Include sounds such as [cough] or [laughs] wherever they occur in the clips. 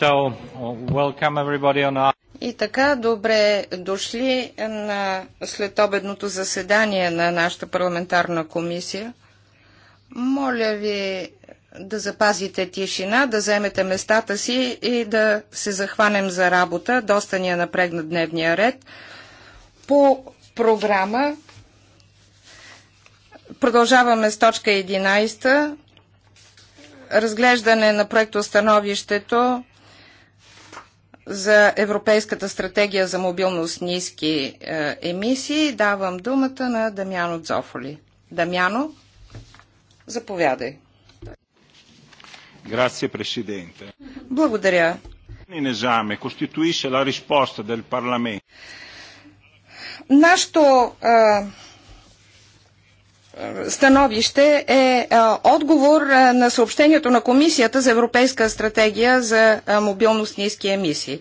So, on... И така, добре дошли на следобедното заседание на нашата парламентарна комисия. Моля ви да запазите тишина, да вземете местата си и да се захванем за работа. Доста ни е напрегнат дневния ред. По програма продължаваме с точка 11 разглеждане на становището за Европейската стратегия за мобилност ниски е, емисии. Давам думата на Дамяно Дзофоли. Дамяно, заповядай. Grazie Presidente. Благодаря. In esame costituisce la risposta del Parlamento. Нашето е, становище е, е отговор е, на съобщението на Комисията за Европейска стратегия за е, мобилност ниски емисии.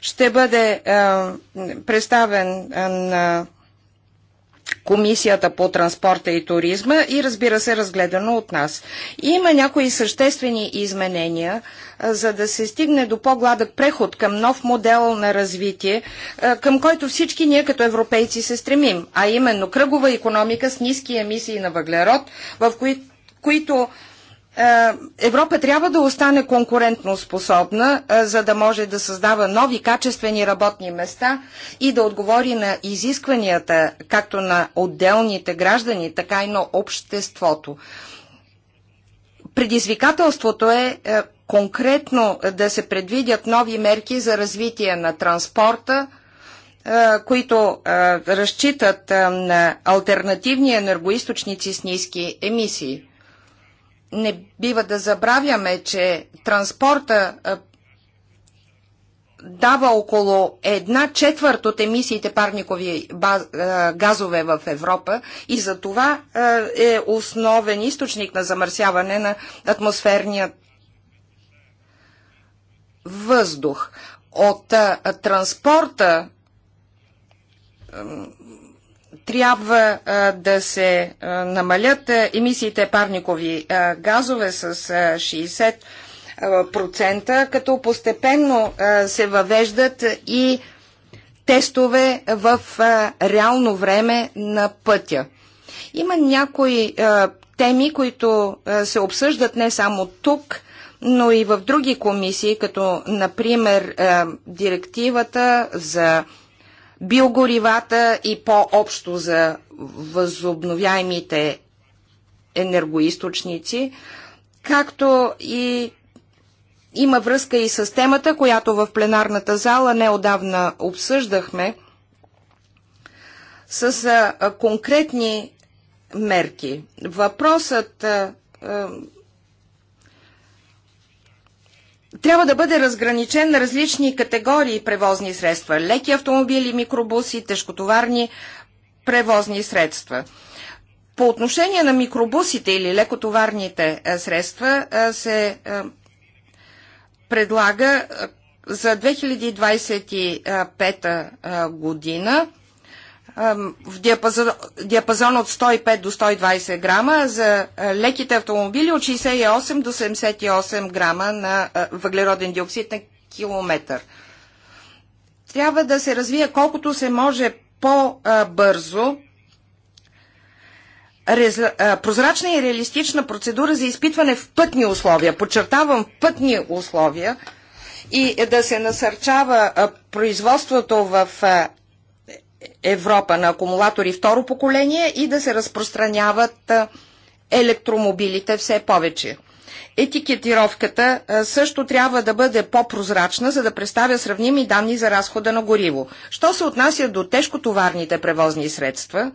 Ще бъде представен на Комисията по транспорта и туризма и разбира се разгледано от нас. И има някои съществени изменения, за да се стигне до по-гладък преход към нов модел на развитие, към който всички ние като европейци се стремим, а именно кръгова економика с ниски емисии на въглерод, в кои, които е, Европа трябва да остане конкурентно способна, е, за да може да създава нови качествени работни места и да отговори на изискванията както на отделните граждани, така и на обществото. Предизвикателството е, е конкретно да се предвидят нови мерки за развитие на транспорта, които разчитат на альтернативни енергоисточници с ниски емисии не бива да забравяме, че транспорта дава около една четвърт от емисиите парникови газове в Европа и за това е основен източник на замърсяване на атмосферния въздух. От транспорта трябва да се намалят емисиите парникови газове с 60%, като постепенно се въвеждат и тестове в реално време на пътя. Има някои теми, които се обсъждат не само тук, но и в други комисии, като например директивата за биогоривата и по-общо за възобновяемите енергоисточници, както и има връзка и с темата, която в пленарната зала неодавна обсъждахме, с конкретни мерки. Въпросът трябва да бъде разграничен на различни категории превозни средства. Леки автомобили, микробуси, тежкотоварни превозни средства. По отношение на микробусите или лекотоварните е, средства е, се е, предлага за 2025 година в диапазон, диапазон от 105 до 120 грама, за леките автомобили от 68 до 78 грама на въглероден диоксид на километър. Трябва да се развие колкото се може по-бързо прозрачна и реалистична процедура за изпитване в пътни условия, подчертавам пътни условия, и да се насърчава производството в Европа на акумулатори второ поколение и да се разпространяват електромобилите все повече. Етикетировката също трябва да бъде по-прозрачна, за да представя сравними данни за разхода на гориво. Що се отнася до тежкотоварните превозни средства,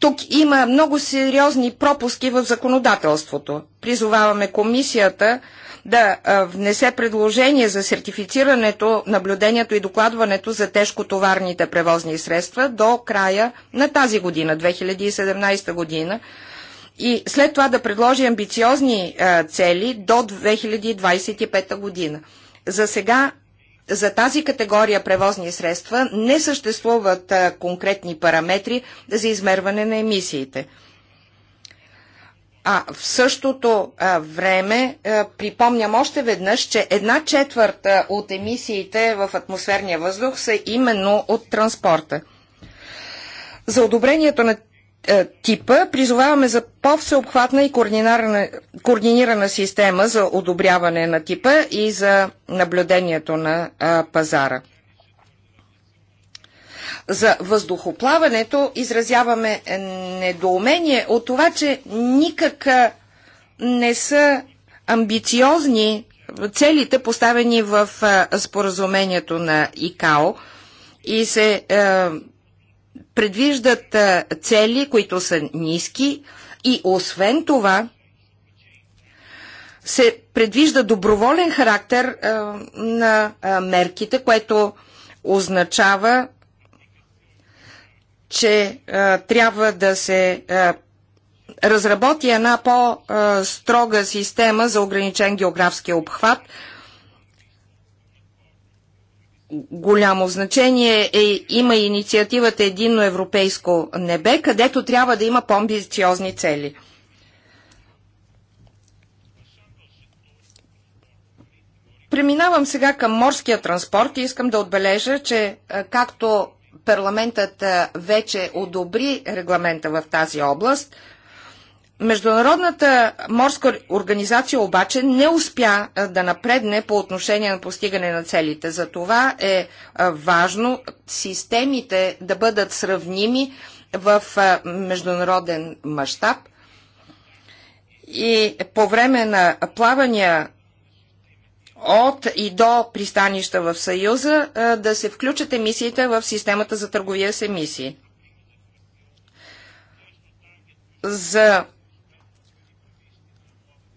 тук има много сериозни пропуски в законодателството. Призоваваме комисията да внесе предложение за сертифицирането, наблюдението и докладването за тежкотоварните превозни средства до края на тази година, 2017 година, и след това да предложи амбициозни цели до 2025 година. За сега за тази категория превозни средства не съществуват конкретни параметри за измерване на емисиите. А в същото време припомням още веднъж, че една четвърта от емисиите в атмосферния въздух са именно от транспорта. За одобрението на типа призоваваме за по-всеобхватна и координирана, координирана система за одобряване на типа и за наблюдението на а, пазара за въздухоплаването изразяваме недоумение от това, че никак не са амбициозни целите поставени в споразумението на ИКАО и се е, предвиждат цели, които са ниски и освен това се предвижда доброволен характер е, на мерките, което означава че а, е, трябва да се а, е, разработи една по-строга система за ограничен географски обхват. Голямо значение е, има инициативата Единно европейско небе, където трябва да има по-амбициозни цели. Преминавам сега към морския транспорт и искам да отбележа, че е, както парламентът вече одобри регламента в тази област. Международната морска организация обаче не успя да напредне по отношение на постигане на целите. За това е важно системите да бъдат сравними в международен мащаб и по време на плавания от и до пристанища в Съюза да се включат емисиите в системата за търговия с емисии. За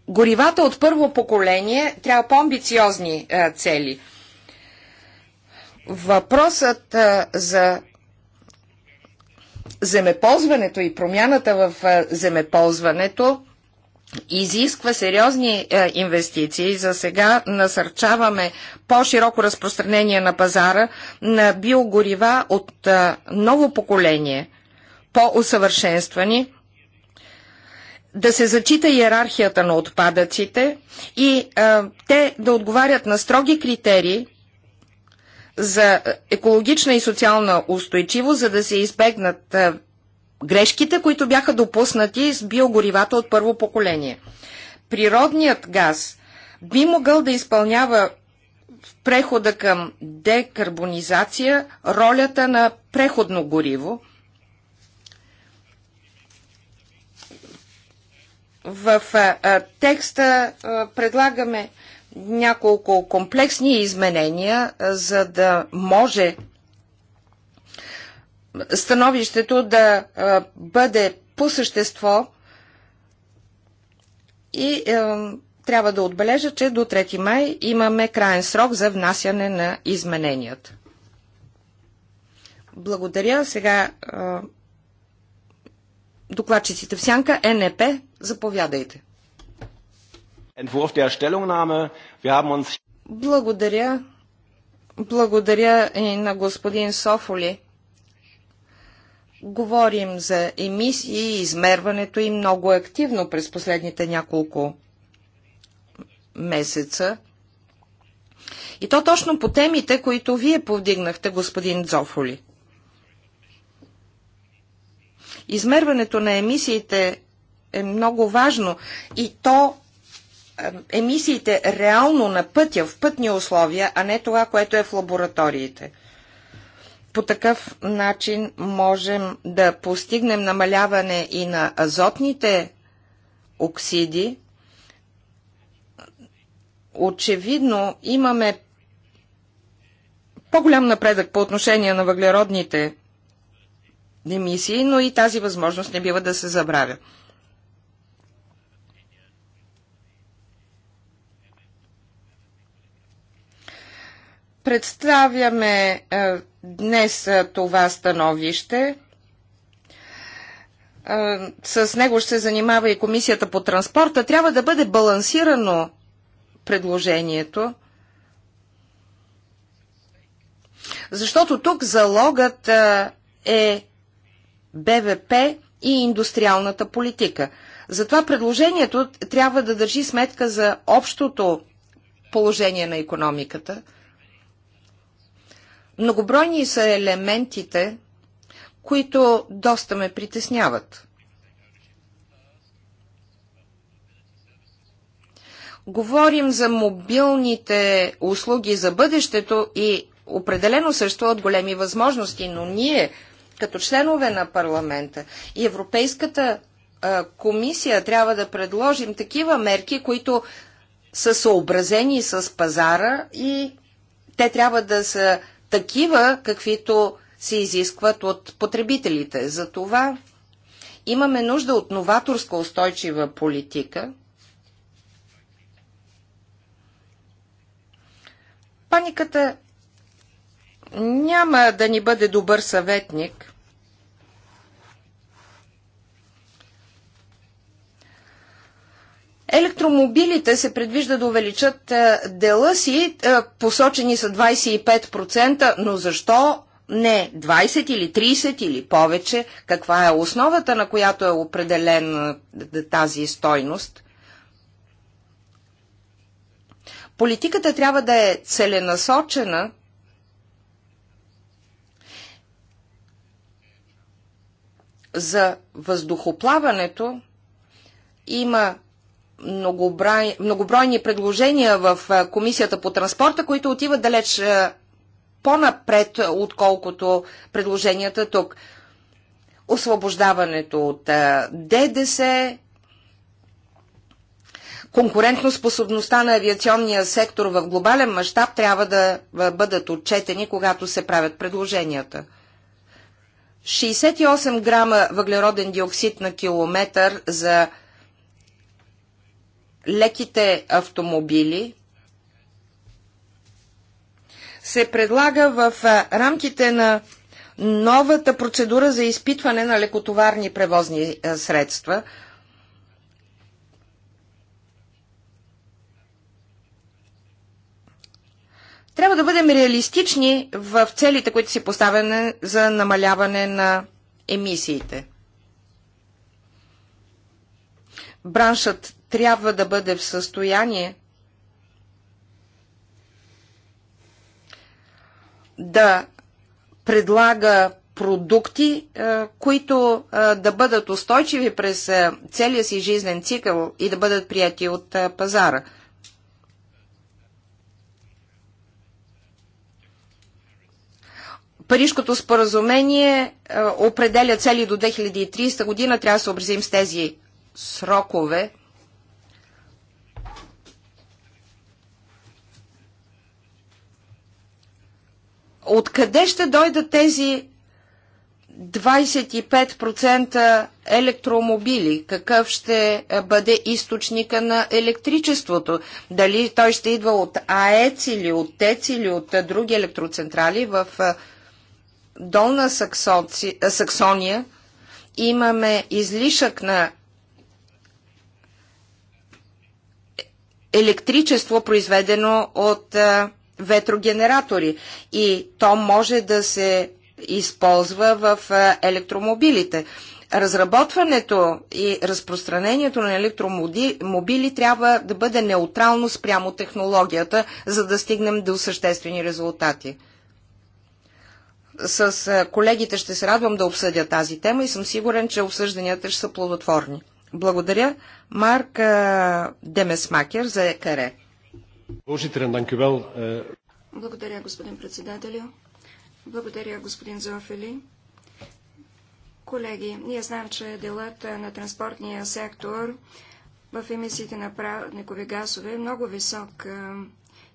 горивата от първо поколение трябва по-амбициозни цели. Въпросът за земеползването и промяната в земеползването – изисква сериозни е, инвестиции. За сега насърчаваме по-широко разпространение на пазара на биогорива от е, ново поколение, по-усъвършенствани, да се зачита иерархията на отпадъците и е, те да отговарят на строги критерии за е, екологична и социална устойчивост, за да се избегнат е, грешките, които бяха допуснати с биогоривата от първо поколение. Природният газ би могъл да изпълнява в прехода към декарбонизация ролята на преходно гориво в текста предлагаме няколко комплексни изменения, за да може становището да бъде по същество и е, трябва да отбележа, че до 3 май имаме крайен срок за внасяне на измененията. Благодаря. Сега е, докладчиците в сянка НЕП, заповядайте. Благодаря. Благодаря и на господин Софоли Говорим за емисии и измерването им много активно през последните няколко месеца. И то точно по темите, които вие повдигнахте, господин Дзофоли. Измерването на емисиите е много важно и то емисиите реално на пътя, в пътни условия, а не това, което е в лабораториите – по такъв начин можем да постигнем намаляване и на азотните оксиди. Очевидно имаме по-голям напредък по отношение на въглеродните емисии, но и тази възможност не бива да се забравя. Представяме е, днес това становище. С него ще се занимава и Комисията по транспорта. Трябва да бъде балансирано предложението, защото тук залогът е БВП и индустриалната политика. Затова предложението трябва да държи сметка за общото положение на економиката – Многобройни са елементите, които доста ме притесняват. Говорим за мобилните услуги за бъдещето и определено съществуват големи възможности, но ние, като членове на парламента и Европейската комисия трябва да предложим такива мерки, които са съобразени с пазара и те трябва да са такива, каквито се изискват от потребителите. Затова имаме нужда от новаторска устойчива политика. Паниката няма да ни бъде добър съветник – Електромобилите се предвижда да увеличат е, дела си, е, посочени са 25%, но защо не 20 или 30 или повече? Каква е основата, на която е определена е, тази стойност? Политиката трябва да е целенасочена за въздухоплаването има многобройни предложения в Комисията по транспорта, които отиват далеч по-напред, отколкото предложенията тук. Освобождаването от ДДС, способността на авиационния сектор в глобален мащаб трябва да бъдат отчетени, когато се правят предложенията. 68 грама въглероден диоксид на километър за леките автомобили се предлага в рамките на новата процедура за изпитване на лекотоварни превозни средства. Трябва да бъдем реалистични в целите, които си поставяме за намаляване на емисиите. Браншът трябва да бъде в състояние да предлага продукти, е, които е, да бъдат устойчиви през е, целия си жизнен цикъл и да бъдат прияти от пазара. Парижкото споразумение определя цели до 2030 година. Трябва да се образим с тези срокове. Откъде ще дойдат тези 25% електромобили? Какъв ще е, бъде източника на електричеството? Дали той ще идва от АЕЦ или от ТЕЦ или от е, други електроцентрали в е, Долна Саксонци... Саксония? Имаме излишък на електричество, произведено от а, ветрогенератори и то може да се използва в е, електромобилите. Разработването и разпространението на електромобили трябва да бъде неутрално спрямо технологията, за да стигнем до съществени резултати. С е, колегите ще се радвам да обсъдя тази тема и съм сигурен, че обсъжданията ще са плодотворни. Благодаря Марк е, Демесмакер за ЕКАРЕ. Eh, Благодаря, господин председателю. Благодаря, господин Зофили. Колеги, ние знаем, че делът на транспортния сектор в емисиите на правникови газове е много висок. Е,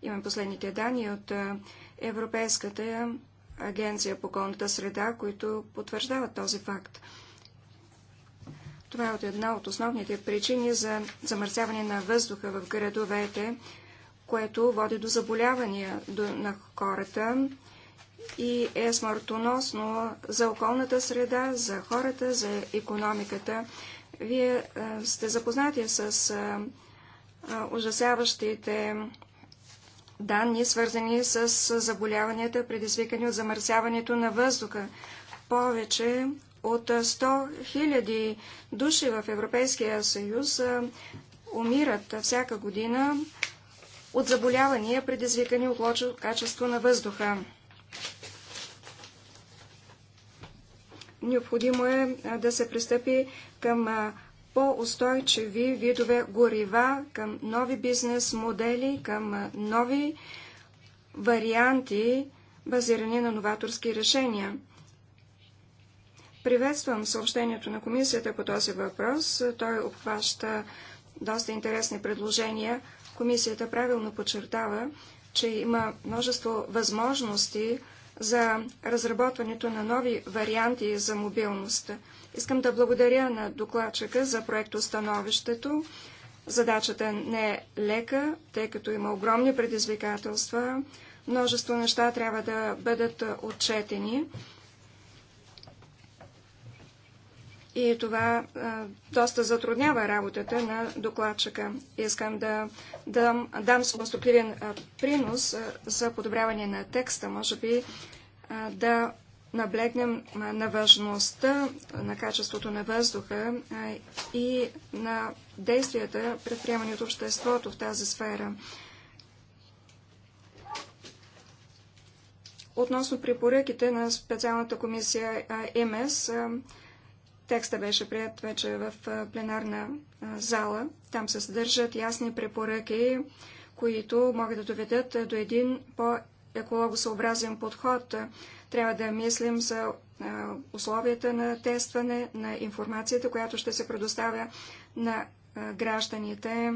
имам последните данни от е, Европейската агенция по околната среда, които потвърждават този факт. Това е от една от основните причини за замърсяване на въздуха в градовете което води до заболявания на хората и е смъртоносно за околната среда, за хората, за економиката. Вие е, сте запознати с е, е, ужасяващите данни, свързани с заболяванията, предизвикани от замърсяването на въздуха. Повече от 100 000 души в Европейския съюз умират всяка година от заболявания, предизвикани от лошо качество на въздуха. Необходимо е да се пристъпи към по-устойчиви видове горива, към нови бизнес модели, към нови варианти, базирани на новаторски решения. Приветствам съобщението на комисията по този въпрос. Той обхваща доста интересни предложения. Комисията правилно подчертава, че има множество възможности за разработването на нови варианти за мобилност. Искам да благодаря на докладчика за проектостановището. Задачата не е лека, тъй като има огромни предизвикателства. Множество неща трябва да бъдат отчетени. И това а, доста затруднява работата на докладчика. Искам да, да дам самостопливен принос а, за подобряване на текста. Може би а, да наблегнем на важността на качеството на въздуха а, и на действията, предприемани от обществото в тази сфера. Относно препоръките на специалната комисия МС, Текста беше прият вече в пленарна зала. Там се съдържат ясни препоръки, които могат да доведат до един по-екологосъобразен подход. Трябва да мислим за условията на тестване, на информацията, която ще се предоставя на гражданите.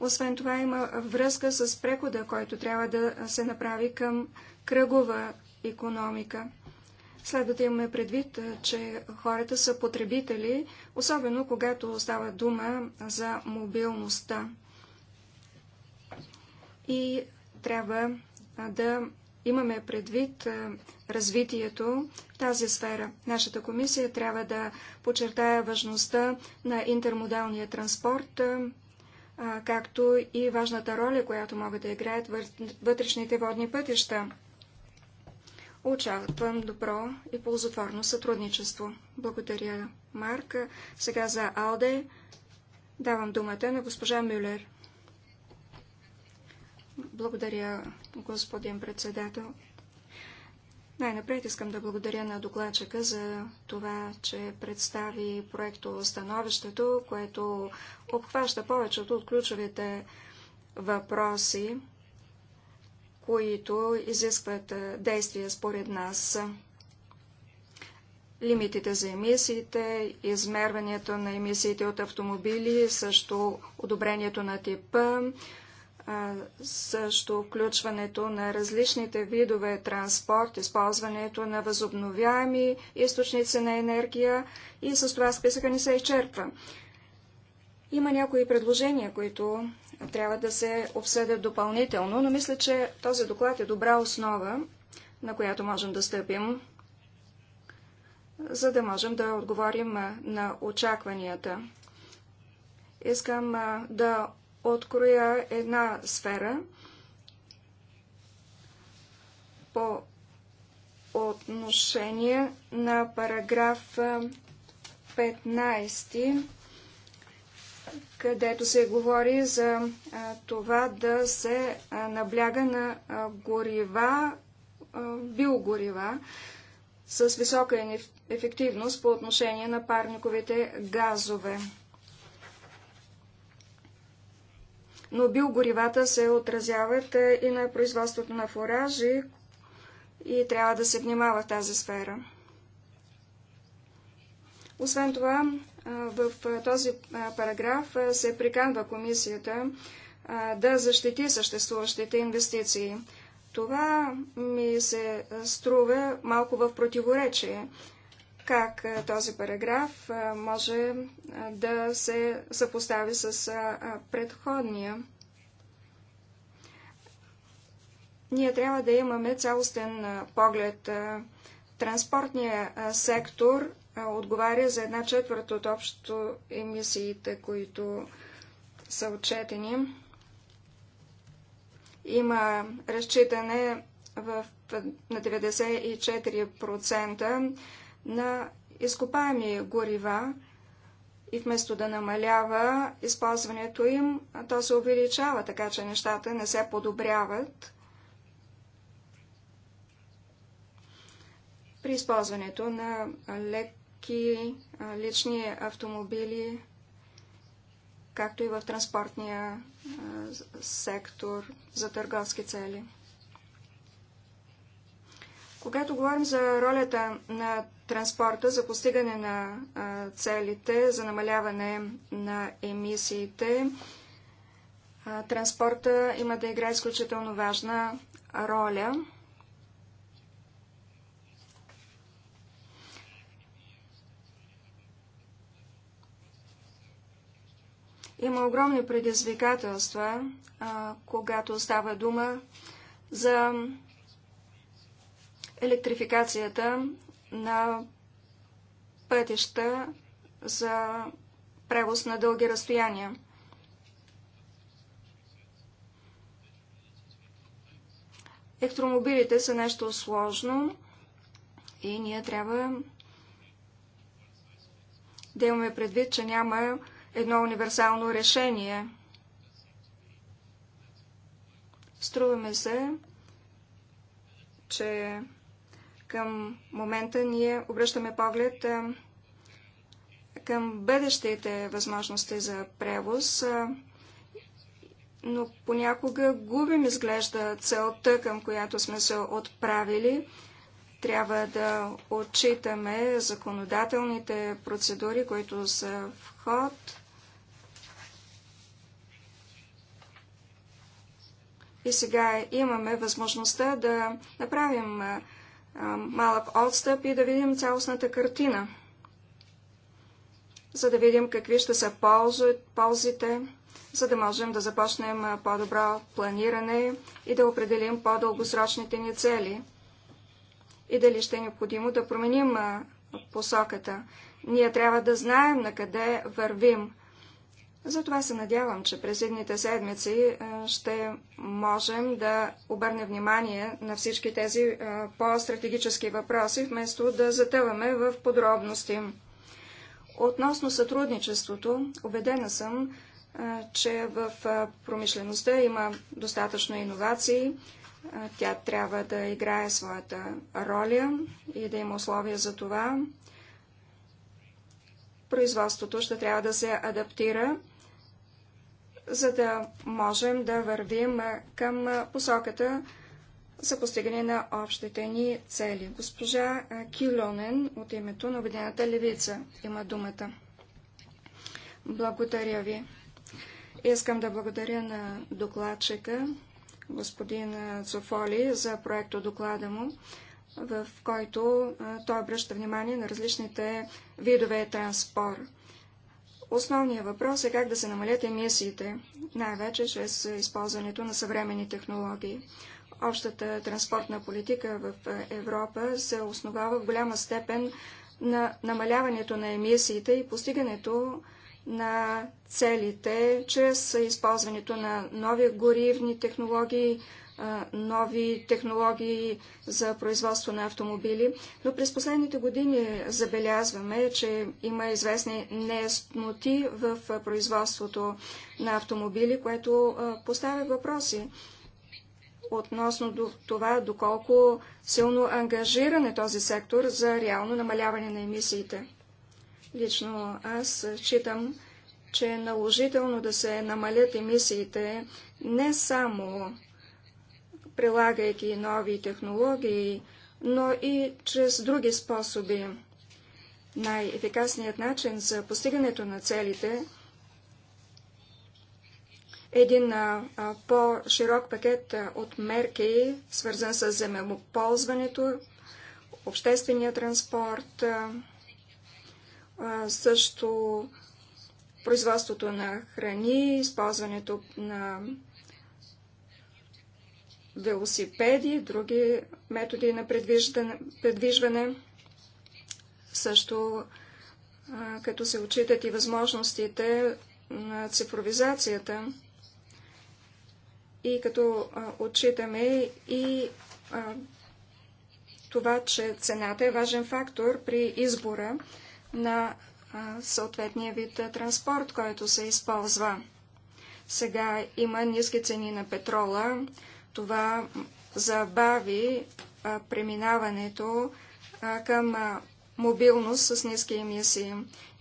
Освен това има връзка с прехода, който трябва да се направи към кръгова економика. Следва да имаме предвид, че хората са потребители, особено когато става дума за мобилността. И трябва да имаме предвид развитието в тази сфера. Нашата комисия трябва да подчертая важността на интермодалния транспорт, както и важната роля, която могат да играят вътрешните водни пътища. Очаквам добро и ползотворно сътрудничество. Благодаря, Марк. Сега за Алде давам думата на госпожа Мюлер. Благодаря, господин председател. Най-напред искам да благодаря на докладчика за това, че представи проекто становището, което обхваща повечето от ключовите въпроси които изискват действия според нас. Лимитите за емисиите, измерването на емисиите от автомобили, също одобрението на типа, също включването на различните видове транспорт, използването на възобновяеми източници на енергия и с това списъка не се изчерпва. Има някои предложения, които трябва да се обсъдят допълнително, но мисля, че този доклад е добра основа, на която можем да стъпим, за да можем да отговорим на очакванията. Искам да откроя една сфера по отношение на параграф 15 където се говори за това да се набляга на горива, биогорива с висока ефективност по отношение на парниковите газове. Но биогоривата се отразяват и на производството на фуражи и трябва да се внимава в тази сфера. Освен това, в този параграф се приканва комисията да защити съществуващите инвестиции. Това ми се струва малко в противоречие. Как този параграф може да се съпостави с предходния? Ние трябва да имаме цялостен поглед. Транспортният сектор отговаря за една четвърта от общото емисиите, които са отчетени. Има разчитане в, на 94% на изкопаеми горива и вместо да намалява използването им, то се увеличава, така че нещата не се подобряват. При използването на лек стоки, лични автомобили, както и в транспортния сектор за търговски цели. Когато говорим за ролята на транспорта за постигане на целите, за намаляване на емисиите, транспорта има да играе изключително важна роля. Има огромни предизвикателства, а, когато става дума за електрификацията на пътища за превоз на дълги разстояния. Електромобилите са нещо сложно и ние трябва да имаме предвид, че няма едно универсално решение. Струваме се, че към момента ние обръщаме поглед към бъдещите възможности за превоз, но понякога губим изглежда целта, към която сме се отправили. Трябва да отчитаме законодателните процедури, които са в ход. И сега имаме възможността да направим малък отстъп и да видим цялостната картина, за да видим какви ще са ползите, за да можем да започнем по-добро планиране и да определим по-дългосрочните ни цели и дали ще е необходимо да променим посоката. Ние трябва да знаем на къде вървим. Затова се надявам, че през едните седмици е, ще можем да обърнем внимание на всички тези е, по-стратегически въпроси, вместо да затъваме в подробности. Относно сътрудничеството, убедена съм, е, че в промишлеността има достатъчно иновации. Тя трябва да играе своята роля и да има условия за това. Производството ще трябва да се адаптира за да можем да вървим към посоката за постигане на общите ни цели. Госпожа Килонен от името на Обединената левица има думата. Благодаря ви. Искам да благодаря на докладчика, господин Цофоли, за проекто доклада му, в който той обръща внимание на различните видове транспорт Основният въпрос е как да се намалят емисиите, най-вече чрез използването на съвременни технологии. Общата транспортна политика в Европа се основава в голяма степен на намаляването на емисиите и постигането на целите чрез използването на нови горивни технологии, нови технологии за производство на автомобили, но през последните години забелязваме, че има известни неясноти в производството на автомобили, което поставя въпроси относно до това, доколко силно ангажиран е този сектор за реално намаляване на емисиите. Лично аз считам, че е наложително да се намалят емисиите не само прилагайки нови технологии, но и чрез други способи. Най-ефикасният начин за постигането на целите е един по-широк пакет от мерки, свързан с земеползването, обществения транспорт, също производството на храни, използването на велосипеди, други методи на предвижване, също като се отчитат и възможностите на цифровизацията и като отчитаме и това, че цената е важен фактор при избора на съответния вид транспорт, който се използва. Сега има ниски цени на петрола, това забави преминаването към мобилност с ниски емисии.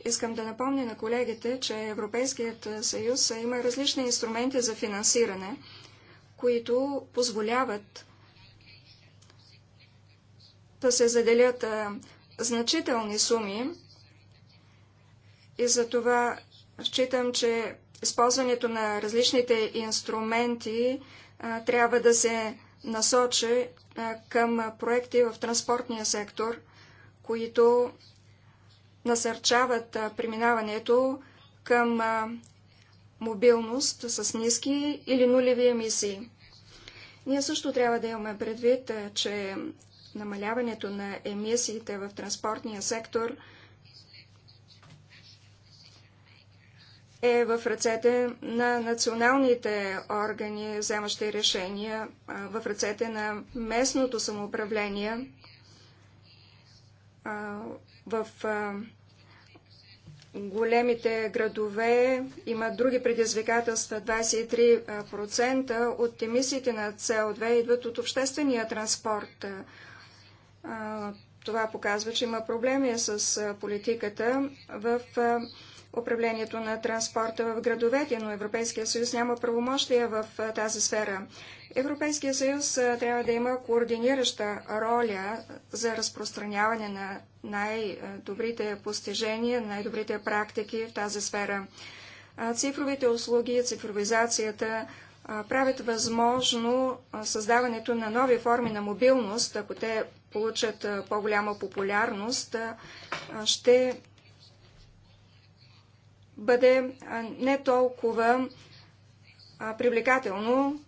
Искам да напомня на колегите, че Европейският съюз има различни инструменти за финансиране, които позволяват да се заделят значителни суми и за това считам, че използването на различните инструменти трябва да се насочи към проекти в транспортния сектор, които насърчават преминаването към мобилност с ниски или нулеви емисии. Ние също трябва да имаме предвид, че намаляването на емисиите в транспортния сектор – е в ръцете на националните органи, вземащи решения, в ръцете на местното самоуправление, в големите градове има други предизвикателства. 23% от емисиите на CO2 идват от обществения транспорт. Това показва, че има проблеми с политиката в управлението на транспорта в градовете, но Европейския съюз няма правомощия в тази сфера. Европейския съюз трябва да има координираща роля за разпространяване на най-добрите постижения, най-добрите практики в тази сфера. Цифровите услуги, цифровизацията правят възможно създаването на нови форми на мобилност, ако те получат по-голяма популярност, ще бъде не толкова привлекателно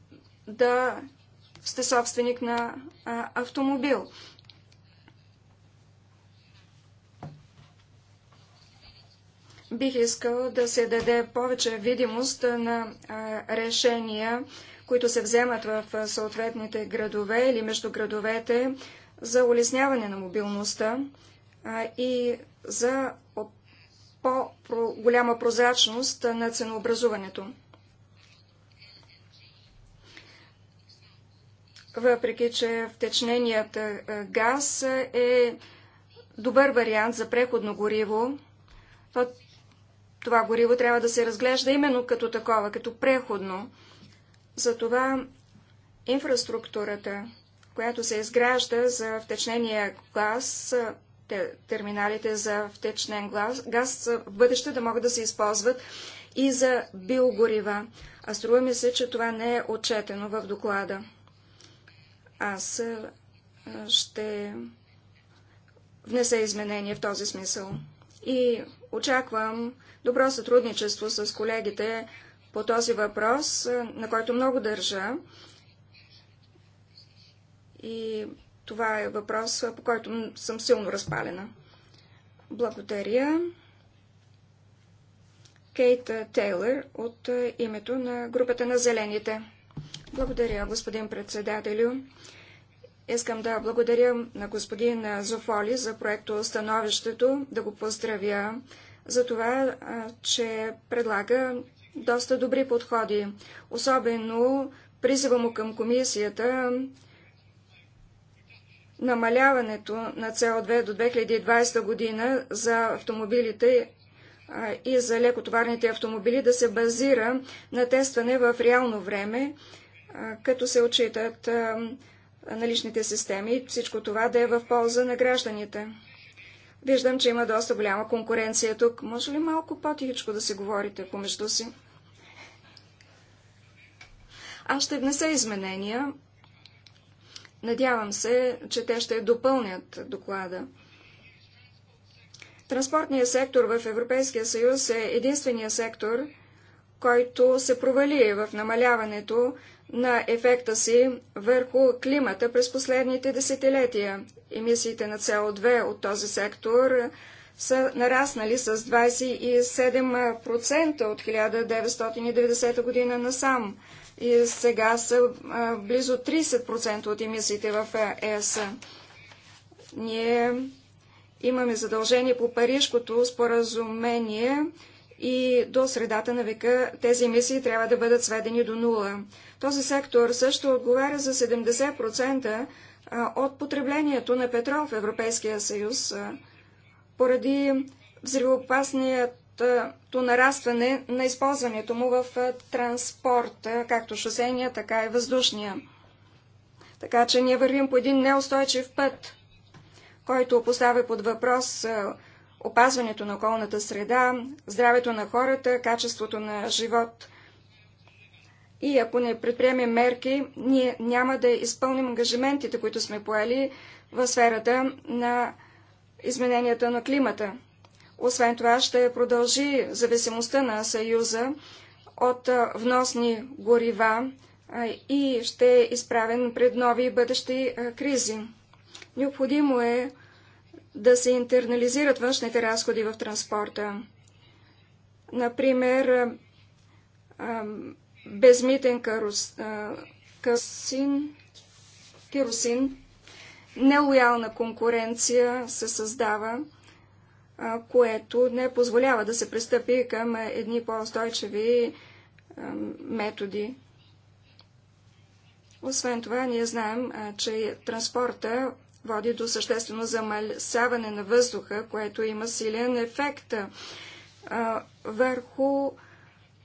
да сте собственик на автомобил. Бих искал да се даде повече видимост на решения, които се вземат в съответните градове или между градовете за улесняване на мобилността и за по-голяма прозрачност на ценообразуването. Въпреки, че втечненият е, газ е добър вариант за преходно гориво, това гориво трябва да се разглежда именно като такова, като преходно. Затова инфраструктурата, която се изгражда за втечнения газ, терминалите за втечнен газ в бъдеще да могат да се използват и за биогорива. А струва ми се, че това не е отчетено в доклада. Аз ще внеса изменения в този смисъл. И очаквам добро сътрудничество с колегите по този въпрос, на който много държа. И това е въпрос, по който съм силно разпалена. Благодаря. Кейт Тейлър от е, името на групата на Зелените. Благодаря, господин председателю. Искам да благодаря на господин Зофоли за проекто становището, да го поздравя за това, е, че предлага доста добри подходи. Особено призива му към комисията намаляването на CO2 до 2020 година за автомобилите и за лекотоварните автомобили да се базира на тестване в реално време, като се отчитат наличните системи и всичко това да е в полза на гражданите. Виждам, че има доста голяма конкуренция тук. Може ли малко по-тихичко да си говорите помежду си? Аз ще внеса изменения Надявам се, че те ще допълнят доклада. Транспортният сектор в Европейския съюз е единствения сектор, който се провали в намаляването на ефекта си върху климата през последните десетилетия. Емисиите на СО2 от този сектор са нараснали с 27% от 1990 година насам и сега са близо 30% от емисиите в ЕС. Ние имаме задължение по Парижкото споразумение и до средата на века тези емисии трябва да бъдат сведени до нула. Този сектор също отговаря за 70% от потреблението на петрол в Европейския съюз поради взривоопасният то нарастване на използването му в транспорта, както шосения, така и въздушния. Така че ние вървим по един неустойчив път, който поставя под въпрос опазването на околната среда, здравето на хората, качеството на живот. И ако не предприемем мерки, ние няма да изпълним ангажиментите, които сме поели в сферата на измененията на климата. Освен това ще продължи зависимостта на Съюза от вносни горива и ще е изправен пред нови бъдещи кризи. Необходимо е да се интернализират външните разходи в транспорта. Например, безмитен карусин касин, керосин, нелоялна конкуренция се създава което не позволява да се пристъпи към едни по-устойчиви методи. Освен това, ние знаем, че транспорта води до съществено замърсяване на въздуха, което има силен ефект върху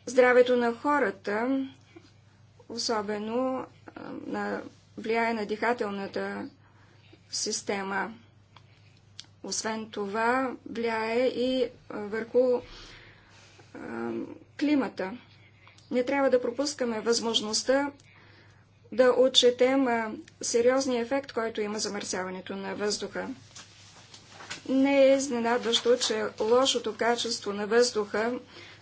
здравето на хората, особено на влияе на дихателната система. Освен това, влияе и върху климата. Не трябва да пропускаме възможността да отчетем сериозния ефект, който има замърсяването на въздуха. Не е изненадващо, че лошото качество на въздуха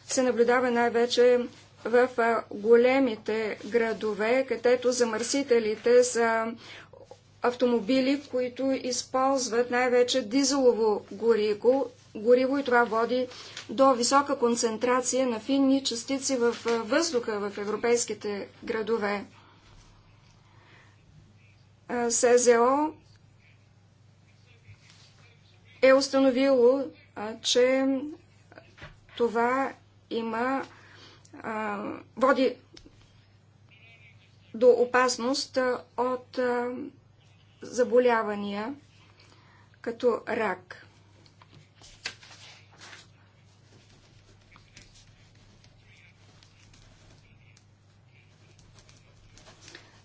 се наблюдава най-вече в големите градове, където замърсителите са автомобили, които използват най-вече дизелово гориво, гориво и това води до висока концентрация на финни частици в въздуха в европейските градове. СЗО е установило, че това има води до опасност от заболявания, като рак.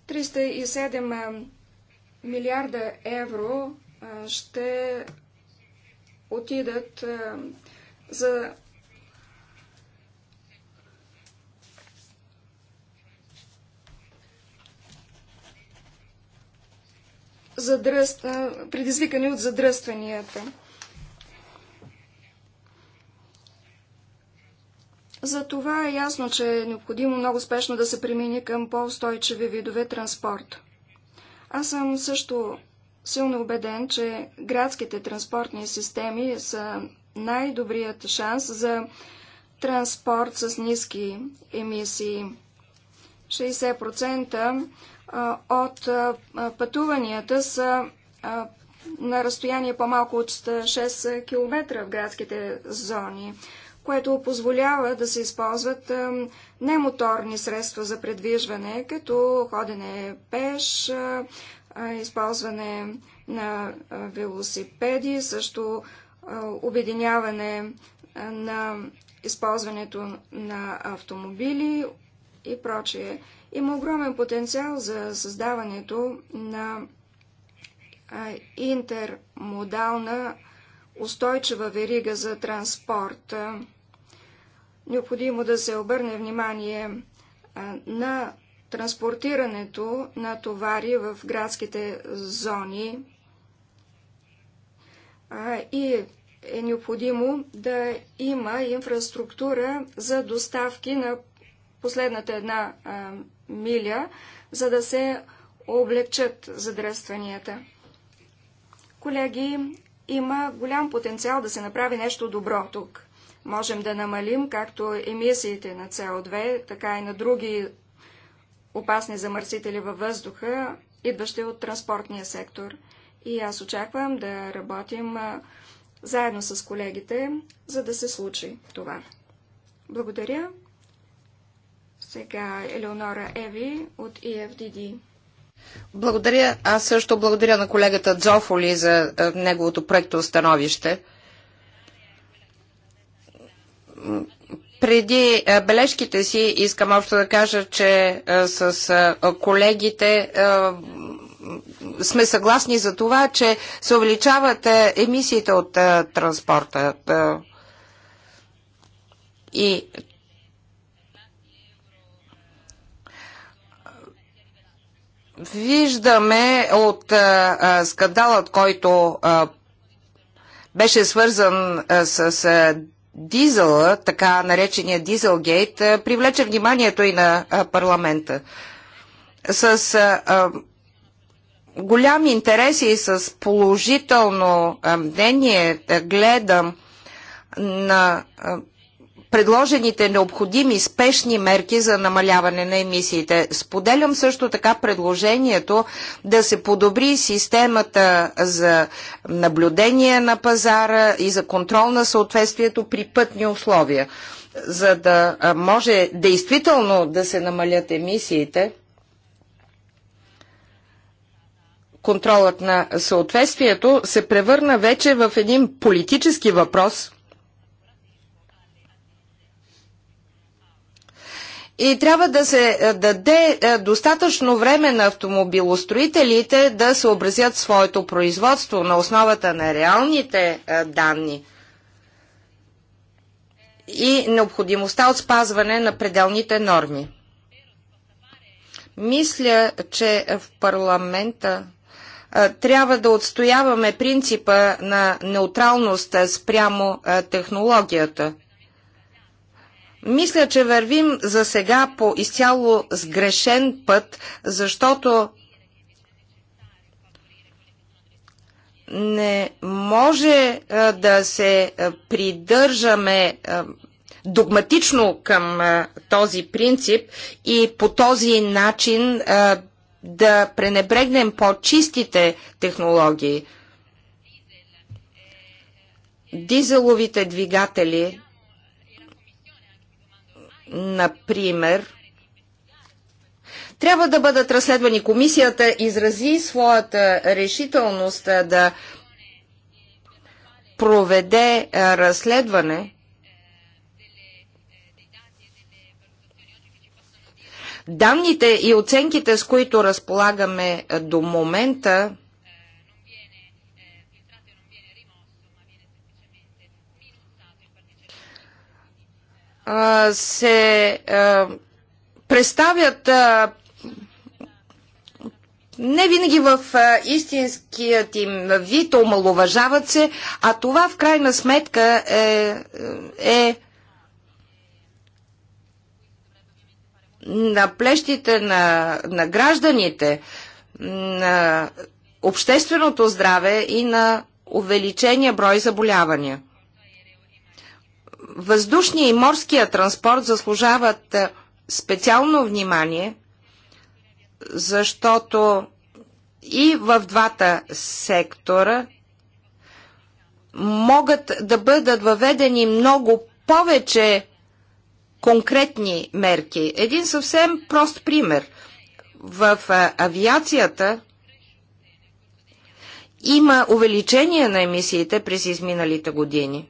Триста и седем милиарда евро ще отидат за задръст, предизвикани от задръстванията. За това е ясно, че е необходимо много спешно да се премини към по-устойчиви видове транспорт. Аз съм също силно убеден, че градските транспортни системи са най-добрият шанс за транспорт с ниски емисии. 60% от пътуванията са на разстояние по-малко от 6 км в градските зони, което позволява да се използват немоторни средства за предвижване, като ходене пеш, използване на велосипеди, също обединяване на използването на автомобили и прочие. Има огромен потенциал за създаването на интермодална устойчива верига за транспорт. Необходимо да се обърне внимание на транспортирането на товари в градските зони и е необходимо да има инфраструктура за доставки на последната една а, миля, за да се облегчат задръстванията. Колеги, има голям потенциал да се направи нещо добро тук. Можем да намалим както емисиите на СО2, така и на други опасни замърсители във въздуха, идващи от транспортния сектор. И аз очаквам да работим а, заедно с колегите, за да се случи това. Благодаря. Сега Елеонора Еви от EFDD. Благодаря. Аз също благодаря на колегата Джофоли за е, неговото проекто становище. Преди е, бележките си искам още да кажа, че е, с колегите сме съгласни за това, че се увеличават емисиите от транспорта. И виждаме от а, а, скандалът, който а, беше свързан а, с а, дизела, така наречения дизелгейт, а, привлече вниманието и на а, парламента. С а, а, голям интерес и с положително а, мнение а, гледам на а, предложените необходими спешни мерки за намаляване на емисиите. Споделям също така предложението да се подобри системата за наблюдение на пазара и за контрол на съответствието при пътни условия, за да може действително да се намалят емисиите. Контролът на съответствието се превърна вече в един политически въпрос – И трябва да се е, даде е, достатъчно време на автомобилостроителите да съобразят своето производство на основата на реалните е, данни и необходимостта от спазване на пределните норми. Мисля, че в парламента трябва да отстояваме принципа на неутралност спрямо технологията. Мисля, че вървим за сега по изцяло сгрешен път, защото не може да се придържаме догматично към този принцип и по този начин да пренебрегнем по-чистите технологии. Дизеловите двигатели Например, трябва да бъдат разследвани. Комисията изрази своята решителност да проведе разследване Данните и оценките, с които разполагаме до момента, се представят не винаги в истинският им вид, омалуважават се, а това в крайна сметка е, е на плещите на, на гражданите, на общественото здраве и на увеличения брой заболявания въздушния и морския транспорт заслужават е, специално внимание, защото и в двата сектора могат да бъдат въведени много повече конкретни мерки. Един съвсем прост пример. В е, авиацията има увеличение на емисиите през изминалите години.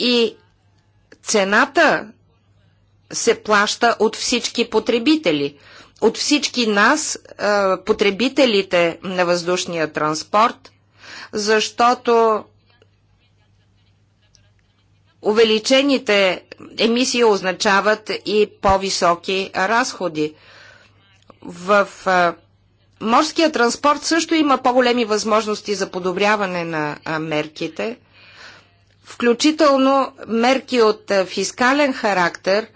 и цената се плаща от всички потребители. От всички нас, потребителите на въздушния транспорт, защото увеличените емисии означават и по-високи разходи. В морския транспорт също има по-големи възможности за подобряване на мерките – включително мерки от е, фискален характер,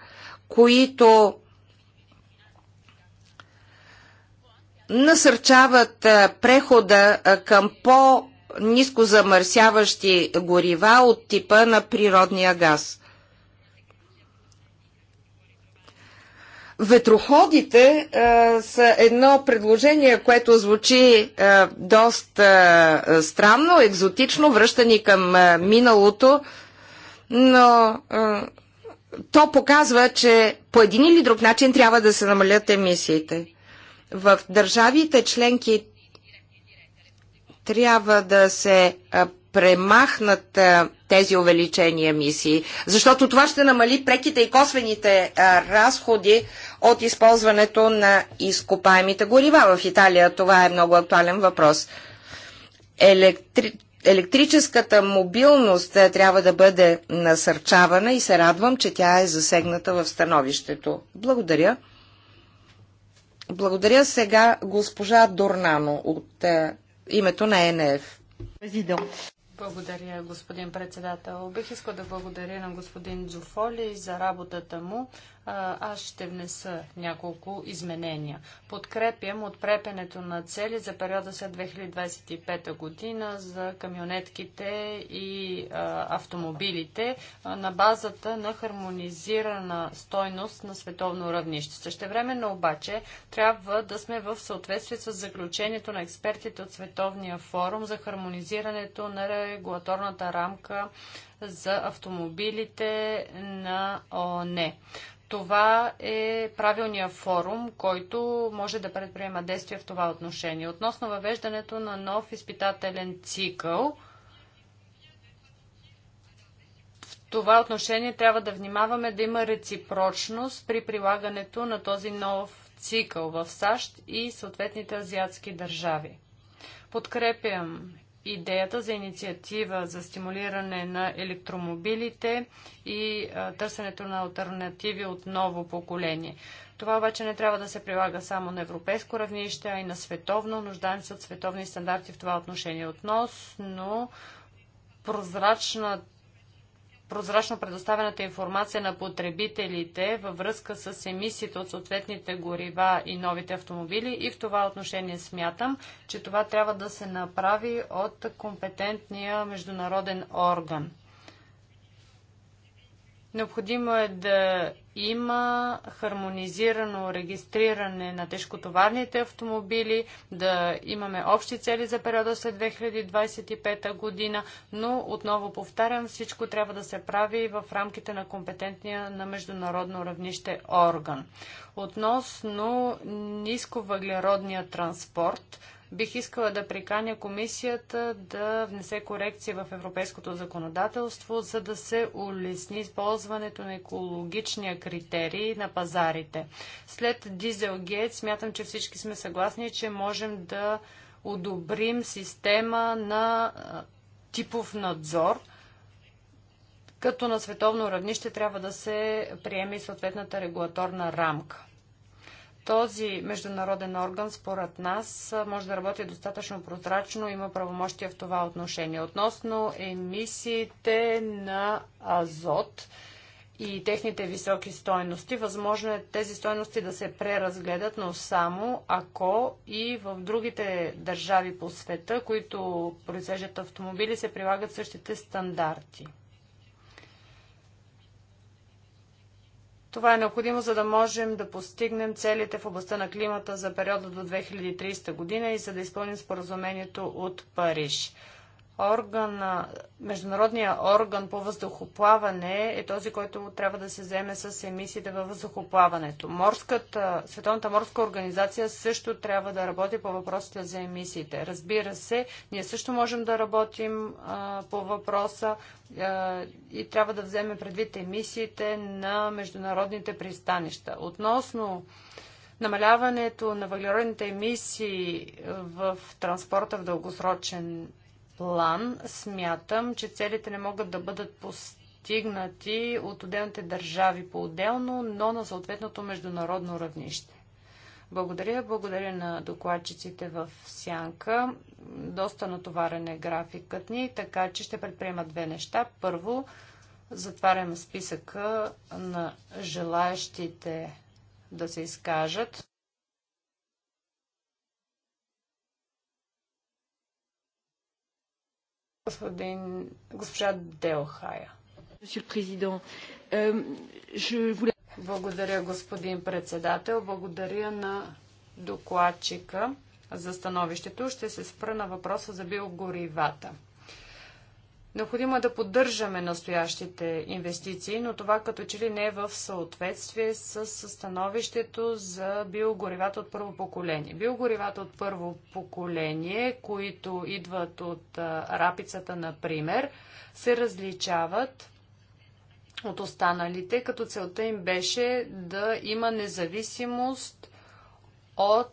които насърчават е, прехода е, към по-низко замърсяващи горива от типа на природния газ. Ветроходите а, са едно предложение, което звучи а, доста а, странно, екзотично, връщани към а, миналото, но а, то показва, че по един или друг начин трябва да се намалят емисиите. В държавите членки трябва да се а, премахнат а, тези увеличени емисии, защото това ще намали преките и косвените а, разходи от използването на изкопаемите горива. В Италия това е много актуален въпрос. Електри... Електрическата мобилност е, трябва да бъде насърчавана и се радвам, че тя е засегната в становището. Благодаря. Благодаря сега госпожа Дорнано от е, името на ЕНЕФ. Благодаря, господин председател. Бих искал да благодаря на господин Джофоли за работата му аз ще внеса няколко изменения. Подкрепям отпрепенето на цели за периода след 2025 година за камионетките и автомобилите на базата на хармонизирана стойност на световно равнище. Същевременно обаче трябва да сме в съответствие с заключението на експертите от Световния форум за хармонизирането на регулаторната рамка за автомобилите на ОНЕ това е правилният форум, който може да предприема действия в това отношение. Относно въвеждането на нов изпитателен цикъл, в това отношение трябва да внимаваме да има реципрочност при прилагането на този нов цикъл в САЩ и съответните азиатски държави. Подкрепям идеята за инициатива за стимулиране на електромобилите и търсенето на альтернативи от ново поколение. Това обаче не трябва да се прилага само на европейско равнище, а и на световно. Нуждаем се от световни стандарти в това отношение. Относно прозрачната прозрачно предоставената информация на потребителите във връзка с емисиите от съответните горива и новите автомобили. И в това отношение смятам, че това трябва да се направи от компетентния международен орган. Необходимо е да има хармонизирано регистриране на тежкотоварните автомобили, да имаме общи цели за периода след 2025 година, но отново повтарям, всичко трябва да се прави в рамките на компетентния на международно равнище орган. Относно нисковъглеродния транспорт, Бих искала да приканя комисията да внесе корекция в европейското законодателство, за да се улесни използването на екологичния критерий на пазарите. След Дизелгейт смятам, че всички сме съгласни, че можем да одобрим система на типов надзор – като на световно равнище трябва да се приеме и съответната регулаторна рамка. Този международен орган, според нас, може да работи достатъчно прозрачно, има правомощия в това отношение. Относно емисиите на азот, и техните високи стойности. Възможно е тези стойности да се преразгледат, но само ако и в другите държави по света, които произвеждат автомобили, се прилагат същите стандарти. Това е необходимо, за да можем да постигнем целите в областта на климата за периода до 2030 година и за да изпълним споразумението от Париж органа, международния орган по въздухоплаване е този, който трябва да се вземе с емисиите във въздухоплаването. Морската, Световната морска организация също трябва да работи по въпросите за емисиите. Разбира се, ние също можем да работим а, по въпроса а, и трябва да вземе предвид емисиите на международните пристанища. Относно намаляването на въглеродните емисии в транспорта в дългосрочен план смятам, че целите не могат да бъдат постигнати от отделните държави по-отделно, но на съответното международно равнище. Благодаря. Благодаря на докладчиците в Сянка. Доста натоварен е графикът ни, така че ще предприема две неща. Първо, затварям списъка на желаящите да се изкажат. господин, госпожа Делхая. Euh, Благодаря, господин председател. Благодаря на докладчика за становището. Ще се спра на въпроса за биогоривата. Необходимо е да поддържаме настоящите инвестиции, но това като че ли не е в съответствие с становището за биогоривата от първо поколение. Биогоривата от първо поколение, които идват от рапицата, например, се различават от останалите, като целта им беше да има независимост от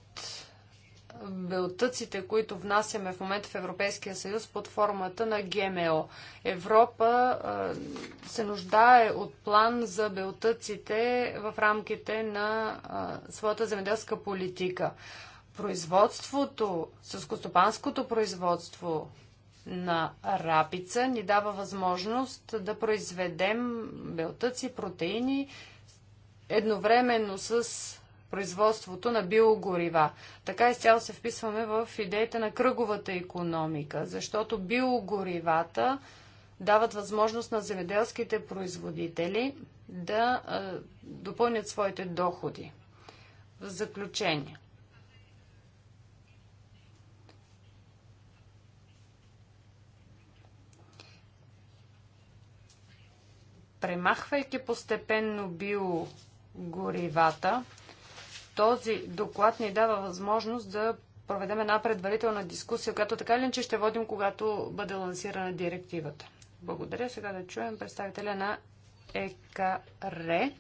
белтъците, които внасяме в момента в Европейския съюз под формата на ГМО. Европа се нуждае от план за белтъците в рамките на своята земеделска политика. Производството, съскостопанското производство на рапица ни дава възможност да произведем белтъци, протеини едновременно с производството на биогорива. Така изцяло се вписваме в идеята на кръговата економика, защото биогоривата дават възможност на земеделските производители да а, допълнят своите доходи. В заключение. Премахвайки постепенно биогоривата, този доклад ни дава възможност да проведем една предварителна дискусия, която така или иначе ще водим, когато бъде лансирана директивата. Благодаря. Сега да чуем представителя на ЕКР.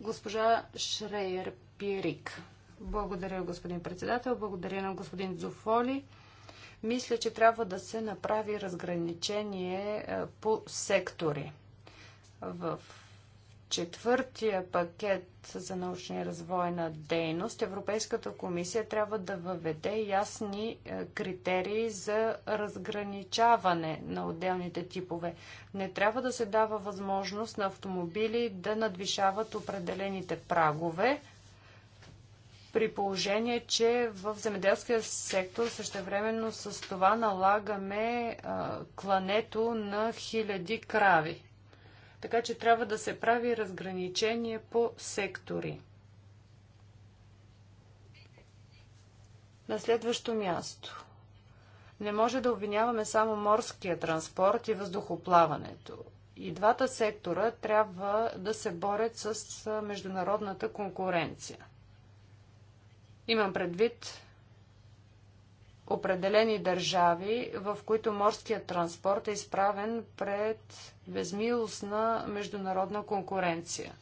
Госпожа Шрейер Пирик. Благодаря, господин председател. Благодаря на господин Зофоли. Мисля, че трябва да се направи разграничение е, по сектори. В четвъртия пакет за научна и развойна дейност, Европейската комисия трябва да въведе ясни е, критерии за разграничаване на отделните типове. Не трябва да се дава възможност на автомобили да надвишават определените прагове, при положение, че в земеделския сектор същевременно с това налагаме клането на хиляди крави. Така че трябва да се прави разграничение по сектори. На следващо място. Не може да обвиняваме само морския транспорт и въздухоплаването. И двата сектора трябва да се борят с международната конкуренция. Имам предвид определени държави, в които морският транспорт е изправен пред безмилостна международна конкуренция.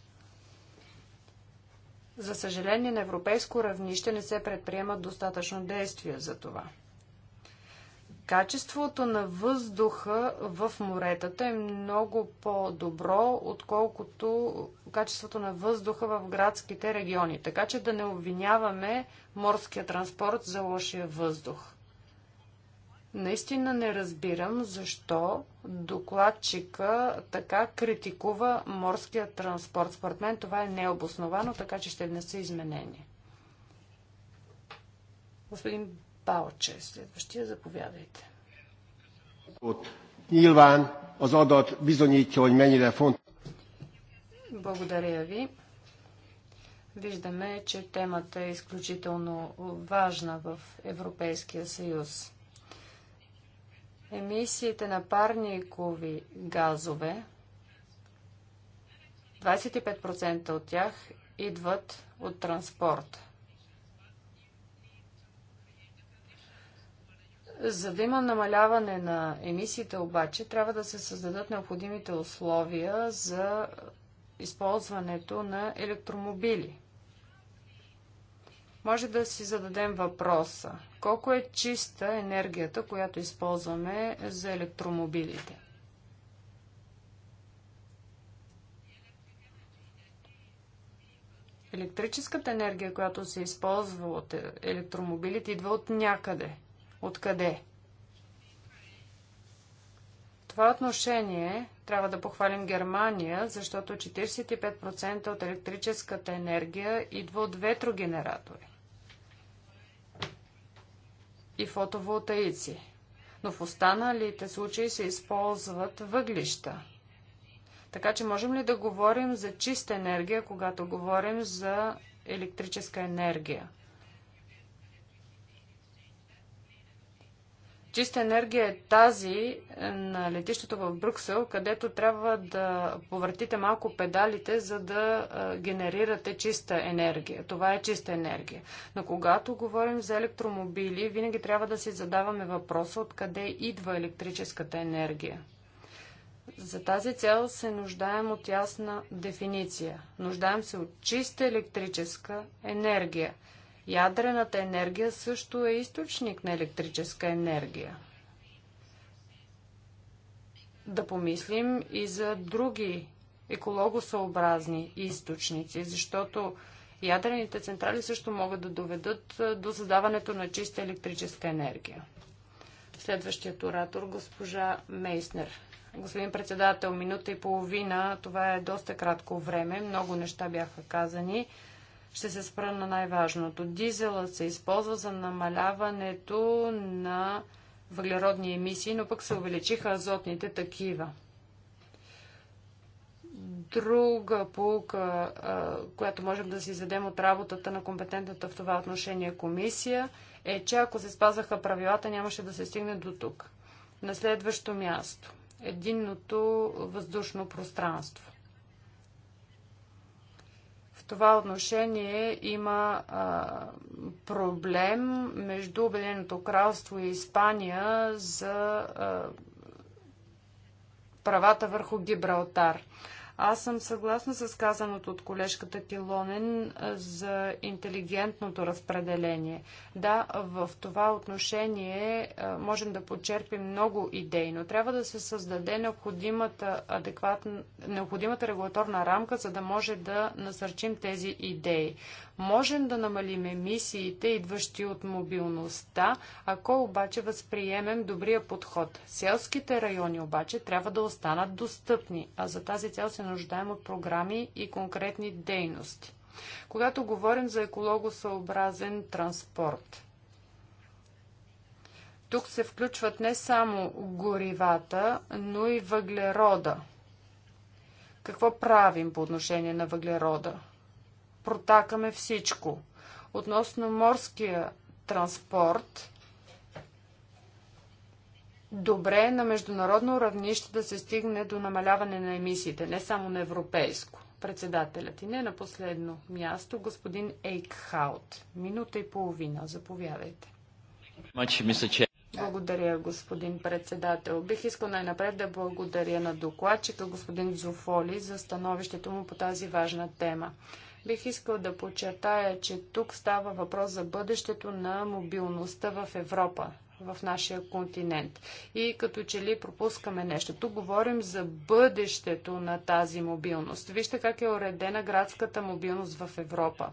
За съжаление, на европейско равнище не се предприемат достатъчно действия за това. Качеството на въздуха в моретата е много по-добро, отколкото качеството на въздуха в градските региони. Така че да не обвиняваме морския транспорт за лошия въздух. Наистина не разбирам защо докладчика така критикува морския транспорт. Според мен това е необосновано, така че ще внеса изменени. Господин Балче, следващия заповядайте. От Нилван, az adat bizonyítja, hogy Благодаря ви. Виждаме, че темата е изключително важна в Европейския съюз емисиите на парникови газове, 25% от тях идват от транспорт. За да има намаляване на емисиите обаче, трябва да се създадат необходимите условия за използването на електромобили – може да си зададем въпроса. Колко е чиста енергията, която използваме за електромобилите? Електрическата енергия, която се използва от е, електромобилите, идва от някъде. Откъде? това отношение трябва да похвалим Германия, защото 45% от електрическата енергия идва от ветрогенератори и фотоволтаици, но в останалите случаи се използват въглища. Така че можем ли да говорим за чиста енергия, когато говорим за електрическа енергия? Чиста енергия е тази е, на летището в Брюксел, където трябва да повъртите малко педалите, за да е, генерирате чиста енергия. Това е чиста енергия. Но когато говорим за електромобили, винаги трябва да си задаваме въпроса откъде идва електрическата енергия. За тази цел се нуждаем от ясна дефиниция. Нуждаем се от чиста електрическа енергия – Ядрената енергия също е източник на електрическа енергия. Да помислим и за други екологосъобразни източници, защото ядрените централи също могат да доведат до създаването на чиста електрическа енергия. Следващият оратор, госпожа Мейснер. Господин председател, минута и половина, това е доста кратко време, много неща бяха казани. Ще се спра на най-важното. Дизелът се използва за намаляването на въглеродни емисии, но пък се увеличиха азотните такива. Друга полка, която можем да си задем от работата на компетентната в това отношение комисия, е, че ако се спазваха правилата, нямаше да се стигне до тук. На следващо място единното въздушно пространство това отношение има а, проблем между Обединеното кралство и Испания за а, правата върху Гибралтар. Аз съм съгласна с казаното от колежката Килонен за интелигентното разпределение. Да, в това отношение можем да почерпим много идеи, но трябва да се създаде необходимата, адекватна, необходимата регулаторна рамка, за да може да насърчим тези идеи. Можем да намалим емисиите, идващи от мобилността, ако обаче възприемем добрия подход. Селските райони обаче трябва да останат достъпни, а за тази цел се нуждаем от програми и конкретни дейности. Когато говорим за екологосъобразен транспорт – тук се включват не само горивата, но и въглерода. Какво правим по отношение на въглерода? протакаме всичко. Относно морския транспорт, добре е на международно равнище да се стигне до намаляване на емисиите, не само на европейско. Председателят и не на последно място, господин Ейкхаут. Минута и половина. Заповядайте. Благодаря, господин председател. Бих искал най-напред да благодаря на докладчика господин Зофоли за становището му по тази важна тема. Бих искал да подчертая, че тук става въпрос за бъдещето на мобилността в Европа, в нашия континент. И като че ли пропускаме нещо. Тук говорим за бъдещето на тази мобилност. Вижте как е уредена градската мобилност в Европа.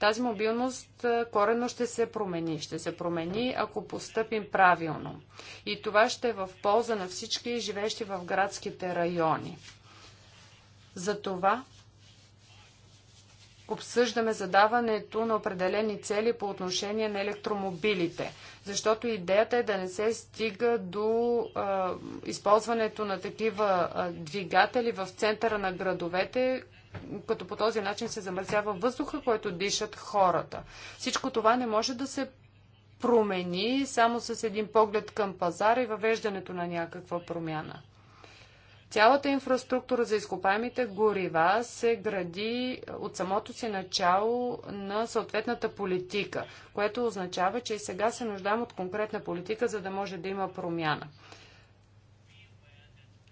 Тази мобилност корено ще се промени. Ще се промени, ако постъпим правилно. И това ще е в полза на всички живещи в градските райони. Затова обсъждаме задаването на определени цели по отношение на електромобилите. Защото идеята е да не се стига до а, използването на такива а, двигатели в центъра на градовете, като по този начин се замърсява въздуха, който дишат хората. Всичко това не може да се промени само с един поглед към пазара и въвеждането на някаква промяна. Цялата инфраструктура за изкопаемите горива се гради от самото си начало на съответната политика, което означава, че и сега се нуждаем от конкретна политика, за да може да има промяна.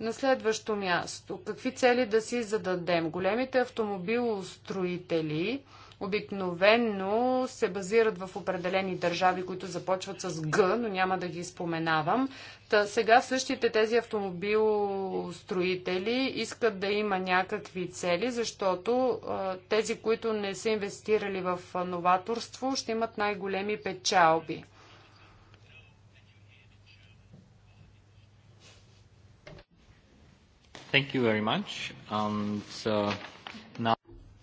На следващо място, какви цели да си зададем? Големите автомобилостроители – обикновенно се базират в определени държави, които започват с Г, но няма да ги споменавам. Та сега същите тези автомобилостроители искат да има някакви цели, защото тези, които не са инвестирали в новаторство, ще имат най-големи печалби. Thank you very much. And, uh, now...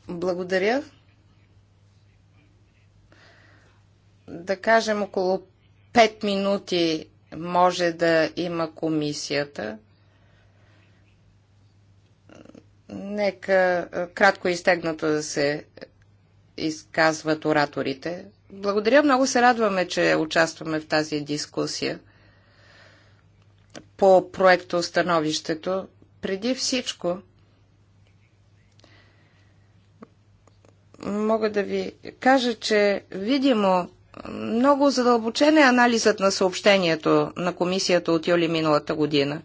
Благодаря. да кажем, около 5 минути може да има комисията. Нека е, кратко изтегнато да се изказват ораторите. Благодаря, много се радваме, че участваме в тази дискусия по проекто становището. Преди всичко, мога да ви кажа, че видимо много задълбочен е анализът на съобщението на комисията от юли миналата година.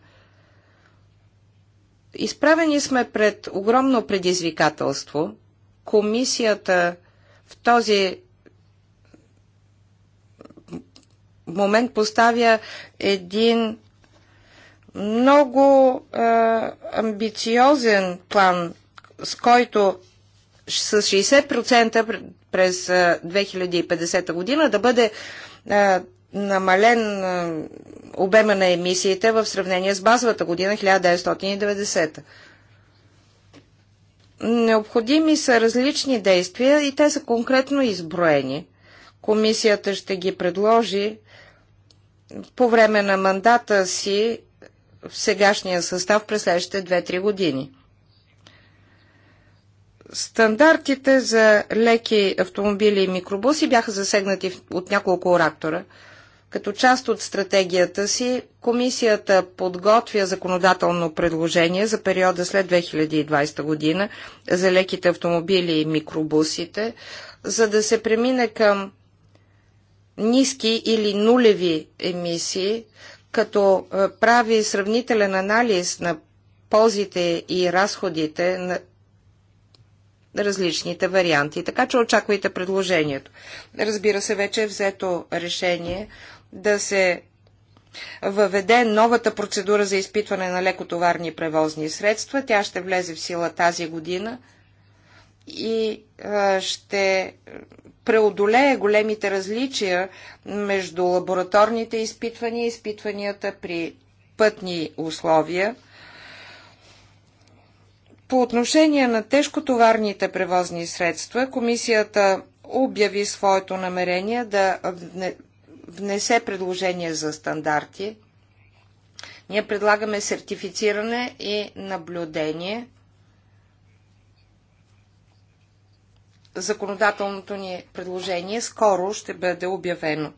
Изправени сме пред огромно предизвикателство. Комисията в този момент поставя един много е, амбициозен план, с който с 60% през 2050 година да бъде намален обема на емисиите в сравнение с базовата година 1990. Необходими са различни действия и те са конкретно изброени. Комисията ще ги предложи по време на мандата си в сегашния състав през следващите 2-3 години. Стандартите за леки автомобили и микробуси бяха засегнати от няколко оратора. Като част от стратегията си, комисията подготвя законодателно предложение за периода след 2020 година за леките автомобили и микробусите, за да се премине към ниски или нулеви емисии, като е, прави сравнителен анализ на ползите и разходите различните варианти. Така че очаквайте предложението. Разбира се, вече е взето решение да се въведе новата процедура за изпитване на лекотоварни превозни средства. Тя ще влезе в сила тази година и ще преодолее големите различия между лабораторните изпитвания и изпитванията при пътни условия – по отношение на тежкотоварните превозни средства, комисията обяви своето намерение да внесе предложение за стандарти. Ние предлагаме сертифициране и наблюдение. Законодателното ни предложение скоро ще бъде обявено.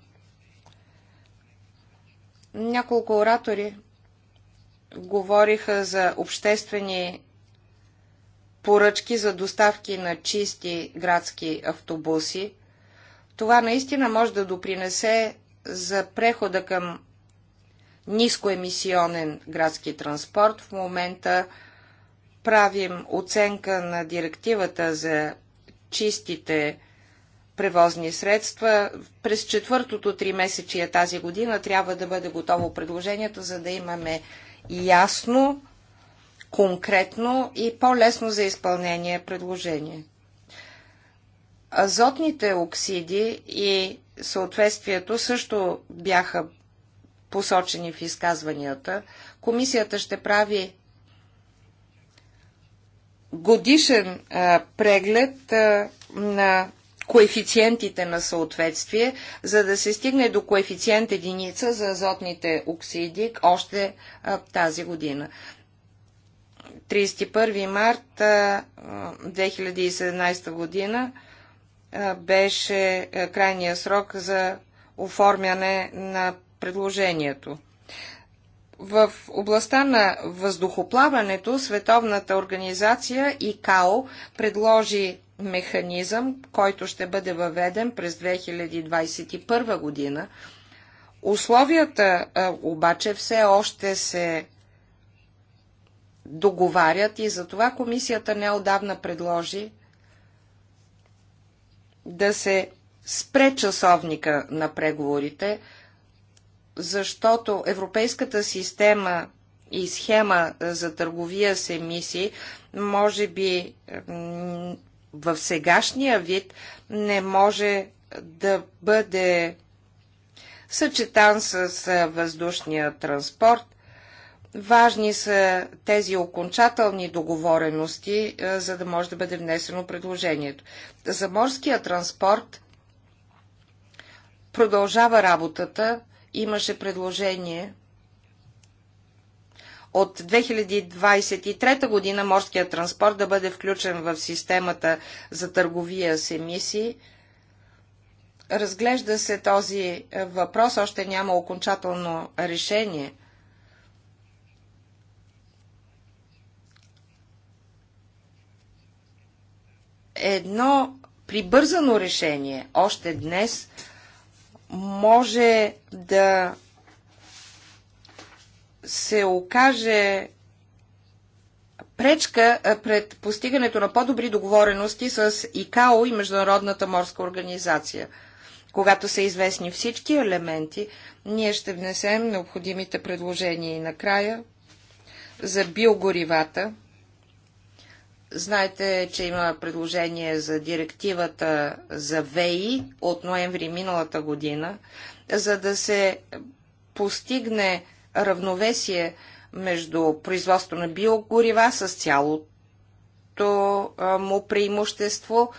Няколко оратори говориха за обществени поръчки за доставки на чисти градски автобуси. Това наистина може да допринесе за прехода към нискоемисионен градски транспорт. В момента правим оценка на директивата за чистите превозни средства. През четвъртото три месечия тази година трябва да бъде готово предложението, за да имаме ясно конкретно и по-лесно за изпълнение предложение. Азотните оксиди и съответствието също бяха посочени в изказванията. Комисията ще прави годишен а, преглед а, на коефициентите на съответствие, за да се стигне до коефициент единица за азотните оксиди още а, тази година. 31 март 2017 година беше крайния срок за оформяне на предложението. В областта на въздухоплаването Световната организация ИКАО предложи механизъм, който ще бъде въведен през 2021 година. Условията обаче все още се договарят и затова комисията неодавна предложи да се спре часовника на преговорите, защото европейската система и схема за търговия с емисии може би в сегашния вид не може да бъде съчетан с въздушния транспорт – Важни са тези окончателни договорености, е, за да може да бъде внесено предложението. За морския транспорт продължава работата. Имаше предложение от 2023 година морския транспорт да бъде включен в системата за търговия с емисии. Разглежда се този е, въпрос, още няма окончателно решение – едно прибързано решение още днес може да се окаже пречка пред постигането на по-добри договорености с ИКАО и Международната морска организация. Когато са известни всички елементи, ние ще внесем необходимите предложения и накрая за биогоривата – Знаете, че има предложение за директивата за ВЕИ от ноември миналата година, за да се постигне равновесие между производство на биогорива с цялото му преимущество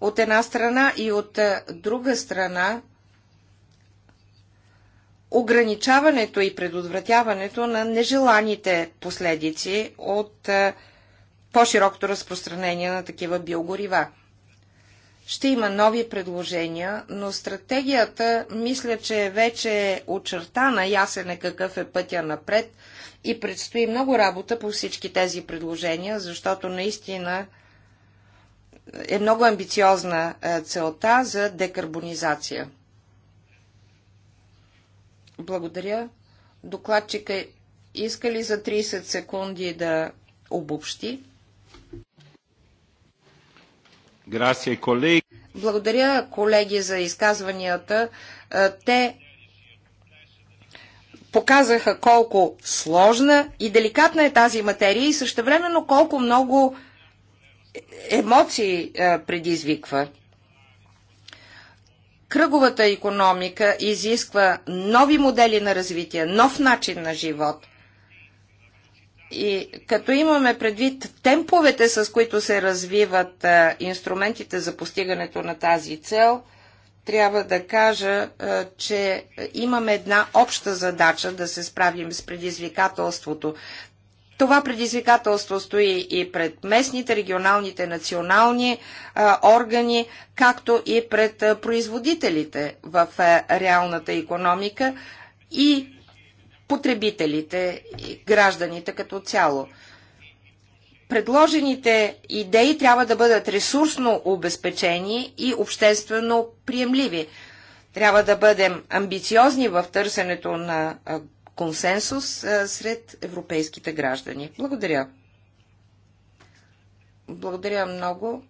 от една страна и от друга страна ограничаването и предотвратяването на нежеланите последици от по-широкото разпространение на такива биогорива. Ще има нови предложения, но стратегията мисля, че е вече е очертана, ясен е какъв е пътя напред и предстои много работа по всички тези предложения, защото наистина е много амбициозна е, целта за декарбонизация. Благодаря. Докладчика иска ли за 30 секунди да обобщи? Благодаря, колеги, за изказванията. Е, те показаха колко сложна и деликатна е тази материя и същевременно колко много емоции е, предизвиква. Кръговата економика изисква нови модели на развитие, нов начин на живот – и като имаме предвид темповете, с които се развиват а, инструментите за постигането на тази цел, трябва да кажа, а, че имаме една обща задача да се справим с предизвикателството. Това предизвикателство стои и пред местните, регионалните, национални а, органи, както и пред производителите в реалната економика и потребителите и гражданите като цяло. Предложените идеи трябва да бъдат ресурсно обезпечени и обществено приемливи. Трябва да бъдем амбициозни в търсенето на консенсус сред европейските граждани. Благодаря. Благодаря много.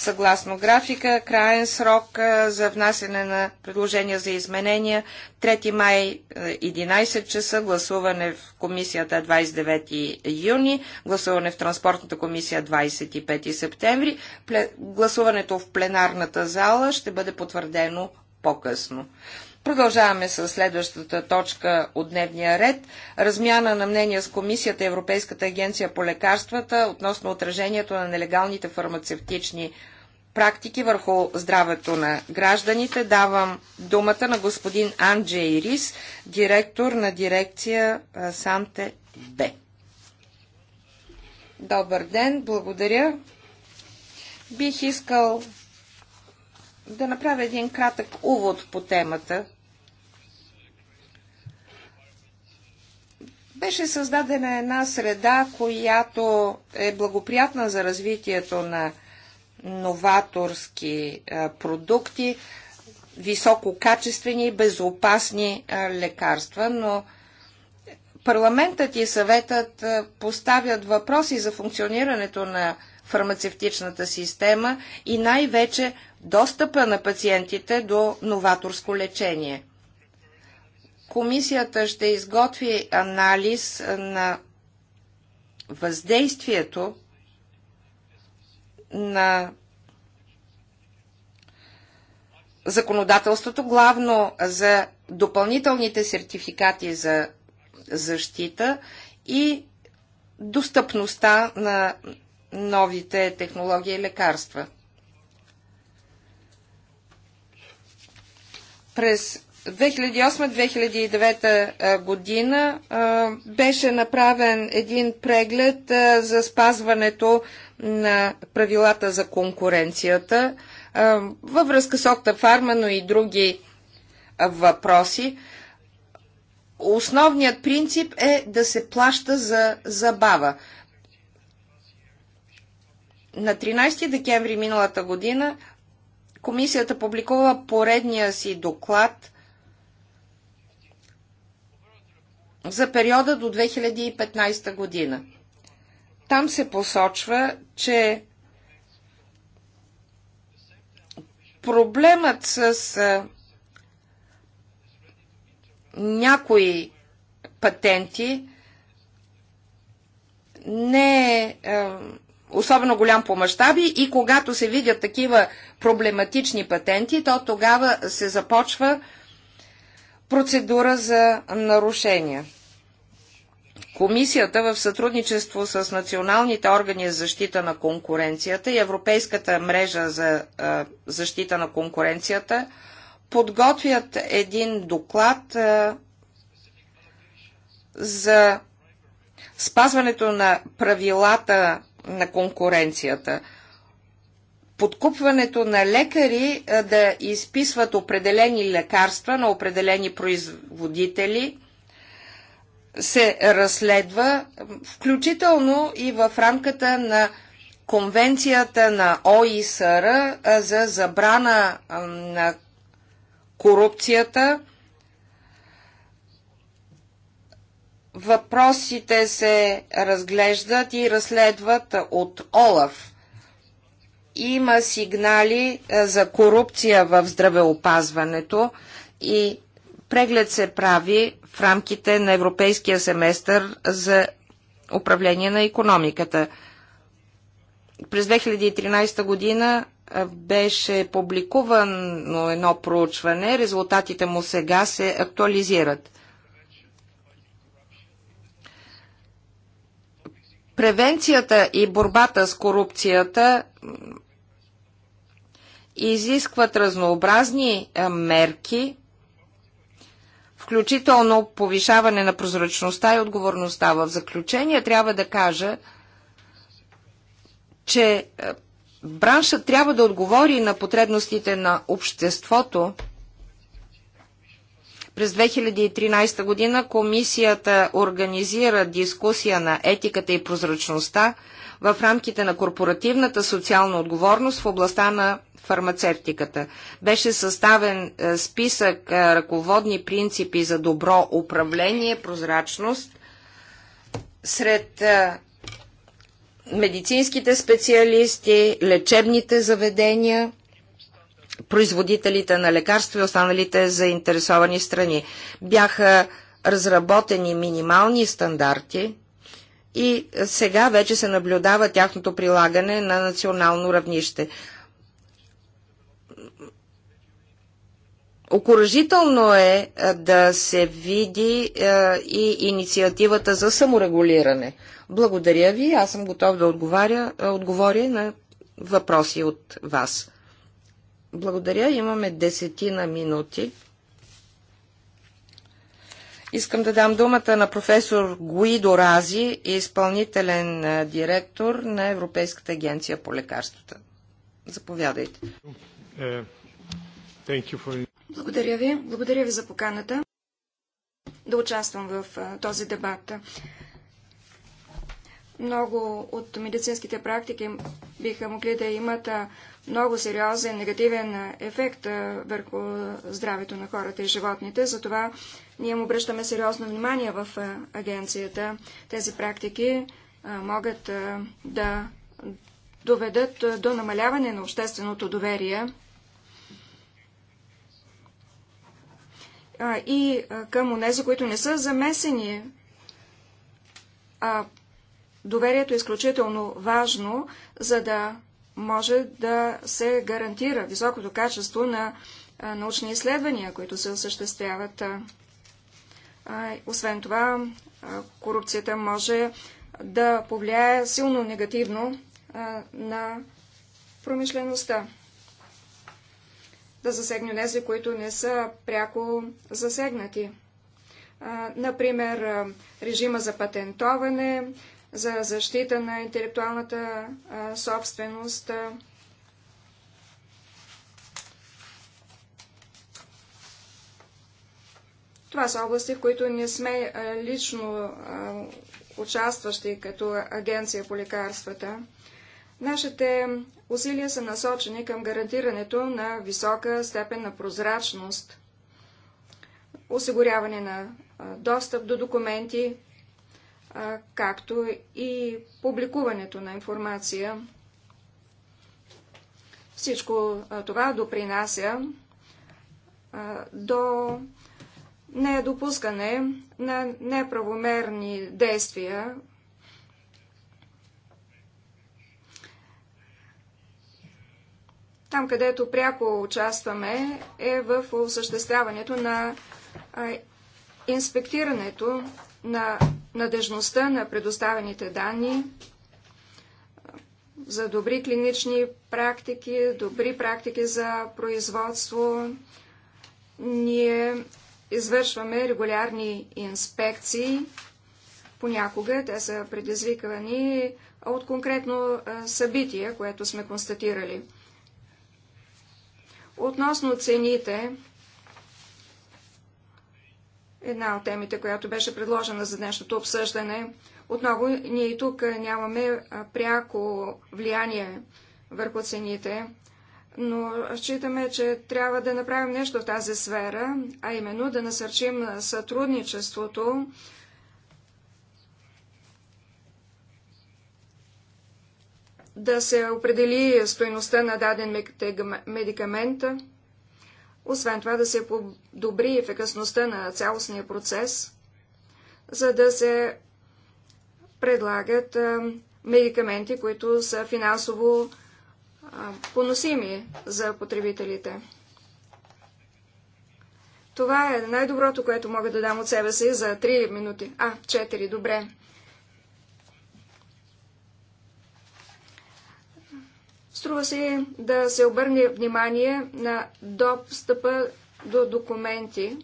Съгласно графика, краен срок за внасяне на предложения за изменения 3 май 11 часа, гласуване в комисията 29 юни, гласуване в транспортната комисия 25 септември. Гласуването в пленарната зала ще бъде потвърдено по-късно. Продължаваме с следващата точка от дневния ред. Размяна на мнения с Комисията Европейската агенция по лекарствата относно отражението на нелегалните фармацевтични практики върху здравето на гражданите. Давам думата на господин Анджей Рис, директор на дирекция Санте Б. Добър ден, благодаря. Бих искал да направя един кратък увод по темата. Беше създадена една среда, която е благоприятна за развитието на новаторски продукти, висококачествени и безопасни лекарства, но парламентът и съветът поставят въпроси за функционирането на фармацевтичната система и най-вече достъпа на пациентите до новаторско лечение. Комисията ще изготви анализ на въздействието на законодателството, главно за допълнителните сертификати за защита и достъпността на новите технологии и лекарства. През 2008-2009 година беше направен един преглед за спазването на правилата за конкуренцията във връзка с октафарма но и други въпроси. Основният принцип е да се плаща за забава. На 13 декември миналата година комисията публикува поредния си доклад за периода до 2015 година. Там се посочва, че проблемът с някои патенти не е, особено голям по мащаби и когато се видят такива проблематични патенти, то тогава се започва процедура за нарушения. Комисията в сътрудничество с националните органи за защита на конкуренцията и Европейската мрежа за защита на конкуренцията подготвят един доклад за спазването на правилата на конкуренцията. Подкупването на лекари да изписват определени лекарства на определени производители се разследва, включително и в рамката на Конвенцията на ОИСР за забрана на корупцията Въпросите се разглеждат и разследват от ОЛАФ. Има сигнали е, за корупция в здравеопазването и преглед се прави в рамките на европейския семестър за управление на економиката. През 2013 година е, беше публикувано едно проучване, резултатите му сега се актуализират. Превенцията и борбата с корупцията изискват разнообразни е, мерки, включително повишаване на прозрачността и отговорността. В заключение трябва да кажа, че е, браншът трябва да отговори на потребностите на обществото през 2013 година комисията организира дискусия на етиката и прозрачността в рамките на корпоративната социална отговорност в областта на фармацевтиката. Беше съставен е, списък е, ръководни принципи за добро управление, прозрачност сред е, медицинските специалисти, лечебните заведения производителите на лекарства и останалите заинтересовани страни. Бяха разработени минимални стандарти и сега вече се наблюдава тяхното прилагане на национално равнище. Окоръжително е да се види и инициативата за саморегулиране. Благодаря ви, аз съм готов да отговоря на въпроси от вас. Благодаря. Имаме десетина минути. Искам да дам думата на професор Гуидо Рази, изпълнителен директор на Европейската агенция по лекарствата. Заповядайте. Е, Благодаря ви. Благодаря ви за поканата да участвам в този дебат. Много от медицинските практики биха могли да имат много сериозен негативен ефект върху здравето на хората и животните. Затова ние му обръщаме сериозно внимание в агенцията. Тези практики могат да доведат до намаляване на общественото доверие и към унези, които не са замесени, а Доверието е изключително важно, за да може да се гарантира високото качество на научни изследвания, които се осъществяват. Освен това, корупцията може да повлияе силно негативно на промишлеността. Да засегне тези, които не са пряко засегнати. Например, режима за патентоване, за защита на интелектуалната а, собственост. Това са области, в които не сме а, лично а, участващи като агенция по лекарствата. Нашите усилия са насочени към гарантирането на висока степен на прозрачност, осигуряване на достъп до документи, както и публикуването на информация. Всичко това допринася до недопускане на неправомерни действия, Там, където пряко участваме, е в осъществяването на инспектирането на надежността на предоставените данни, за добри клинични практики, добри практики за производство. Ние извършваме регулярни инспекции. Понякога те са предизвиквани от конкретно събитие, което сме констатирали. Относно цените, една от темите, която беше предложена за днешното обсъждане. Отново, ние и тук нямаме пряко влияние върху цените, но считаме, че трябва да направим нещо в тази сфера, а именно да насърчим сътрудничеството да се определи стоеността на даден медикамент, освен това да се подобри ефикасността на цялостния процес, за да се предлагат медикаменти, които са финансово поносими за потребителите. Това е най-доброто, което мога да дам от себе си за 3 минути. А, 4, добре. Струва се да се обърне внимание на достъпа до документи.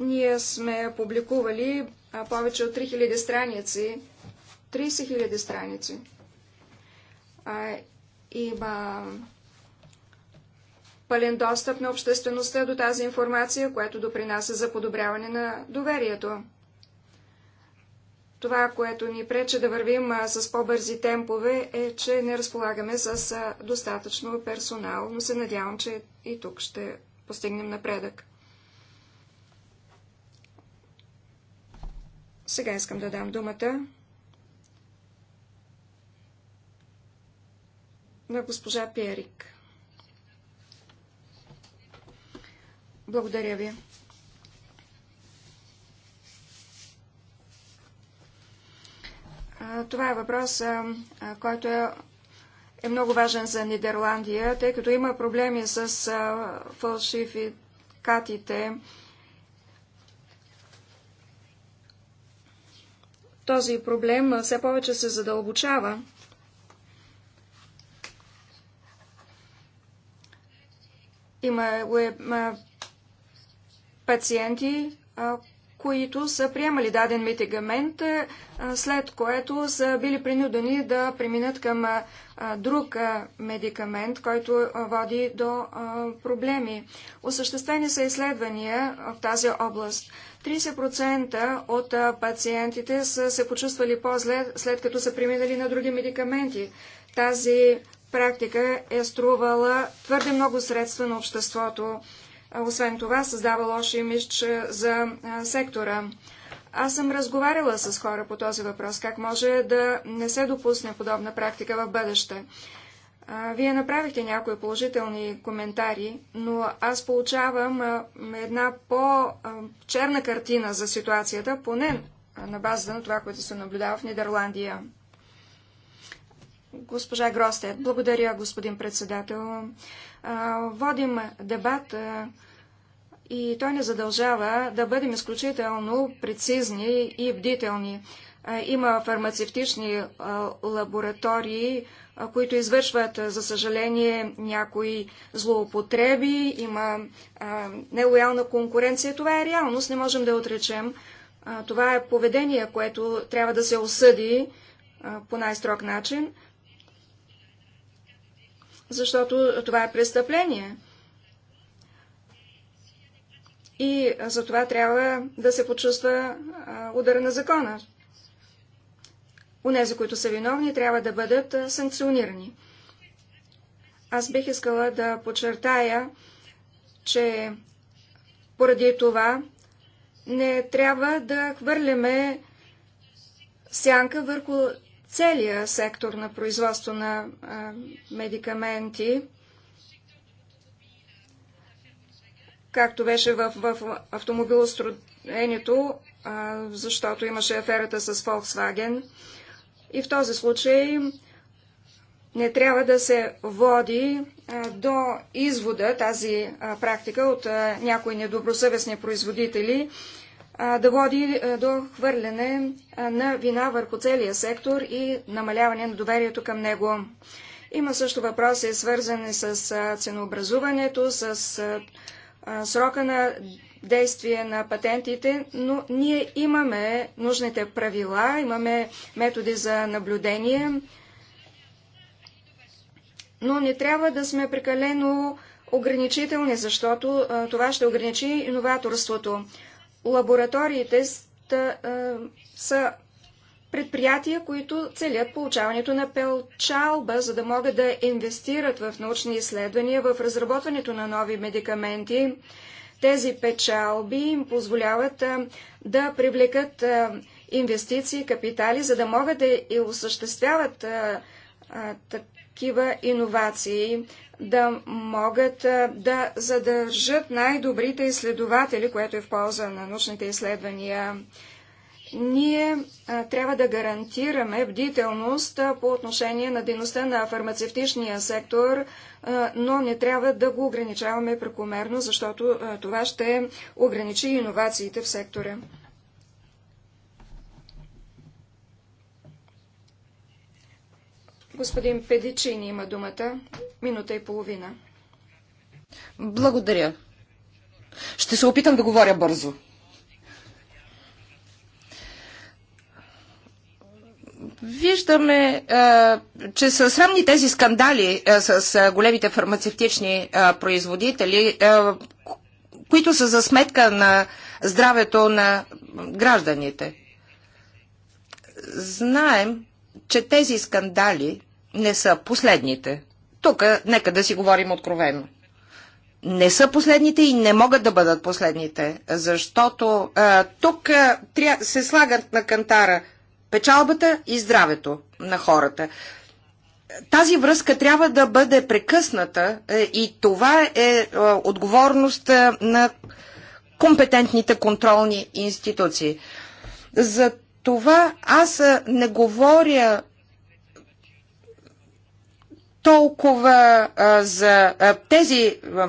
Ние сме публикували повече от 3000 страници. 30 000 страници. има пълен достъп на обществеността до тази информация, което допринася за подобряване на доверието. Това, което ни прече да вървим с по-бързи темпове, е, че не разполагаме с достатъчно персонал, но се надявам, че и тук ще постигнем напредък. Сега искам да дам думата на госпожа Перик. Благодаря ви. Това е въпрос, който е, е много важен за Нидерландия, тъй като има проблеми с фалшификатите. Този проблем все повече се задълбочава. Има пациенти, които са приемали даден медикамент, след което са били принудени да преминат към друг медикамент, който води до проблеми. Осъществени са изследвания в тази област. 30% от пациентите са се почувствали по-зле, след като са преминали на други медикаменти. Тази практика е струвала твърде много средства на обществото. Освен това, създава лош имидж за сектора. Аз съм разговаряла с хора по този въпрос, как може да не се допусне подобна практика в бъдеще. Вие направихте някои положителни коментари, но аз получавам една по-черна картина за ситуацията, поне на база на това, което се наблюдава в Нидерландия. Госпожа Гросте, благодаря, господин председател. Водим дебат и той не задължава да бъдем изключително прецизни и бдителни. Има фармацевтични лаборатории, които извършват, за съжаление, някои злоупотреби, има нелоялна конкуренция. Това е реалност, не можем да отречем. Това е поведение, което трябва да се осъди по най-строг начин защото това е престъпление. И за това трябва да се почувства удар на закона. Унези, които са виновни, трябва да бъдат санкционирани. Аз бих искала да подчертая, че поради това не трябва да хвърляме сянка върху целия сектор на производство на а, медикаменти, както беше в, в автомобилостроението, защото имаше аферата с Volkswagen. И в този случай не трябва да се води а, до извода тази а, практика от а, някои недобросъвестни производители, да води до хвърляне на вина върху целия сектор и намаляване на доверието към него. Има също въпроси, свързани с ценообразуването, с срока на действие на патентите, но ние имаме нужните правила, имаме методи за наблюдение, но не трябва да сме прекалено ограничителни, защото това ще ограничи иноваторството лабораториите са предприятия, които целят получаването на печалба, за да могат да инвестират в научни изследвания, в разработването на нови медикаменти. Тези печалби им позволяват а, да привлекат а, инвестиции, капитали, за да могат да и осъществяват а, такива иновации, да могат да задържат най-добрите изследователи, което е в полза на научните изследвания. Ние трябва да гарантираме бдителност по отношение на дейността на фармацевтичния сектор, но не трябва да го ограничаваме прекомерно, защото това ще ограничи иновациите в сектора. Господин Педичини има думата. Минута и половина. Благодаря. Ще се опитам да говоря бързо. Виждаме, е, че са срамни тези скандали е, с е, големите фармацевтични производители, които са за сметка на здравето на гражданите. Знаем, че тези скандали не са последните. Тук нека да си говорим откровено. Не са последните и не могат да бъдат последните, защото а, тук а, тря... се слагат на кантара печалбата и здравето на хората. Тази връзка трябва да бъде прекъсната е, и това е, е отговорност е, на компетентните контролни институции. За това аз не говоря толкова а, за а, тези а,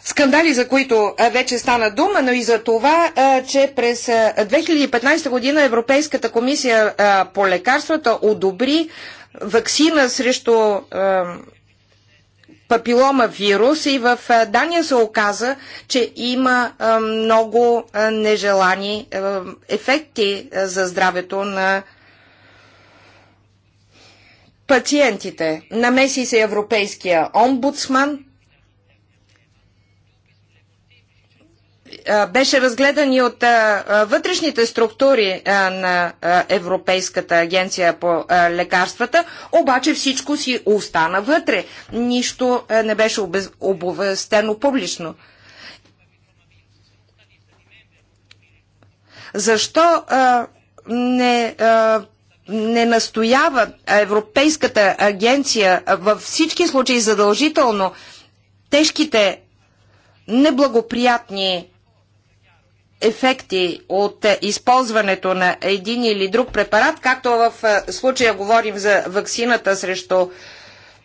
скандали, за които вече стана дума, но и за това, че през 2015 година Европейската комисия по лекарствата одобри вакцина срещу папилома вирус и в Дания се оказа, че има много нежелани ефекти за здравето на пациентите. Намеси се Европейския омбудсман. Беше разгледан и от вътрешните структури на Европейската агенция по лекарствата, обаче всичко си остана вътре. Нищо не беше обовестено публично. Защо не а, не настоява Европейската агенция във всички случаи задължително тежките неблагоприятни ефекти от е, използването на един или друг препарат, както в е, случая говорим за ваксината срещу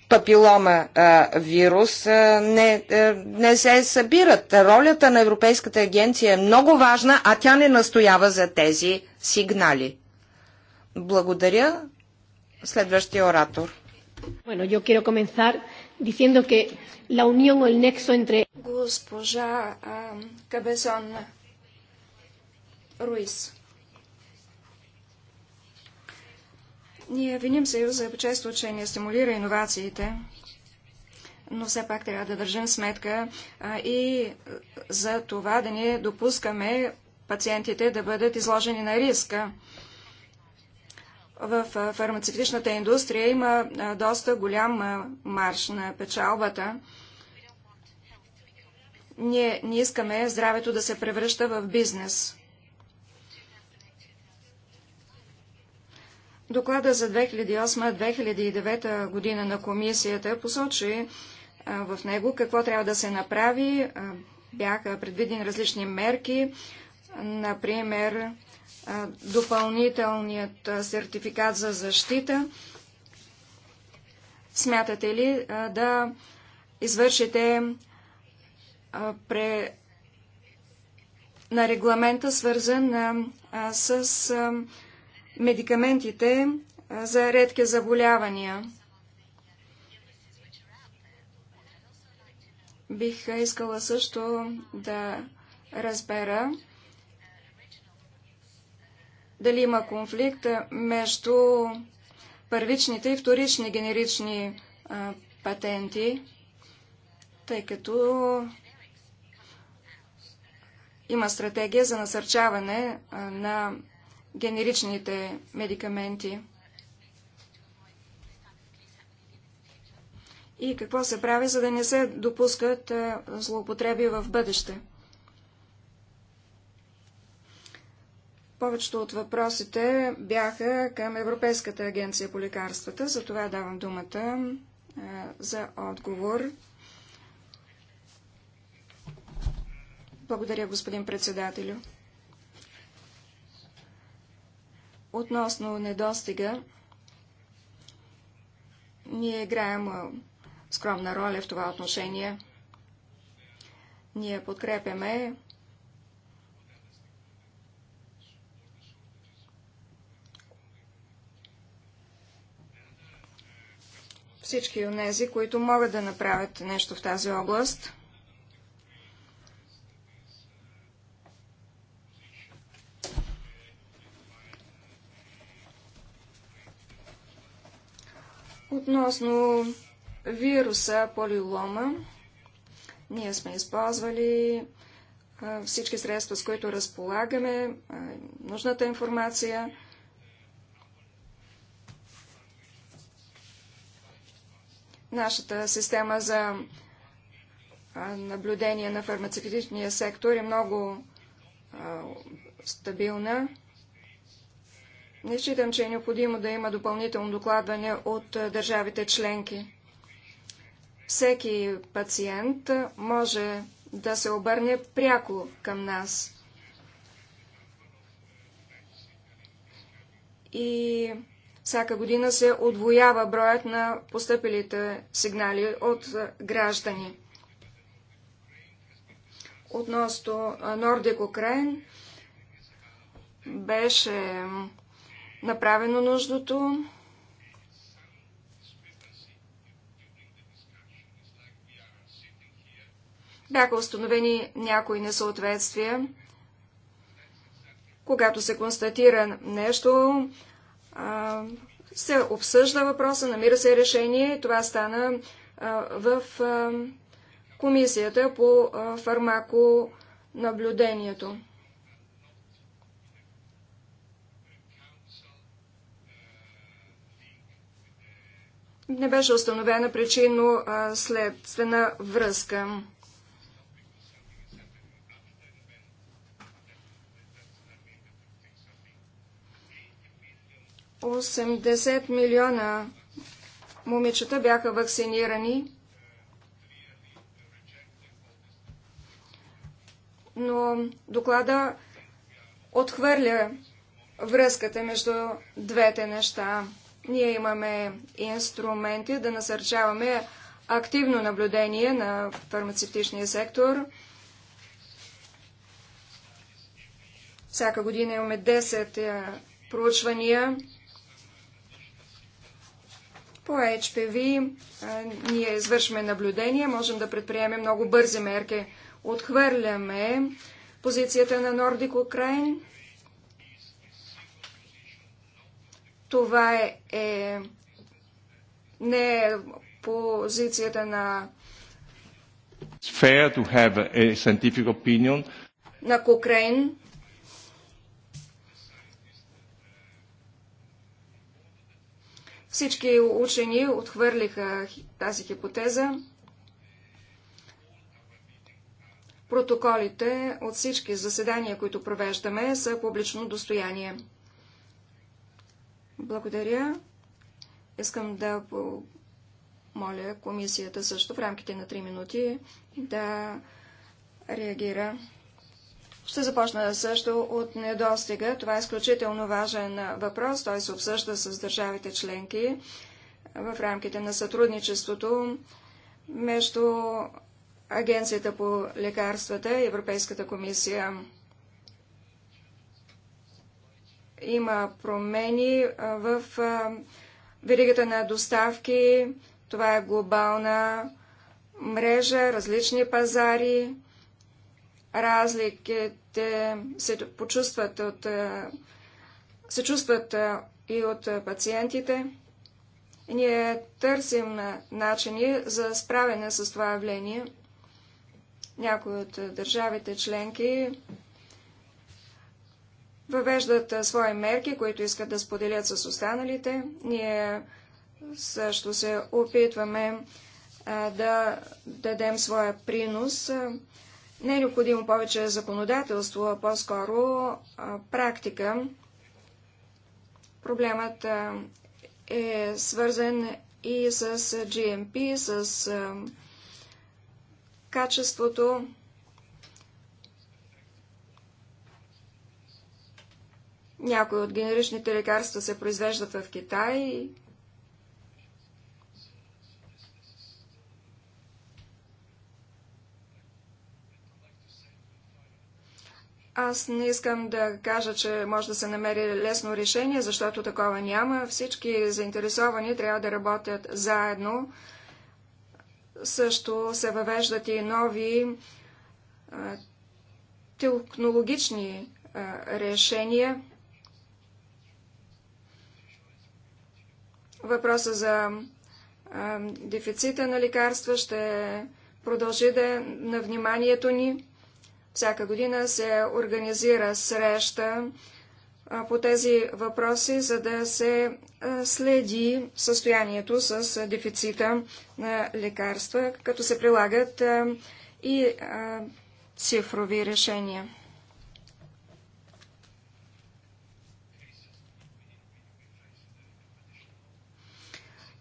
папилома е, вирус, не, не се събират. Ролята на Европейската агенция е много важна, а тя не настоява за тези сигнали. Благодаря. Следващия оратор. Bueno, yo quiero comenzar diciendo que la unión o el nexo entre... Госпожа Кабесон Руис. Ние виним Съюза често, че не стимулира иновациите, но все пак трябва да държим сметка а, и за това да не допускаме пациентите да бъдат изложени на риска в фармацевтичната индустрия има доста голям марш на печалбата. Ние не искаме здравето да се превръща в бизнес. Доклада за 2008-2009 година на комисията посочи в него какво трябва да се направи. бяха предвидени различни мерки, например допълнителният сертификат за защита. Смятате ли да извършите на регламента, свързан с медикаментите за редки заболявания? Бих искала също да разбера дали има конфликт между първичните и вторични генерични патенти, тъй като има стратегия за насърчаване на генеричните медикаменти. И какво се прави, за да не се допускат злоупотреби в бъдеще? Повечето от въпросите бяха към Европейската агенция по лекарствата, за това давам думата за отговор. Благодаря, господин председателю. Относно недостига, ние играем скромна роля в това отношение. Ние подкрепяме всички от тези, които могат да направят нещо в тази област. Относно вируса полилома, ние сме използвали всички средства, с които разполагаме, нужната информация – Нашата система за наблюдение на фармацевтичния сектор е много стабилна. Не считам, че е необходимо да има допълнително докладване от държавите членки. Всеки пациент може да се обърне пряко към нас. И всяка година се отвоява броят на постъпилите сигнали от граждани. Относно Нордик Украин беше направено нуждото. Бяха установени някои несъответствия. Когато се констатира нещо, се обсъжда въпроса, намира се решение и това стана в комисията по фармаконаблюдението. Не беше установена причинно следствена връзка. 80 милиона момичета бяха вакцинирани, но доклада отхвърля връзката между двете неща. Ние имаме инструменти да насърчаваме активно наблюдение на фармацевтичния сектор. Всяка година имаме 10 е, проучвания по HPV ние извършваме наблюдение, можем да предприемем много бързи мерки. Отхвърляме позицията на Nordic Ukraine. Това е, е, не е позицията на It's fair to have a scientific opinion. на Кокрейн. Всички учени отхвърлиха тази хипотеза. Протоколите от всички заседания, които провеждаме, са публично достояние. Благодаря. Искам да моля комисията също в рамките на 3 минути да реагира. Ще започна също от недостига. Това е изключително важен въпрос. Той се обсъжда с държавите членки в рамките на сътрудничеството между Агенцията по лекарствата и Европейската комисия. Има промени в веригата на доставки. Това е глобална мрежа, различни пазари разликите се почувстват от, е, се чувстват е, и от е, пациентите. ние търсим начини за справяне с това явление. Някои от държавите членки въвеждат свои мерки, които искат да споделят с останалите. Ние също се опитваме да дадем своя принос. Не е необходимо повече законодателство, а по-скоро практика. Проблемът е свързан и с GMP, с качеството. Някои от генеричните лекарства се произвеждат в Китай, Аз не искам да кажа, че може да се намери лесно решение, защото такова няма. Всички заинтересовани трябва да работят заедно. Също се въвеждат и нови технологични решения. Въпроса за дефицита на лекарства ще продължи да е на вниманието ни. Всяка година се организира среща по тези въпроси, за да се следи състоянието с дефицита на лекарства, като се прилагат и цифрови решения.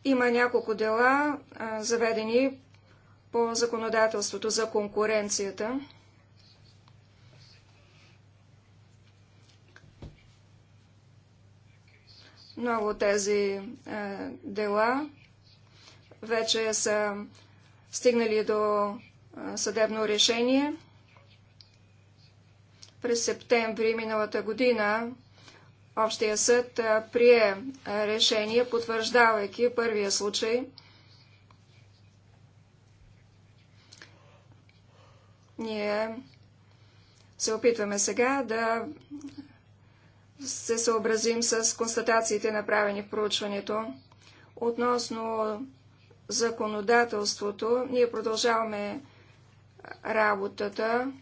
Има няколко дела, заведени по законодателството за конкуренцията. Много тези е, дела вече са стигнали до е, съдебно решение. През септември миналата година Общия съд е, прие е, решение, потвърждавайки първия случай. Ние се опитваме сега да се съобразим с констатациите, направени в проучването. Относно законодателството, ние продължаваме работата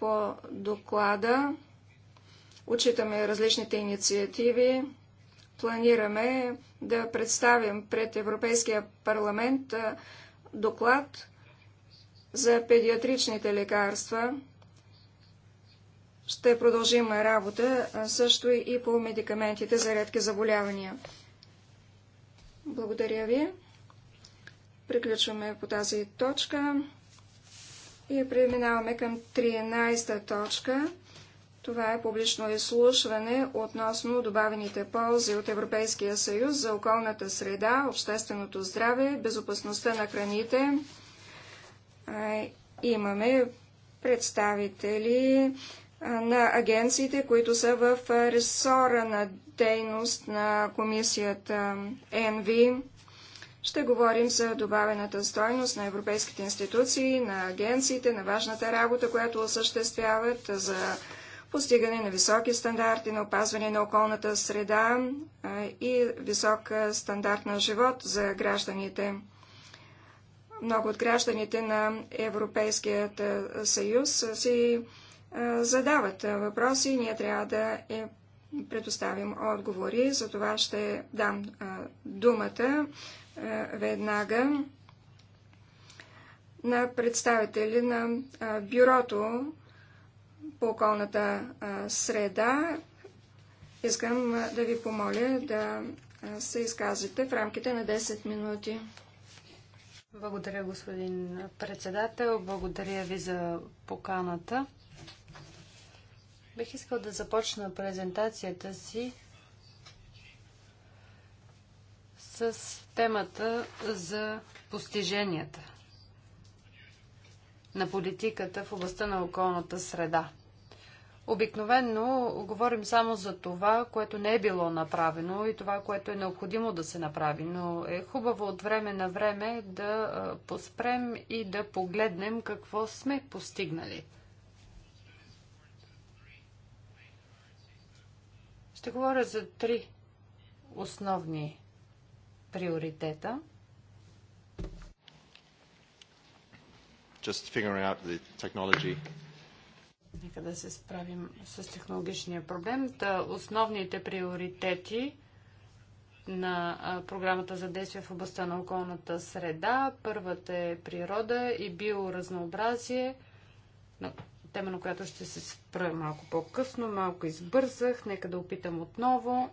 по доклада, учитаме различните инициативи, планираме да представим пред Европейския парламент доклад за педиатричните лекарства ще продължим работа също и по медикаментите за редки заболявания. Благодаря ви. Приключваме по тази точка и преминаваме към 13-та точка. Това е публично изслушване относно добавените ползи от Европейския съюз за околната среда, общественото здраве, безопасността на храните. Имаме представители на агенциите, които са в ресора на дейност на комисията ЕНВИ. Ще говорим за добавената стойност на европейските институции, на агенциите, на важната работа, която осъществяват за постигане на високи стандарти на опазване на околната среда и висок стандарт на живот за гражданите. Много от гражданите на Европейският съюз си задават въпроси ние трябва да е предоставим отговори. За това ще дам думата веднага на представители на Бюрото по околната среда. Искам да ви помоля да се изказвате в рамките на 10 минути. Благодаря, господин председател. Благодаря ви за поканата. Бих искал да започна презентацията си с темата за постиженията на политиката в областта на околната среда. Обикновенно говорим само за това, което не е било направено и това, което е необходимо да се направи, но е хубаво от време на време да поспрем и да погледнем какво сме постигнали – Ще говоря за три основни приоритета. Just figuring out the technology. Нека да се справим с технологичния проблем. Та основните приоритети на програмата за действие в областта на околната среда. Първата е природа и биоразнообразие, тема, на която ще се спра малко по-късно. Малко избързах. Нека да опитам отново.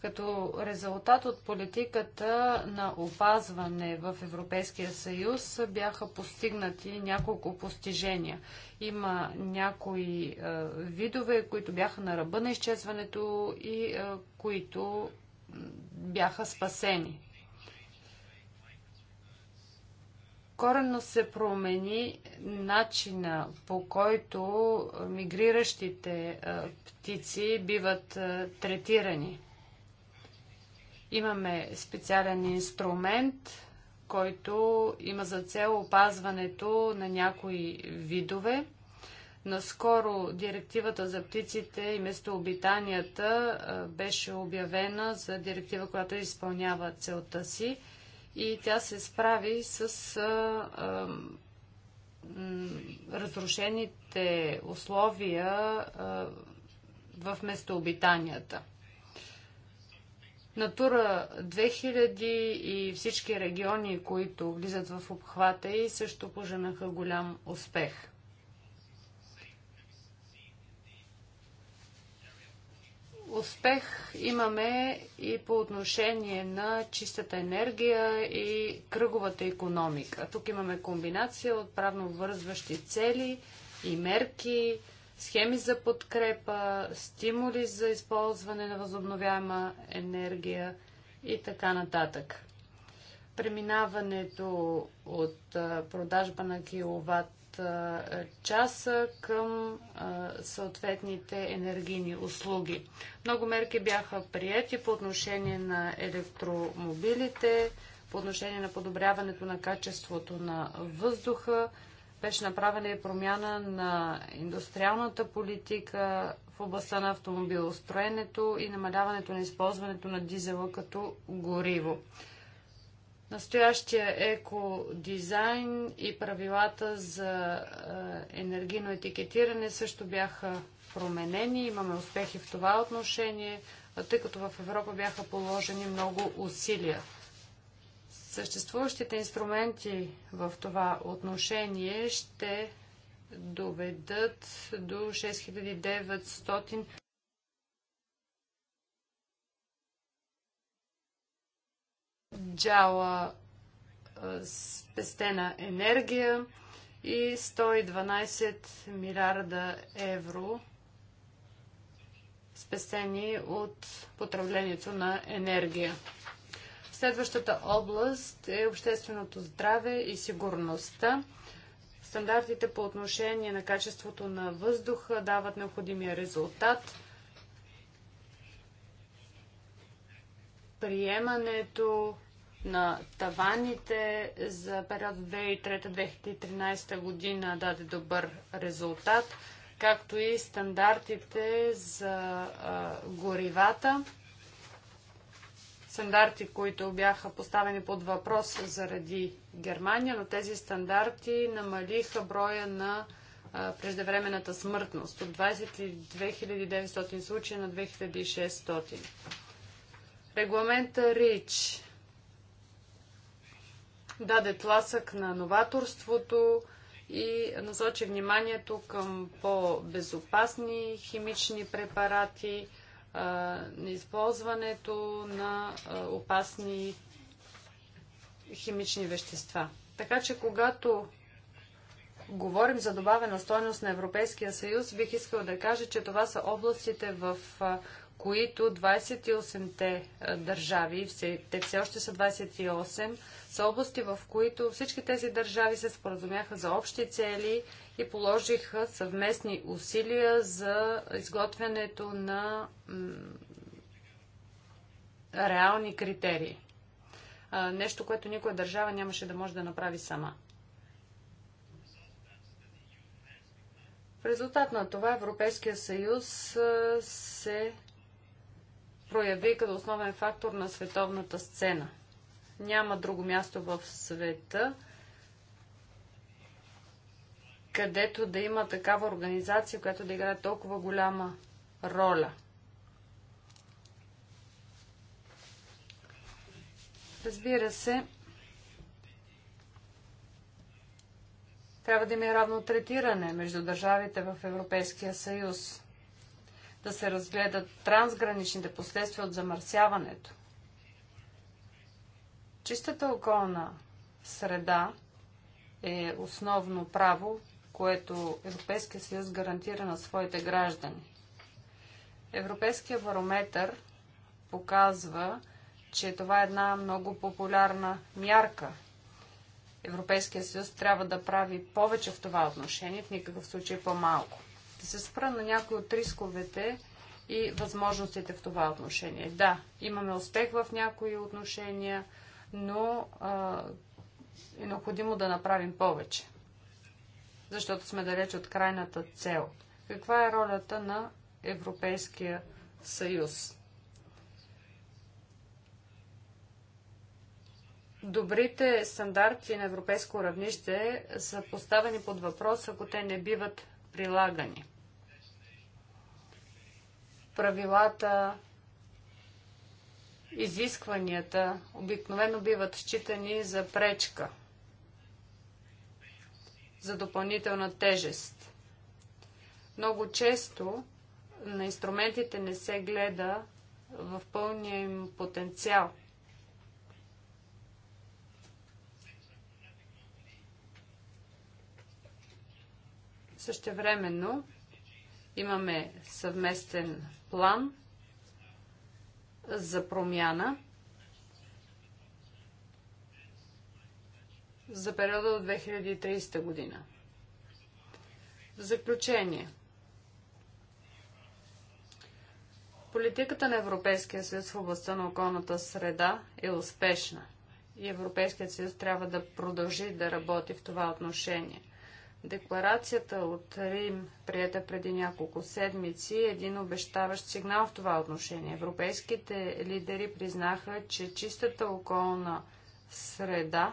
Като резултат от политиката на опазване в Европейския съюз бяха постигнати няколко постижения. Има някои е, видове, които бяха на ръба на изчезването и е, които бяха спасени. коренно се промени начина по който мигриращите птици биват третирани. Имаме специален инструмент, който има за цел опазването на някои видове. Наскоро директивата за птиците и местообитанията беше обявена за директива, която изпълнява целта си – и тя се справи с а, а, разрушените условия а, в местообитанията. Натура 2000 и всички региони, които влизат в обхвата и също поженаха голям успех – Успех имаме и по отношение на чистата енергия и кръговата економика. Тук имаме комбинация от правно вързващи цели и мерки, схеми за подкрепа, стимули за използване на възобновяема енергия и така нататък. Преминаването от продажба на киловатт часа към съответните енергийни услуги. Много мерки бяха прияти по отношение на електромобилите, по отношение на подобряването на качеството на въздуха. Беше направена и промяна на индустриалната политика в областта на автомобилостроенето и намаляването на използването на дизела като гориво. Настоящия екодизайн и правилата за е, енергийно етикетиране също бяха променени. Имаме успехи в това отношение, тъй като в Европа бяха положени много усилия. Съществуващите инструменти в това отношение ще доведат до 6900 джала спестена енергия и 112 милиарда евро спестени от потреблението на енергия. Следващата област е общественото здраве и сигурността. Стандартите по отношение на качеството на въздуха дават необходимия резултат. приемането на таваните за период 2003-2013 година даде добър резултат, както и стандартите за а, горивата. Стандарти, които бяха поставени под въпрос заради Германия, но тези стандарти намалиха броя на а, преждевременната смъртност от 22 900 случая на 2600. Регламента РИЧ даде тласък на новаторството и насочи вниманието към по-безопасни химични препарати, на използването на опасни химични вещества. Така че, когато говорим за добавена стойност на Европейския съюз, бих искал да кажа, че това са областите, в които 28-те държави, те все още са 28, са области, в които всички тези държави се споразумяха за общи цели и положиха съвместни усилия за изготвянето на реални критерии. Нещо, което никоя държава нямаше да може да направи сама. В резултат на това Европейския съюз се прояви като основен фактор на световната сцена. Няма друго място в света, където да има такава организация, която да играе толкова голяма роля. Разбира се, трябва да има равно третиране между държавите в Европейския съюз да се разгледат трансграничните последствия от замърсяването. Чистата околна среда е основно право, което Европейския съюз гарантира на своите граждани. Европейския барометър показва, че това е една много популярна мярка. Европейския съюз трябва да прави повече в това отношение, в никакъв случай по-малко. Ще се спра на някои от рисковете и възможностите в това отношение. Да, имаме успех в някои отношения, но а, е необходимо да направим повече, защото сме далеч от крайната цел. Каква е ролята на Европейския съюз? добрите стандарти на европейско равнище са поставени под въпрос, ако те не биват прилагани правилата, изискванията обикновено биват считани за пречка, за допълнителна тежест. Много често на инструментите не се гледа в пълния им потенциал. Същевременно имаме съвместен план за промяна за периода от 2030 година. В заключение, политиката на Европейския съюз в областта на околната среда е успешна и Европейският съюз трябва да продължи да работи в това отношение – Декларацията от Рим, прията преди няколко седмици, е един обещаващ сигнал в това отношение. Европейските лидери признаха, че чистата околна среда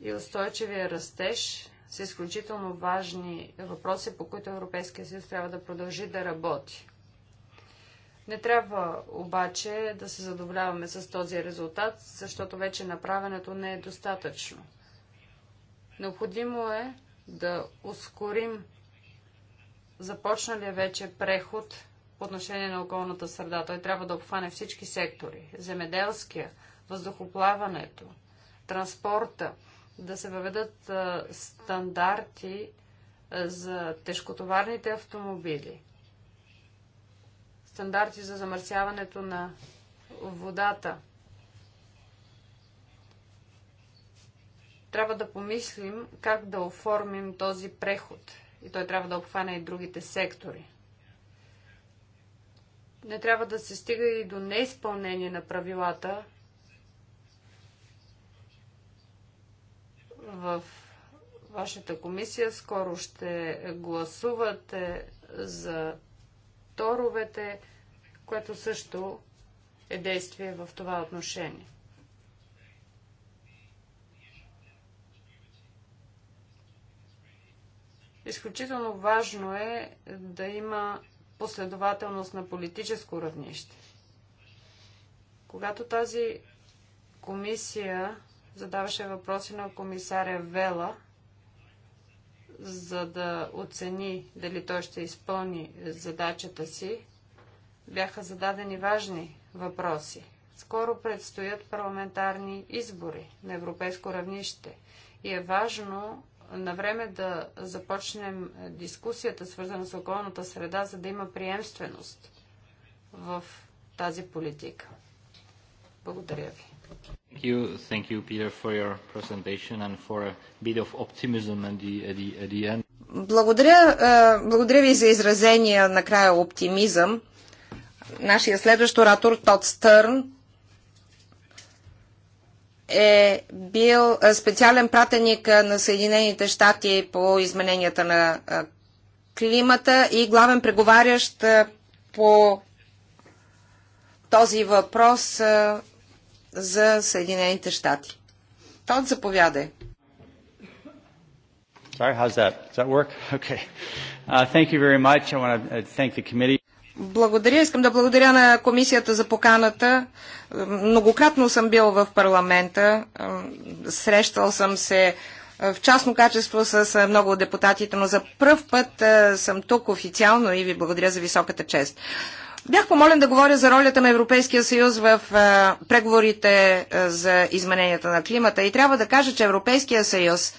и устойчивия растеж са изключително важни въпроси, по които Европейския съюз трябва да продължи да работи. Не трябва обаче да се задоволяваме с този резултат, защото вече направенето не е достатъчно. Необходимо е да ускорим започналия вече преход по отношение на околната среда. Той трябва да обхване всички сектори. Земеделския, въздухоплаването, транспорта, да се въведат стандарти за тежкотоварните автомобили, стандарти за замърсяването на водата. трябва да помислим как да оформим този преход. И той трябва да обхване и другите сектори. Не трябва да се стига и до неизпълнение на правилата в вашата комисия. Скоро ще гласувате за торовете, което също е действие в това отношение. Изключително важно е да има последователност на политическо равнище. Когато тази комисия задаваше въпроси на комисаря Вела, за да оцени дали той ще изпълни задачата си, бяха зададени важни въпроси. Скоро предстоят парламентарни избори на европейско равнище и е важно на време да започнем дискусията, свързана с околната среда, за да има приемственост в тази политика. Благодаря ви. Thank you, thank you Peter, for your presentation and for a bit of optimism at the, at the, at the end. Благодаря, е, благодаря ви за изразения накрая оптимизъм. Нашия следващ оратор Тод Стърн е бил специален пратеник на Съединените щати по измененията на климата и главен преговарящ по този въпрос за Съединените щати. Тод заповядай. Sorry, how's that? Does that work? [laughs] Okay. Uh, thank you very much. I want to uh, thank the committee. Благодаря. Искам да благодаря на комисията за поканата. Многократно съм бил в парламента. Срещал съм се в частно качество с много от депутатите, но за първ път съм тук официално и ви благодаря за високата чест. Бях помолен да говоря за ролята на Европейския съюз в преговорите за измененията на климата и трябва да кажа, че Европейския съюз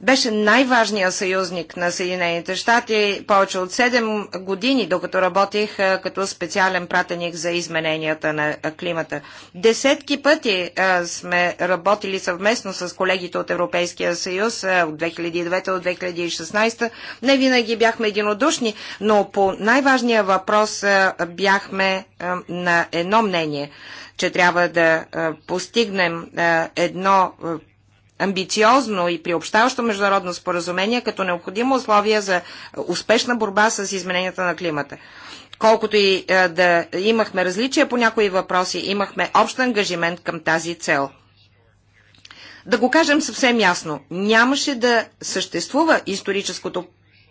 беше най-важният съюзник на Съединените щати повече от 7 години, докато работих като специален пратеник за измененията на климата. Десетки пъти сме работили съвместно с колегите от Европейския съюз от 2009 до 2016. Не винаги бяхме единодушни, но по най-важния въпрос бяхме на едно мнение че трябва да постигнем едно амбициозно и приобщаващо международно споразумение като необходимо условие за успешна борба с измененията на климата. Колкото и е, да имахме различия по някои въпроси, имахме общ ангажимент към тази цел. Да го кажем съвсем ясно, нямаше да съществува историческото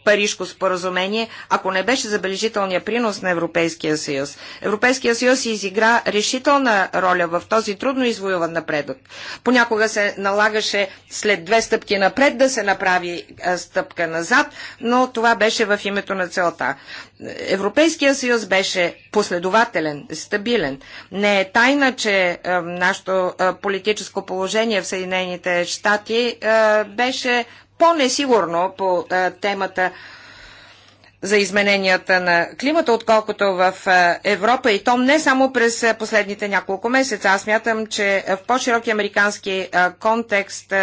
Парижко споразумение, ако не беше забележителният принос на Европейския съюз. Европейския съюз изигра решителна роля в този трудно извоюван напредък. Понякога се налагаше след две стъпки напред да се направи стъпка назад, но това беше в името на целта. Европейския съюз беше последователен, стабилен. Не е тайна, че нашето политическо положение в Съединените щати беше по-несигурно по темата за измененията на климата, отколкото в Европа и то не само през последните няколко месеца. Аз мятам, че в по-широки американски контекст,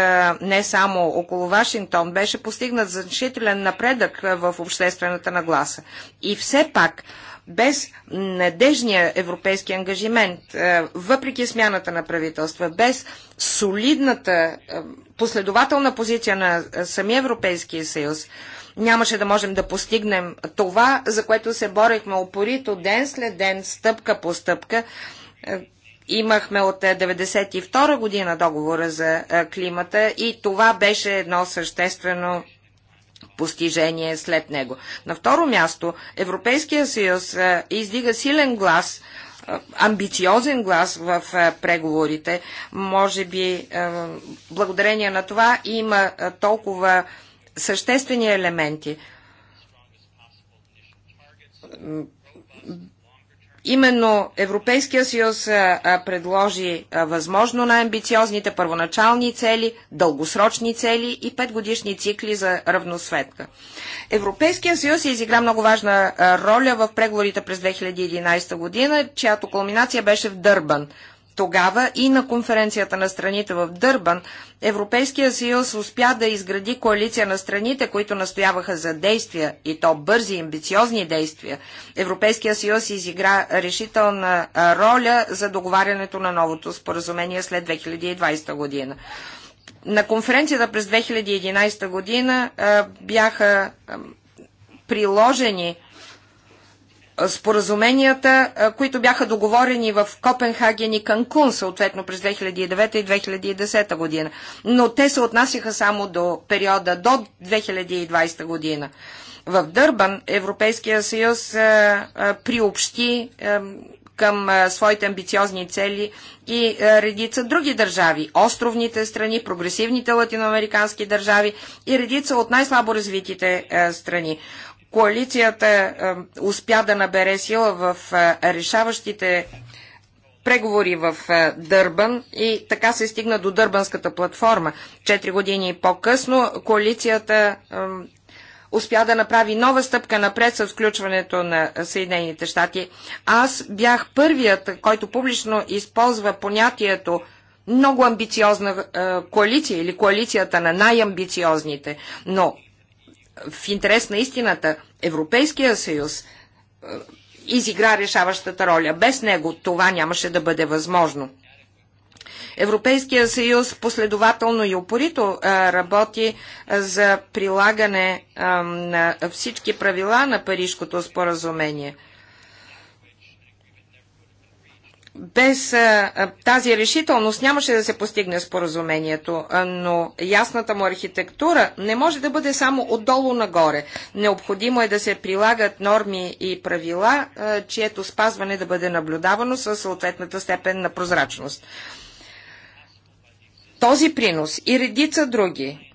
не само около Вашингтон, беше постигнат значителен напредък в обществената нагласа. И все пак без надежния европейски ангажимент, е, въпреки смяната на правителства, без солидната е, последователна позиция на е, самия Европейския съюз, нямаше да можем да постигнем това, за което се борехме опорито ден след ден, стъпка по стъпка. Имахме от 1992 година договора за климата и това беше едно съществено постижение след него. На второ място, Европейския съюз е, издига силен глас е, амбициозен глас в е, преговорите. Може би благодарение на това има толкова съществени елементи. Именно Европейския съюз предложи възможно най-амбициозните първоначални цели, дългосрочни цели и петгодишни цикли за равносветка. Европейския съюз изигра много важна роля в преговорите през 2011 година, чиято кулминация беше в Дърбан – тогава и на конференцията на страните в Дърбан Европейския съюз успя да изгради коалиция на страните, които настояваха за действия, и то бързи, и амбициозни действия. Европейския съюз изигра решителна роля за договарянето на новото споразумение след 2020 година. На конференцията през 2011 година бяха приложени споразуменията, които бяха договорени в Копенхаген и Канкун, съответно през 2009 и 2010 година. Но те се отнасяха само до периода до 2020 година. В Дърбан Европейския съюз приобщи към своите амбициозни цели и редица други държави. Островните страни, прогресивните латиноамерикански държави и редица от най-слабо развитите страни коалицията е, успя да набере сила в е, решаващите преговори в е, Дърбан и така се стигна до Дърбанската платформа. Четири години по-късно коалицията успя да направи нова стъпка напред с включването на Съединените щати. Аз бях първият, който публично използва понятието много амбициозна коалиция или коалицията на най-амбициозните, но в интерес на истината, Европейския съюз е, изигра решаващата роля. Без него това нямаше да бъде възможно. Европейския съюз последователно и упорито е, работи е, за прилагане на всички правила на Парижкото споразумение. без а, тази решителност нямаше да се постигне споразумението, но ясната му архитектура не може да бъде само отдолу нагоре. Необходимо е да се прилагат норми и правила, а, чието спазване да бъде наблюдавано със съответната степен на прозрачност. Този принос и редица други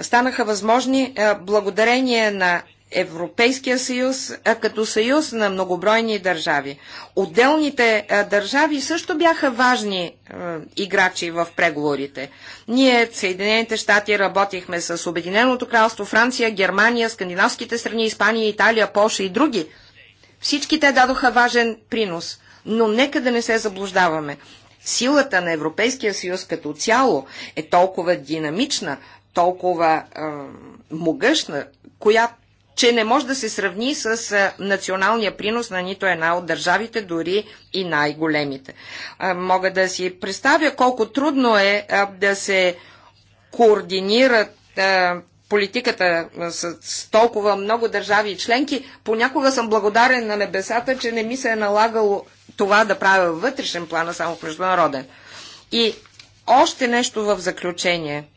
станаха възможни а, благодарение на Европейския съюз като съюз на многобройни държави. Отделните държави също бяха важни играчи в преговорите. Ние, Съединените щати, работихме с Обединеното кралство, Франция, Германия, скандинавските страни, Испания, Италия, Польша и други. Всички те дадоха важен принос. Но нека да не се заблуждаваме. Силата на Европейския съюз като цяло е толкова динамична, толкова е, могъщна, която че не може да се сравни с националния принос на нито една от държавите, дори и най-големите. Мога да си представя колко трудно е да се координират политиката с толкова много държави и членки. Понякога съм благодарен на небесата, че не ми се е налагало това да правя вътрешен план, а само международен. И още нещо в заключение –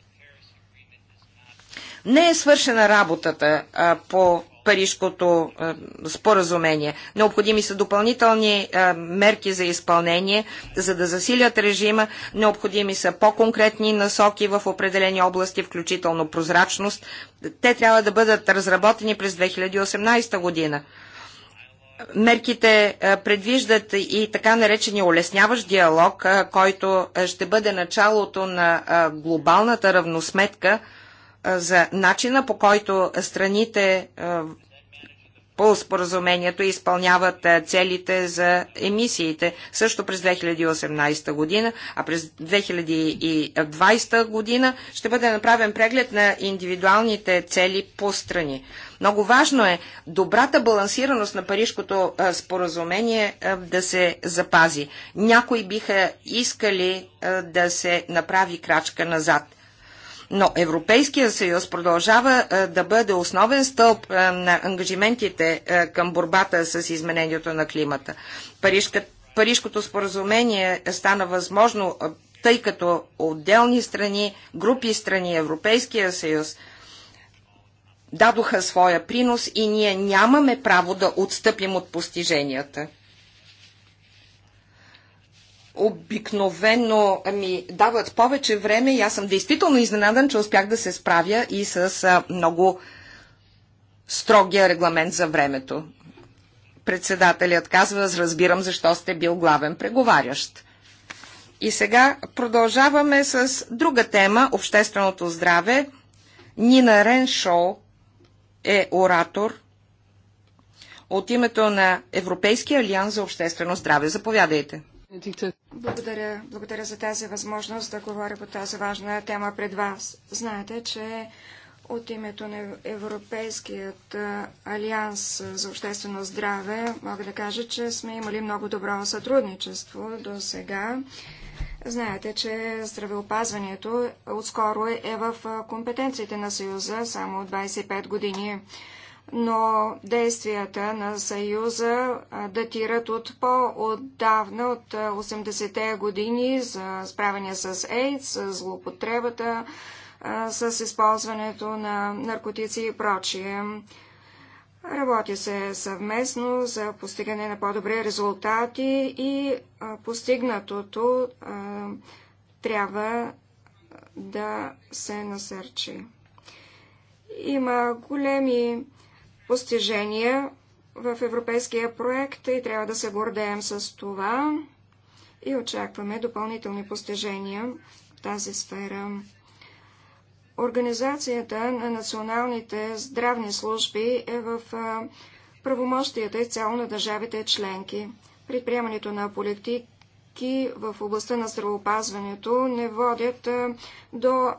не е свършена работата а, по Парижкото а, споразумение. Необходими са допълнителни а, мерки за изпълнение, за да засилят режима. Необходими са по-конкретни насоки в определени области, включително прозрачност. Те трябва да бъдат разработени през 2018 година. Мерките предвиждат и така наречения улесняващ диалог, който ще бъде началото на глобалната равносметка – за начина по който страните е, по споразумението изпълняват е, целите за емисиите също през 2018 година, а през 2020 година ще бъде направен преглед на индивидуалните цели по страни. Много важно е добрата балансираност на Парижкото е, споразумение да се запази. Някои биха искали да се направи крачка назад – но Европейския съюз продължава е, да бъде основен стълб е, на ангажиментите е, към борбата с изменението на климата. Парижкото споразумение стана възможно, тъй като отделни страни, групи страни, Европейския съюз дадоха своя принос и ние нямаме право да отстъпим от постиженията обикновено ми дават повече време и аз съм действително изненадан, че успях да се справя и с много строгия регламент за времето. Председателят казва, аз разбирам защо сте бил главен преговарящ. И сега продължаваме с друга тема – общественото здраве. Нина Реншоу е оратор от името на Европейския алианс за обществено здраве. Заповядайте. Благодаря, благодаря за тази възможност да говоря по тази важна тема пред вас. Знаете, че от името на Европейският алианс за обществено здраве мога да кажа, че сме имали много добро сътрудничество до сега. Знаете, че здравеопазването отскоро е в компетенциите на Съюза само 25 години но действията на Съюза датират от по-отдавна, от 80-те години за справяне с AIDS, с злопотребата, с използването на наркотици и прочие. Работи се съвместно за постигане на по-добри резултати и постигнатото трябва да се насърчи. Има големи постижения в европейския проект и трябва да се гордеем с това и очакваме допълнителни постижения в тази сфера. Организацията на националните здравни служби е в правомощията и цяло на държавите членки. Предприемането на политики мерки в областта на здравеопазването не водят до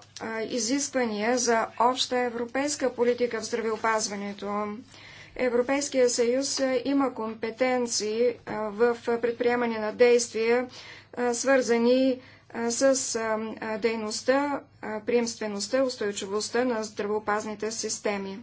изисквания за обща европейска политика в здравеопазването. Европейския съюз има компетенции в предприемане на действия, свързани с дейността, приемствеността, устойчивостта на здравеопазните системи.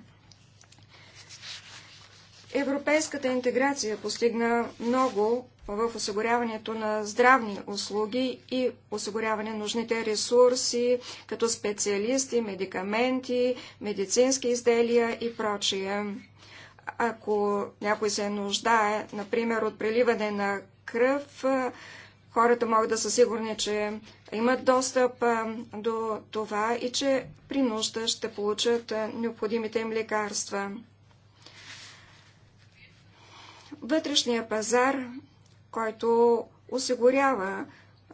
Европейската интеграция постигна много в осигуряването на здравни услуги и осигуряване на нужните ресурси, като специалисти, медикаменти, медицински изделия и прочие. Ако някой се нуждае, например, от преливане на кръв, хората могат да са сигурни, че имат достъп до това и че при нужда ще получат необходимите им лекарства. Вътрешния пазар който осигурява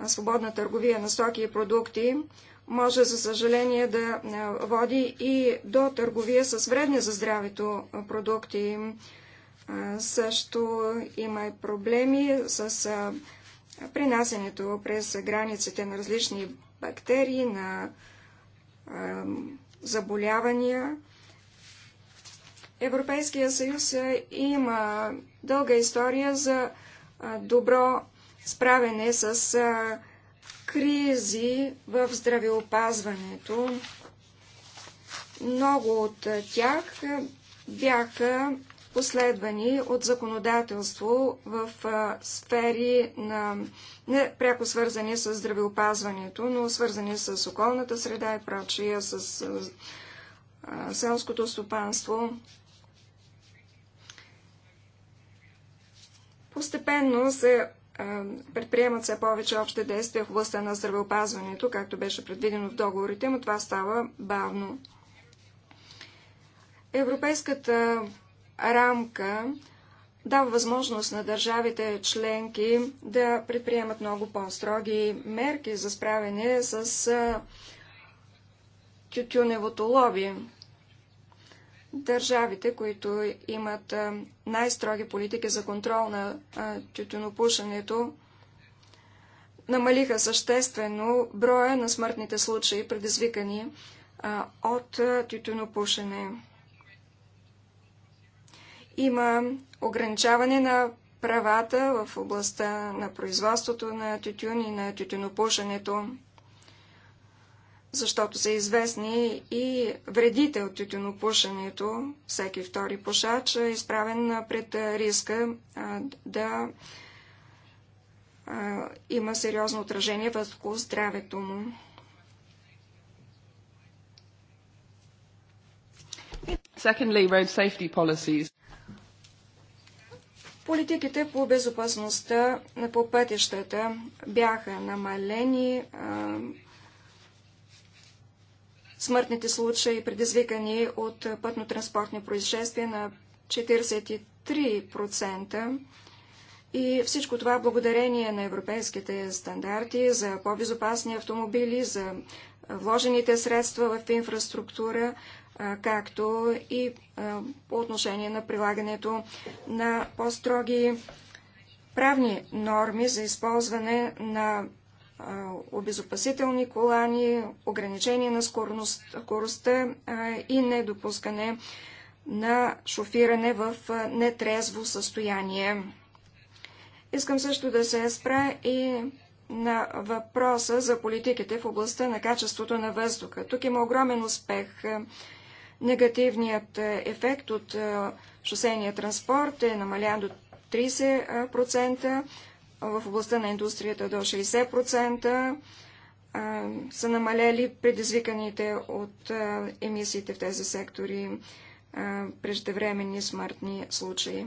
свободна търговия на стоки и продукти, може, за съжаление, да води и до търговия с вредни за здравето продукти. Също има и проблеми с принасянето през границите на различни бактерии, на заболявания. Европейския съюз има дълга история за добро справяне с кризи в здравеопазването. Много от тях бяха последвани от законодателство в сфери на не пряко свързани с здравеопазването, но свързани с околната среда и прочия, с селското стопанство. Постепенно се предприемат все повече общи действия в областта на здравеопазването, както беше предвидено в договорите, но това става бавно. Европейската рамка дава възможност на държавите членки да предприемат много по-строги мерки за справяне с тютюневото лоби държавите, които имат най-строги политики за контрол на тютюнопушенето, намалиха съществено броя на смъртните случаи, предизвикани от тютюнопушене. Има ограничаване на правата в областта на производството на тютюни и на тютюнопушенето защото са известни и вредите от тютюнопушенето. Всеки втори пушач е изправен пред риска да има сериозно отражение върху здравето му. Secondly, road safety policies. Политиките по безопасността по пътищата бяха намалени смъртните случаи, предизвикани от пътно-транспортни происшествия на 43%. И всичко това благодарение на европейските стандарти за по-безопасни автомобили, за вложените средства в инфраструктура, както и по отношение на прилагането на по-строги правни норми за използване на обезопасителни колани, ограничение на скоростта и недопускане на шофиране в нетрезво състояние. Искам също да се спра и на въпроса за политиките в областта на качеството на въздуха. Тук има огромен успех. Негативният ефект от шосейния транспорт е намалян до 30% в областта на индустрията до 60%, са намалели предизвиканите от емисиите в тези сектори преждевременни смъртни случаи.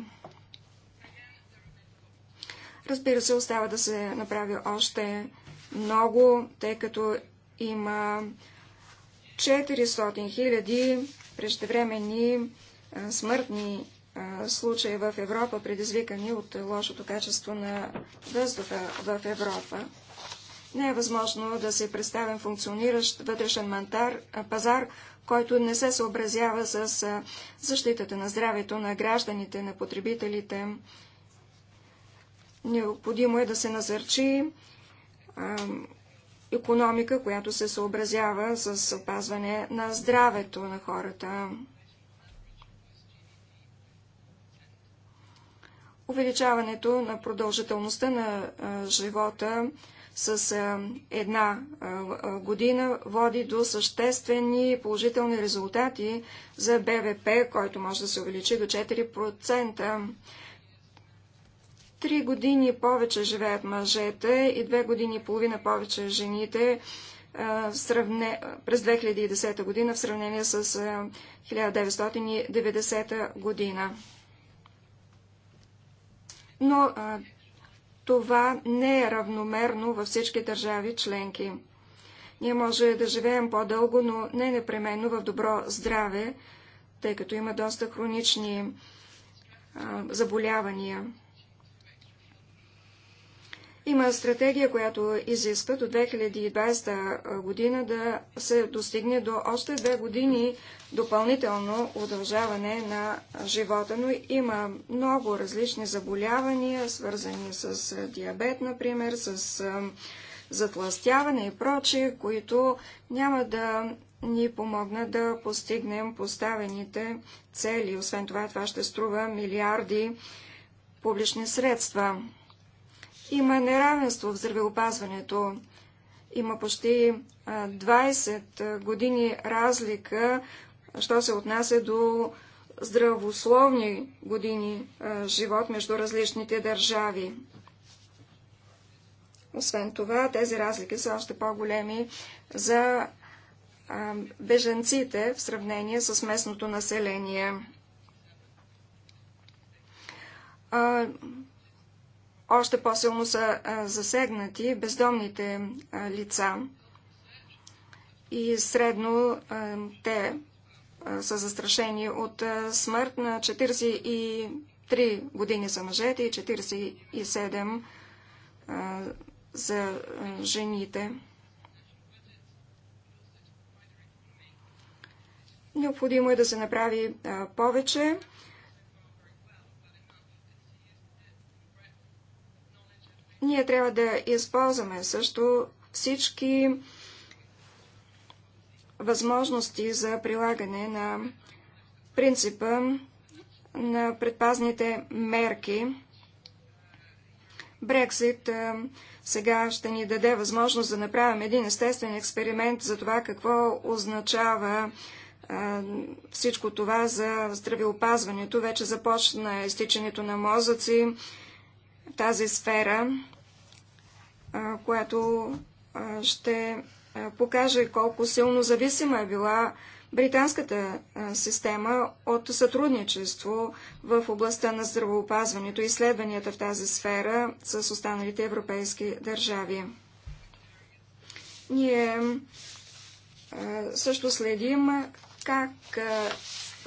Разбира се, остава да се направи още много, тъй като има 400 000 преждевременни смъртни случаи в Европа, предизвикани от лошото качество на въздуха в Европа. Не е възможно да се представен функциониращ вътрешен мантар, пазар, който не се съобразява с защитата на здравето на гражданите, на потребителите. Необходимо е да се насърчи економика, която се съобразява с опазване на здравето на хората. увеличаването на продължителността на живота с една година води до съществени положителни резултати за БВП, който може да се увеличи до 4%. Три години повече живеят мъжете и две години и половина повече жените през 2010 година в сравнение с 1990 година но а, това не е равномерно във всички държави членки. Ние може да живеем по-дълго, но не непременно в добро здраве, тъй като има доста хронични а, заболявания. Има стратегия, която изисква до 2020 година да се достигне до още две години допълнително удължаване на живота, но има много различни заболявания, свързани с диабет, например, с затластяване и прочие, които няма да ни помогнат да постигнем поставените цели. Освен това, това ще струва милиарди публични средства. Има неравенство в здравеопазването. Има почти 20 години разлика, що се отнася до здравословни години живот между различните държави. Освен това, тези разлики са още по-големи за беженците в сравнение с местното население. Още по-силно са засегнати бездомните лица и средно те са застрашени от смърт на 43 години за мъжете и 47 за жените. Необходимо е да се направи повече Ние трябва да използваме също всички възможности за прилагане на принципа на предпазните мерки. Брексит сега ще ни даде възможност да направим един естествен експеримент за това какво означава всичко това за здравеопазването. Вече започна изтичането на мозъци, тази сфера, която ще покаже колко силно зависима е била британската система от сътрудничество в областта на здравоопазването и изследванията в тази сфера с останалите европейски държави. Ние също следим как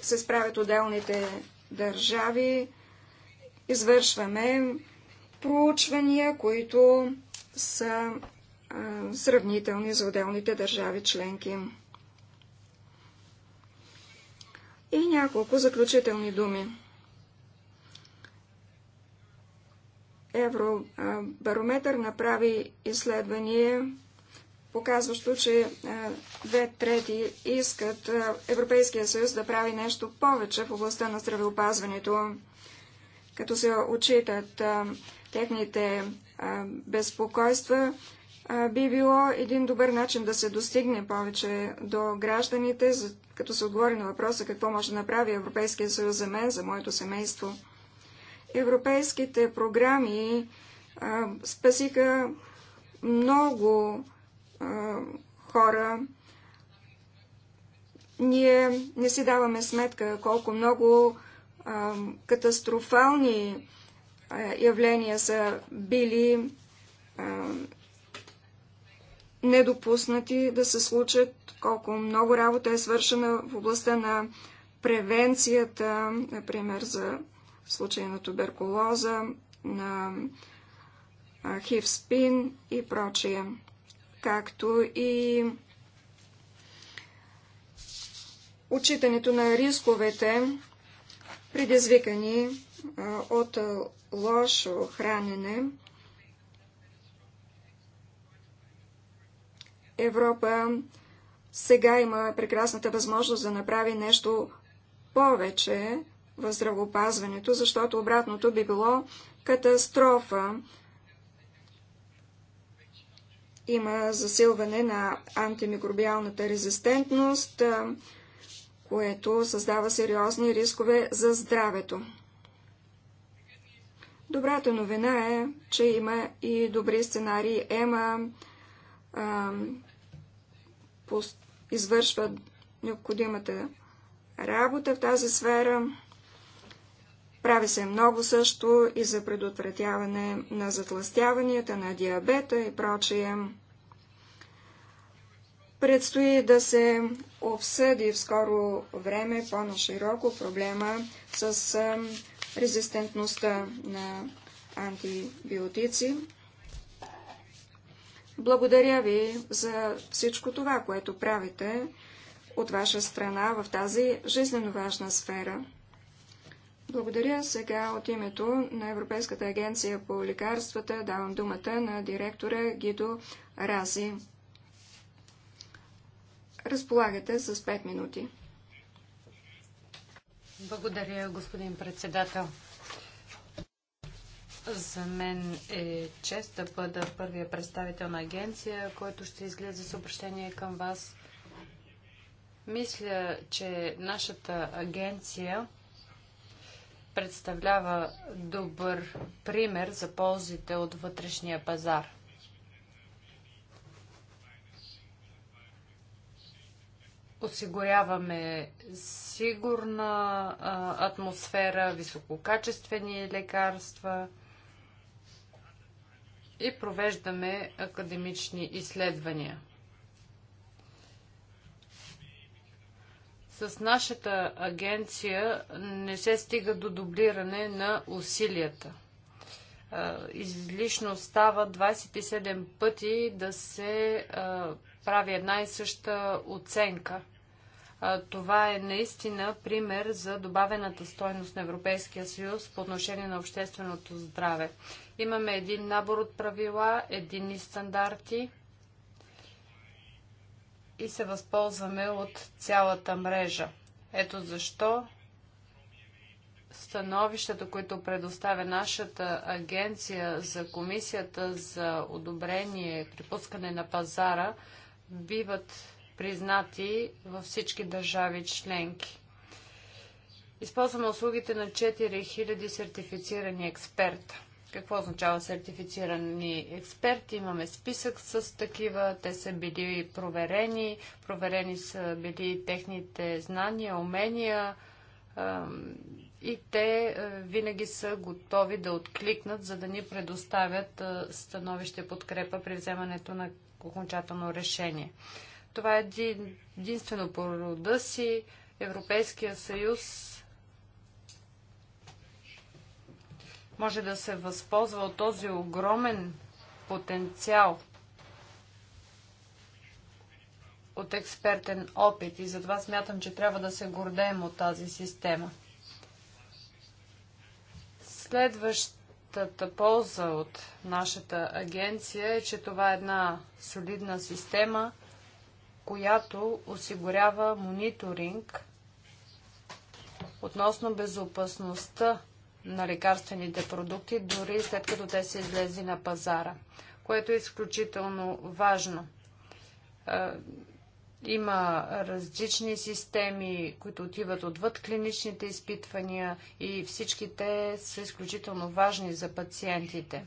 се справят отделните държави. Извършваме проучвания, които са а, сравнителни за отделните държави членки. И няколко заключителни думи. Евробарометър направи изследвание, показващо, че две трети искат Европейския съюз да прави нещо повече в областта на здравеопазването, като се отчитат техните а, безпокойства, а, би било един добър начин да се достигне повече до гражданите, за, като се отговори на въпроса какво може да направи Европейския съюз за мен, за моето семейство. Европейските програми а, спасиха много а, хора. Ние не си даваме сметка колко много катастрофални явления са били а, недопуснати да се случат, колко много работа е свършена в областта на превенцията, например за случаи на туберкулоза, на хивспин и прочие, както и отчитането на рисковете, предизвикани от лошо хранене. Европа сега има прекрасната възможност да направи нещо повече в здравопазването, защото обратното би било катастрофа. Има засилване на антимикробиалната резистентност, което създава сериозни рискове за здравето. Добрата новина е, че има и добри сценарии. Ема а, пост, извършва необходимата работа в тази сфера. Прави се много също и за предотвратяване на затластяванията, на диабета и прочие. Предстои да се обсъди в скоро време по-нашироко проблема с резистентността на антибиотици. Благодаря ви за всичко това, което правите от ваша страна в тази жизненно важна сфера. Благодаря сега от името на Европейската агенция по лекарствата. Давам думата на директора Гидо Рази. Разполагате с 5 минути. Благодаря, господин председател. За мен е чест да бъда първия представител на агенция, който ще излезе с обращение към вас. Мисля, че нашата агенция представлява добър пример за ползите от вътрешния пазар – осигуряваме сигурна а, атмосфера, висококачествени лекарства и провеждаме академични изследвания. С нашата агенция не се стига до дублиране на усилията. Излишно става 27 пъти да се прави една и съща оценка – това е наистина пример за добавената стойност на Европейския съюз по отношение на общественото здраве. Имаме един набор от правила, единни стандарти и се възползваме от цялата мрежа. Ето защо становищата, които предоставя нашата агенция за комисията за одобрение и припускане на пазара, биват признати във всички държави членки. Използваме услугите на 4000 сертифицирани експерта. Какво означава сертифицирани експерти? Имаме списък с такива. Те са били проверени. Проверени са били техните знания, умения и те е, винаги са готови да откликнат, за да ни предоставят е, становище подкрепа при вземането на окончателно решение. Това е единствено по рода си. Европейския съюз може да се възползва от този огромен потенциал от експертен опит и затова смятам, че трябва да се гордеем от тази система. Следващата полза от нашата агенция е, че това е една солидна система – която осигурява мониторинг относно безопасността на лекарствените продукти, дори след като те са излезли на пазара, което е изключително важно. Има различни системи, които отиват отвъд клиничните изпитвания и всички те са изключително важни за пациентите.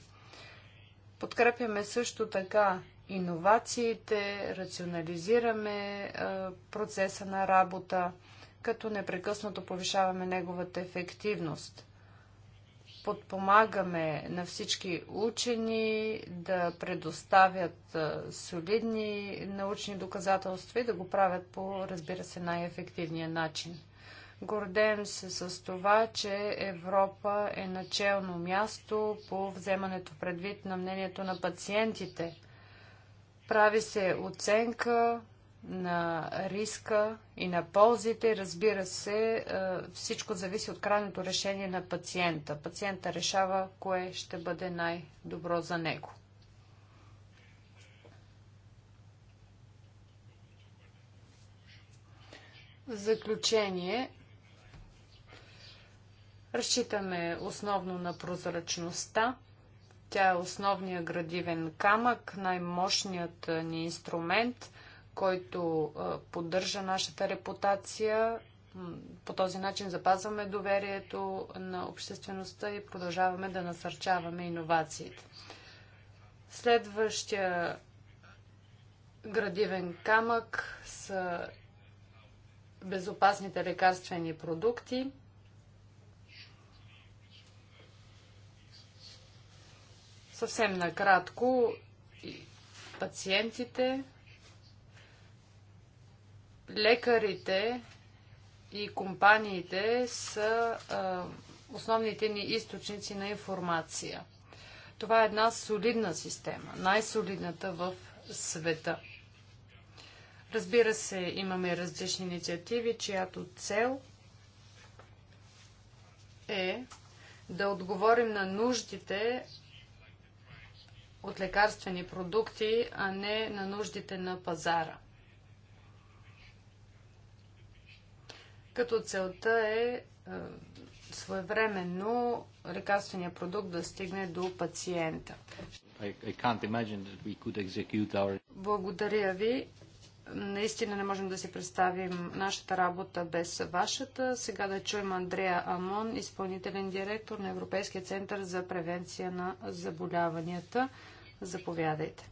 Подкрепяме също така иновациите, рационализираме е, процеса на работа, като непрекъснато повишаваме неговата ефективност. Подпомагаме на всички учени да предоставят е, солидни научни доказателства и да го правят по, разбира се, най-ефективния начин. Гордеем се с това, че Европа е начално място по вземането предвид на мнението на пациентите – прави се оценка на риска и на ползите. Разбира се, е, всичко зависи от крайното решение на пациента. Пациента решава кое ще бъде най-добро за него. В заключение, разчитаме основно на прозрачността тя е основният градивен камък, най-мощният ни инструмент, който поддържа нашата репутация. По този начин запазваме доверието на обществеността и продължаваме да насърчаваме иновациите. Следващия градивен камък са безопасните лекарствени продукти – Съвсем накратко, пациентите, лекарите и компаниите са а, основните ни източници на информация. Това е една солидна система, най-солидната в света. Разбира се, имаме различни инициативи, чиято цел е да отговорим на нуждите от лекарствени продукти, а не на нуждите на пазара. Като целта е, е своевременно лекарствения продукт да стигне до пациента. Благодаря ви. Наистина не можем да си представим нашата работа без вашата. Сега да чуем Андрея Амон, изпълнителен директор на Европейския център за превенция на заболяванията. Заповядайте.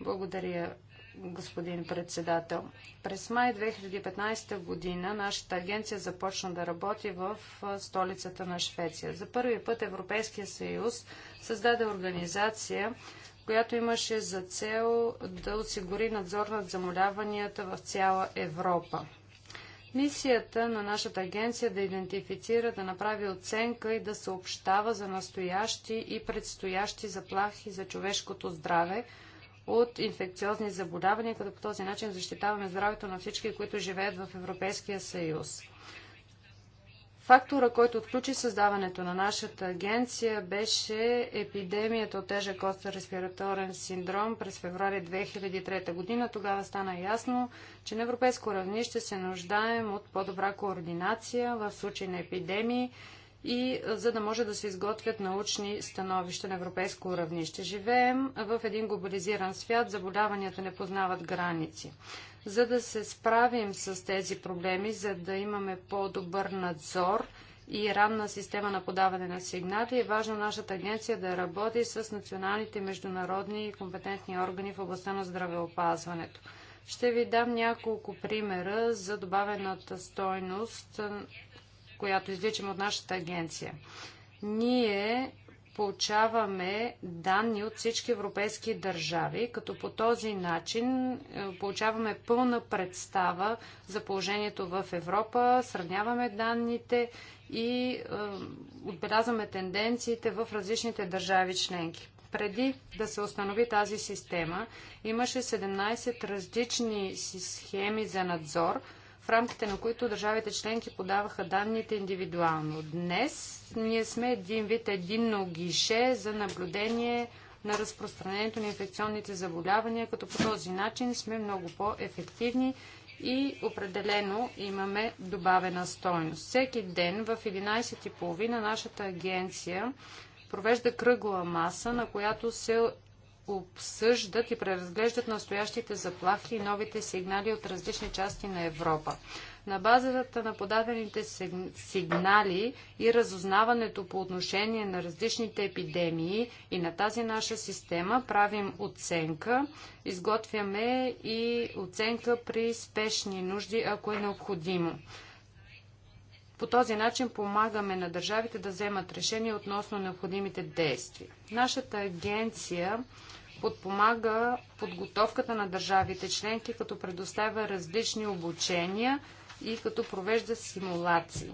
Благодаря, господин председател. През май 2015 година нашата агенция започна да работи в столицата на Швеция. За първи път Европейския съюз създаде организация, която имаше за цел да осигури надзор над замоляванията в цяла Европа. Мисията на нашата агенция е да идентифицира, да направи оценка и да съобщава за настоящи и предстоящи заплахи за човешкото здраве от инфекциозни заболявания, като по този начин защитаваме здравето на всички, които живеят в Европейския съюз. Фактора, който отключи създаването на нашата агенция, беше епидемията от тежък респираторен синдром през феврари 2003 година. Тогава стана ясно, че на европейско равнище се нуждаем от по-добра координация в случай на епидемии и за да може да се изготвят научни становища на европейско равнище. Живеем в един глобализиран свят, заболяванията не познават граници за да се справим с тези проблеми, за да имаме по-добър надзор и ранна система на подаване на сигнали, е важно нашата агенция да работи с националните международни и компетентни органи в областта на здравеопазването. Ще ви дам няколко примера за добавената стойност, която изличам от нашата агенция. Ние получаваме данни от всички европейски държави, като по този начин е, получаваме пълна представа за положението в Европа, сравняваме данните и е, отбелязваме тенденциите в различните държави членки. Преди да се установи тази система, имаше 17 различни схеми за надзор – в рамките на които държавите членки подаваха данните индивидуално. Днес ние сме един вид единно гише за наблюдение на разпространението на инфекционните заболявания, като по този начин сме много по-ефективни и определено имаме добавена стойност. Всеки ден в 11.30 нашата агенция провежда кръгла маса, на която се обсъждат и преразглеждат настоящите заплахи и новите сигнали от различни части на Европа. На базата на подадените сигнали и разузнаването по отношение на различните епидемии и на тази наша система правим оценка, изготвяме и оценка при спешни нужди, ако е необходимо. По този начин помагаме на държавите да вземат решения относно необходимите действия. Нашата агенция подпомага подготовката на държавите членки, като предоставя различни обучения и като провежда симулации.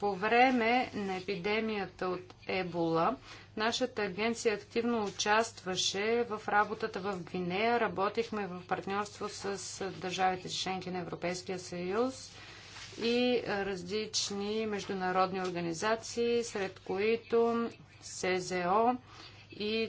По време на епидемията от Ебола, нашата агенция активно участваше в работата в Гвинея. Работихме в партньорство с държавите членки на Европейския съюз и различни международни организации, сред които СЗО и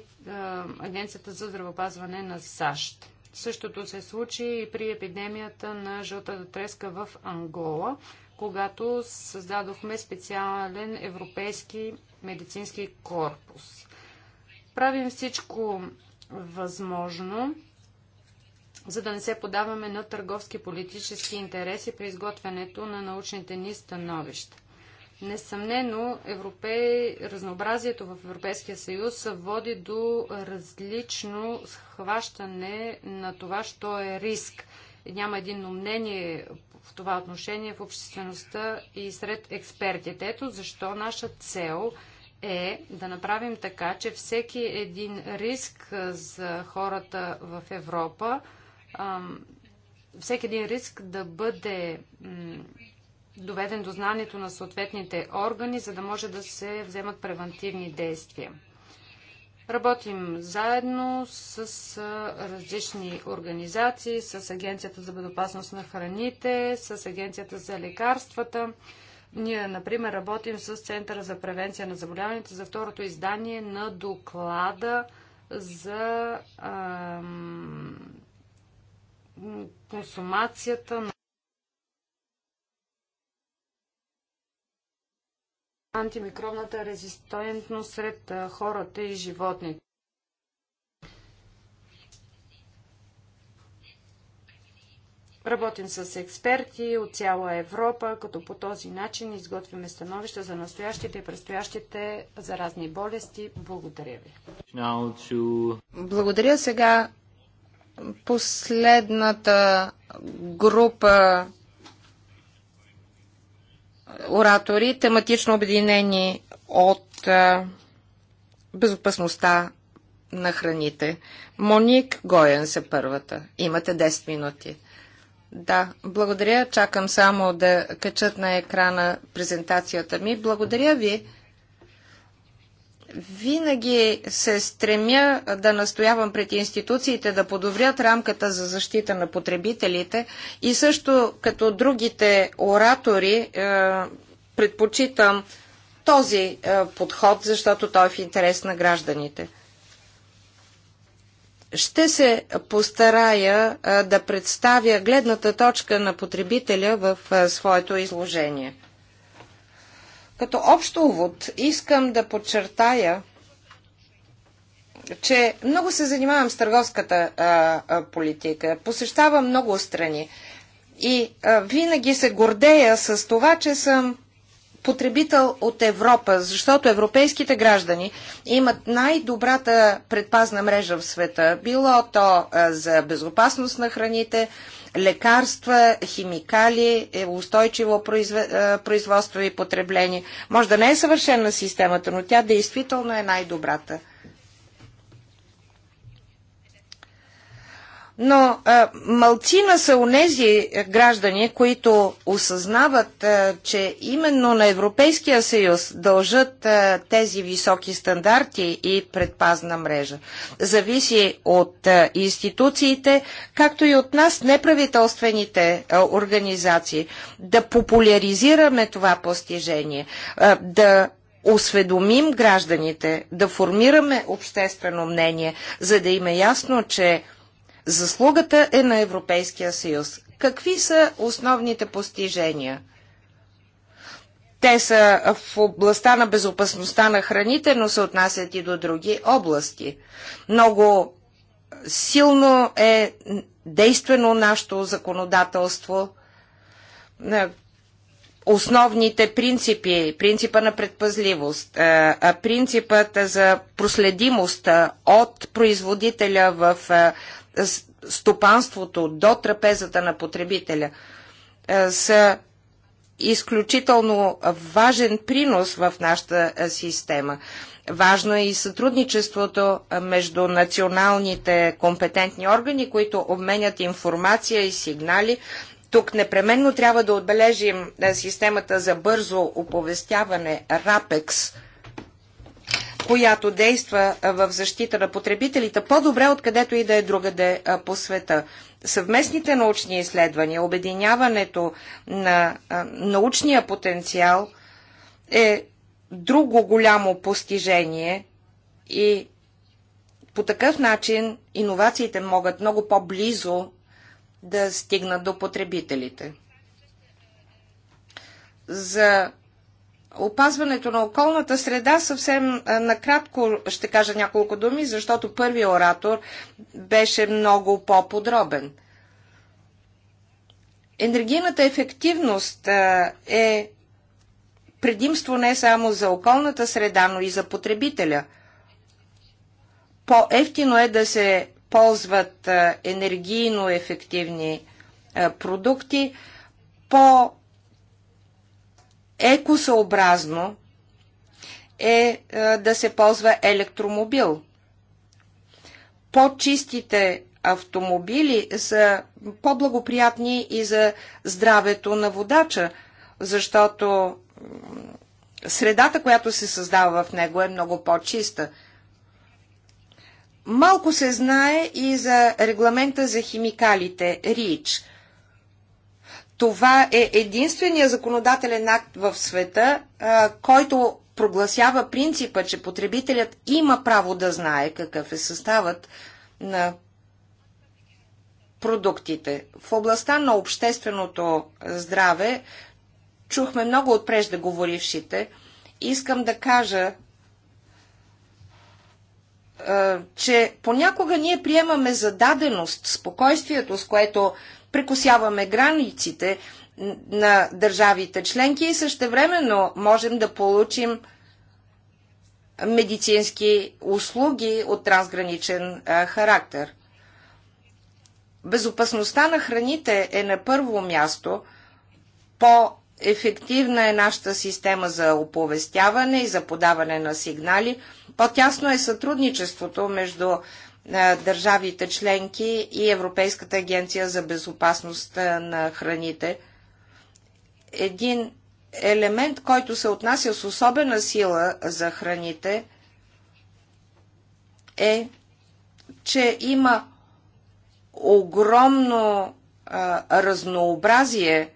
Агенцията за здравопазване на САЩ. Същото се случи и при епидемията на жълтата треска в Ангола, когато създадохме специален европейски медицински корпус. Правим всичко възможно за да не се подаваме на търговски политически интереси при изготвянето на научните ни становища. Несъмнено, европей... разнообразието в Европейския съюз води до различно схващане на това, що е риск. Няма единно мнение в това отношение в обществеността и сред експертите. Ето защо наша цел е да направим така, че всеки един риск за хората в Европа всеки един риск да бъде доведен до знанието на съответните органи, за да може да се вземат превентивни действия. Работим заедно с различни организации, с Агенцията за безопасност на храните, с Агенцията за лекарствата. Ние, например, работим с Центъра за превенция на заболяванията за второто издание на доклада за консумацията на антимикробната резистентност сред хората и животните. Работим с експерти от цяла Европа, като по този начин изготвяме становища за настоящите и предстоящите заразни болести. Благодаря ви. Благодаря сега Последната група оратори, тематично обединени от безопасността на храните. Моник Гоен се първата. Имате 10 минути. Да, благодаря. Чакам само да качат на екрана презентацията ми. Благодаря ви. Винаги се стремя да настоявам пред институциите да подобрят рамката за защита на потребителите и също като другите оратори е, предпочитам този е, подход, защото той е в интерес на гражданите. Ще се постарая е, да представя гледната точка на потребителя в своето изложение. Като общо увод искам да подчертая, че много се занимавам с търговската а, а, политика, посещавам много страни и а, винаги се гордея с това, че съм потребител от Европа, защото европейските граждани имат най-добрата предпазна мрежа в света, било то а, за безопасност на храните, лекарства, химикали, е, устойчиво е, производство и потребление. Може да не е съвършена системата, но тя действително е най-добрата. Но а, малцина са онези граждани, които осъзнават, а, че именно на Европейския съюз дължат а, тези високи стандарти и предпазна мрежа. Зависи от а, институциите, както и от нас, неправителствените а, организации, да популяризираме това постижение, а, да осведомим гражданите, да формираме обществено мнение, за да им е ясно, че Заслугата е на Европейския съюз. Какви са основните постижения? Те са в областта на безопасността на храните, но се отнасят и до други области. Много силно е действено нашето законодателство. Основните принципи, принципа на предпазливост, принципът за проследимост от производителя в стопанството до трапезата на потребителя е, са изключително важен принос в нашата е, система. Важно е и сътрудничеството е, между националните компетентни органи, които обменят информация и сигнали. Тук непременно трябва да отбележим системата за бързо оповестяване Рапекс която действа в защита на потребителите по-добре, откъдето и да е другаде по света. Съвместните научни изследвания, обединяването на научния потенциал е друго голямо постижение и по такъв начин иновациите могат много по-близо да стигнат до потребителите. За опазването на околната среда, съвсем е, накратко ще кажа няколко думи, защото първият оратор беше много по-подробен. Енергийната ефективност е, е предимство не само за околната среда, но и за потребителя. По-ефтино е да се ползват е, енергийно ефективни продукти, по екосъобразно е, е да се ползва електромобил. По-чистите автомобили са по-благоприятни и за здравето на водача, защото средата, която се създава в него е много по-чиста. Малко се знае и за регламента за химикалите РИЧ – това е единствения законодателен акт в света, който прогласява принципа, че потребителят има право да знае какъв е съставът на продуктите. В областта на общественото здраве чухме много от преждеговорившите. Искам да кажа, че понякога ние приемаме за даденост спокойствието, с което прекусяваме границите на държавите членки и същевременно можем да получим медицински услуги от трансграничен характер. Безопасността на храните е на първо място. По-ефективна е нашата система за оповестяване и за подаване на сигнали. По-тясно е сътрудничеството между държавите членки и Европейската агенция за безопасност на храните. Един елемент, който се отнася с особена сила за храните, е, че има огромно а, разнообразие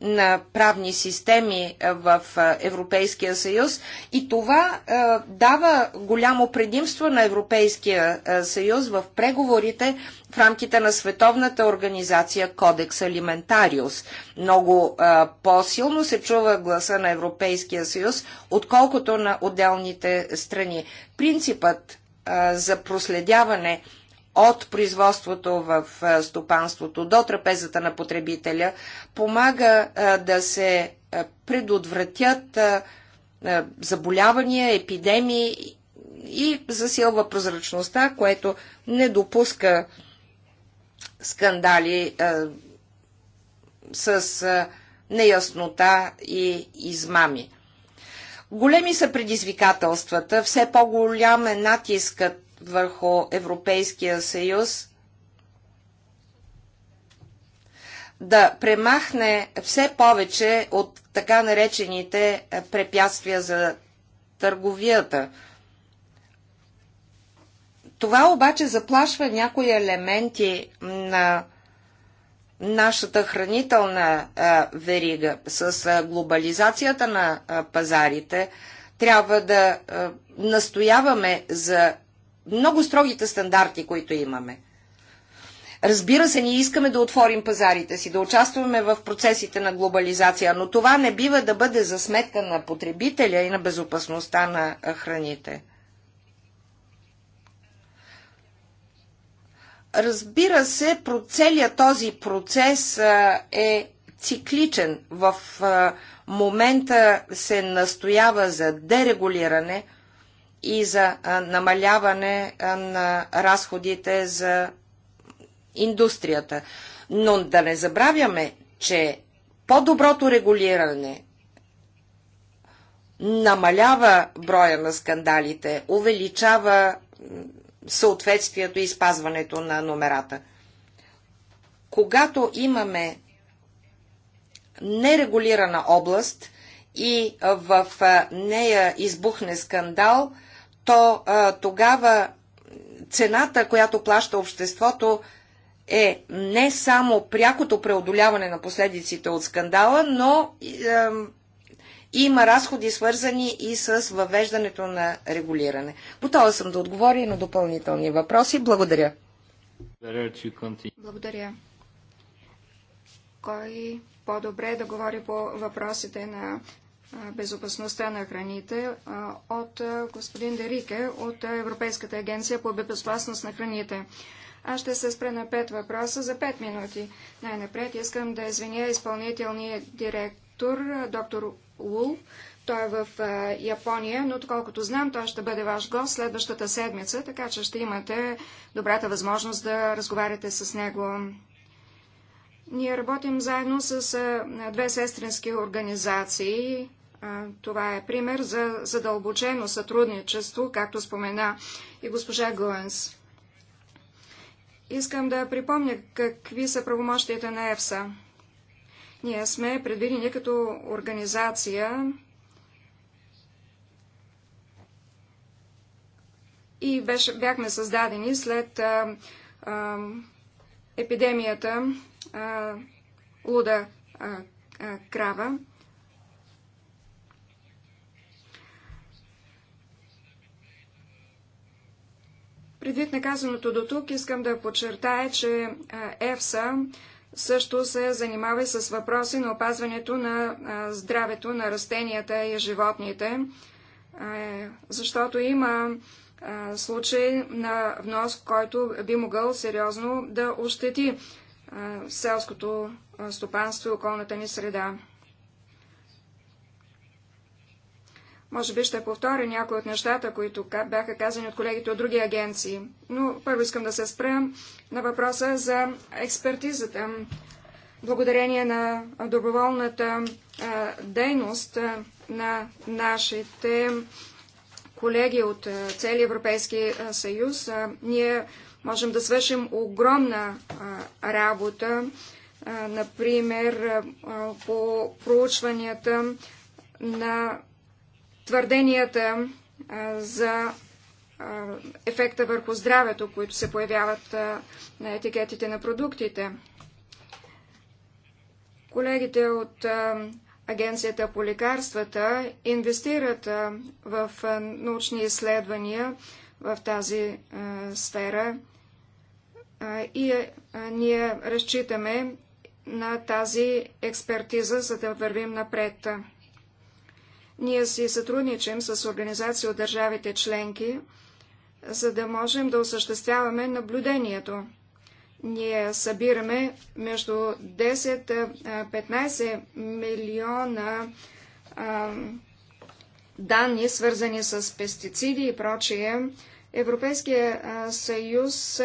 на правни системи е, в е, Европейския съюз и това е, дава голямо предимство на Европейския съюз в преговорите в рамките на Световната организация Кодекс Алиментариус. Много по-силно се чува гласа на Европейския съюз, отколкото на отделните страни. Принципът за проследяване от производството в стопанството до трапезата на потребителя, помага да се предотвратят заболявания, епидемии и засилва прозрачността, което не допуска скандали с неяснота и измами. Големи са предизвикателствата, все по-голям е натискът върху Европейския съюз да премахне все повече от така наречените препятствия за търговията. Това обаче заплашва някои елементи на нашата хранителна верига с глобализацията на пазарите. Трябва да настояваме за много строгите стандарти, които имаме. Разбира се, ние искаме да отворим пазарите си, да участваме в процесите на глобализация, но това не бива да бъде за сметка на потребителя и на безопасността на храните. Разбира се, целият този процес е цикличен. В момента се настоява за дерегулиране – и за намаляване на разходите за индустрията. Но да не забравяме, че по-доброто регулиране намалява броя на скандалите, увеличава съответствието и спазването на номерата. Когато имаме нерегулирана област и в нея избухне скандал – то а, тогава цената, която плаща обществото, е не само прякото преодоляване на последиците от скандала, но е, има разходи свързани и с въвеждането на регулиране. Готова съм да отговоря и на допълнителни въпроси. Благодаря. Благодаря. Кой по-добре е да говори по въпросите на безопасността на храните от господин Дерике от Европейската агенция по безопасност на храните. Аз ще се спра на пет въпроса за пет минути. Най-напред искам да извиня изпълнителния директор, доктор Ул. Той е в Япония, но доколкото знам, той ще бъде ваш гост следващата седмица, така че ще имате добрата възможност да разговаряте с него. Ние работим заедно с две сестрински организации това е пример за задълбочено сътрудничество, както спомена и госпожа Гуенс. Искам да припомня какви са правомощията на ЕФСА. Ние сме предвидени като организация и беше, бяхме създадени след а, а, епидемията а, луда а, а, крава. Предвид наказаното до тук, искам да подчертая, че ЕФСА също се занимава и с въпроси на опазването на здравето на растенията и животните, защото има случай на внос, който би могъл сериозно да ощети селското стопанство и околната ни среда. Може би ще повторя някои от нещата, които бяха казани от колегите от други агенции. Но първо искам да се спра на въпроса за експертизата. Благодарение на доброволната дейност на нашите колеги от целия Европейски съюз, ние можем да свършим огромна работа, например, по проучванията на твърденията за ефекта върху здравето, които се появяват на етикетите на продуктите. Колегите от Агенцията по лекарствата инвестират в научни изследвания в тази сфера и ние разчитаме на тази експертиза, за да вървим напред. Ние си сътрудничим с организации от държавите членки, за да можем да осъществяваме наблюдението. Ние събираме между 10-15 милиона а, данни, свързани с пестициди и прочие. Европейския съюз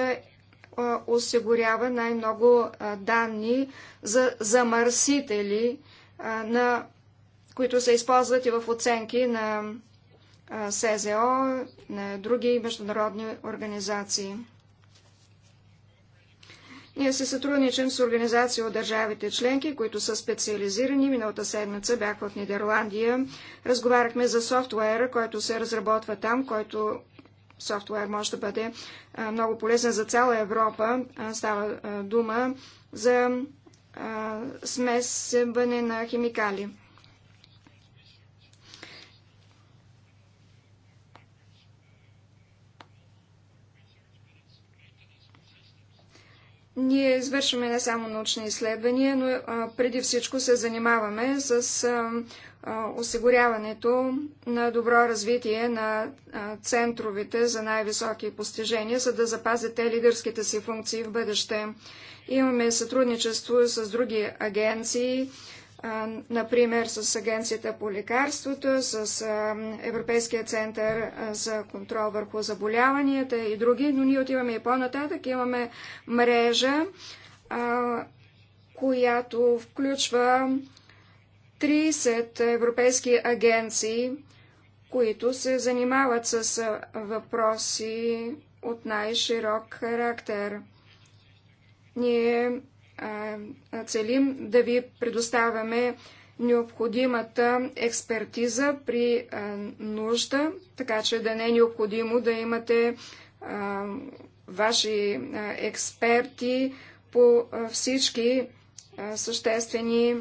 осигурява най-много данни за замърсители на които се използват и в оценки на СЗО, на други международни организации. Ние се сътрудничим с организации от държавите членки, които са специализирани. Миналата седмица бях в Нидерландия. Разговаряхме за софтуера, който се разработва там, който софтуер може да бъде много полезен за цяла Европа. става дума за смесване на химикали. Ние извършваме не само научни изследвания, но а, преди всичко се занимаваме с а, а, осигуряването на добро развитие на центровете за най-високи постижения, за да запазят те лидерските си функции в бъдеще. Имаме сътрудничество с други агенции, например с Агенцията по лекарството, с Европейския център за контрол върху заболяванията и други, но ние отиваме и по-нататък. Имаме мрежа, която включва 30 европейски агенции, които се занимават с въпроси от най-широк характер. Ние целим да ви предоставяме необходимата експертиза при нужда, така че да не е необходимо да имате ваши експерти по всички съществени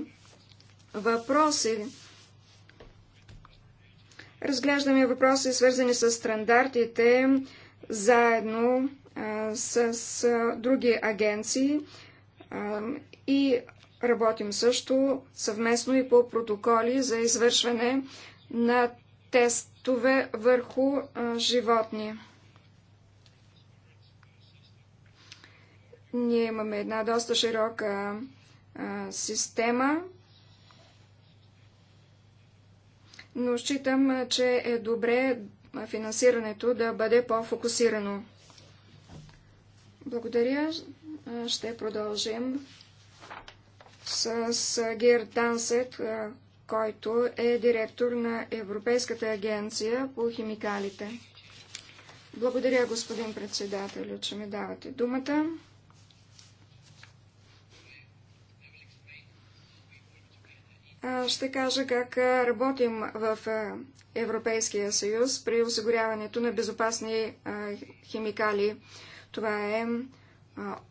въпроси. Разглеждаме въпроси, свързани с стандартите, заедно с други агенции и работим също съвместно и по протоколи за извършване на тестове върху животни. Ние имаме една доста широка система, но считам, че е добре финансирането да бъде по-фокусирано. Благодаря ще продължим с Гер Тансет, който е директор на Европейската агенция по химикалите. Благодаря, господин председател, че ми давате думата. Ще кажа как работим в Европейския съюз при осигуряването на безопасни химикали. Това е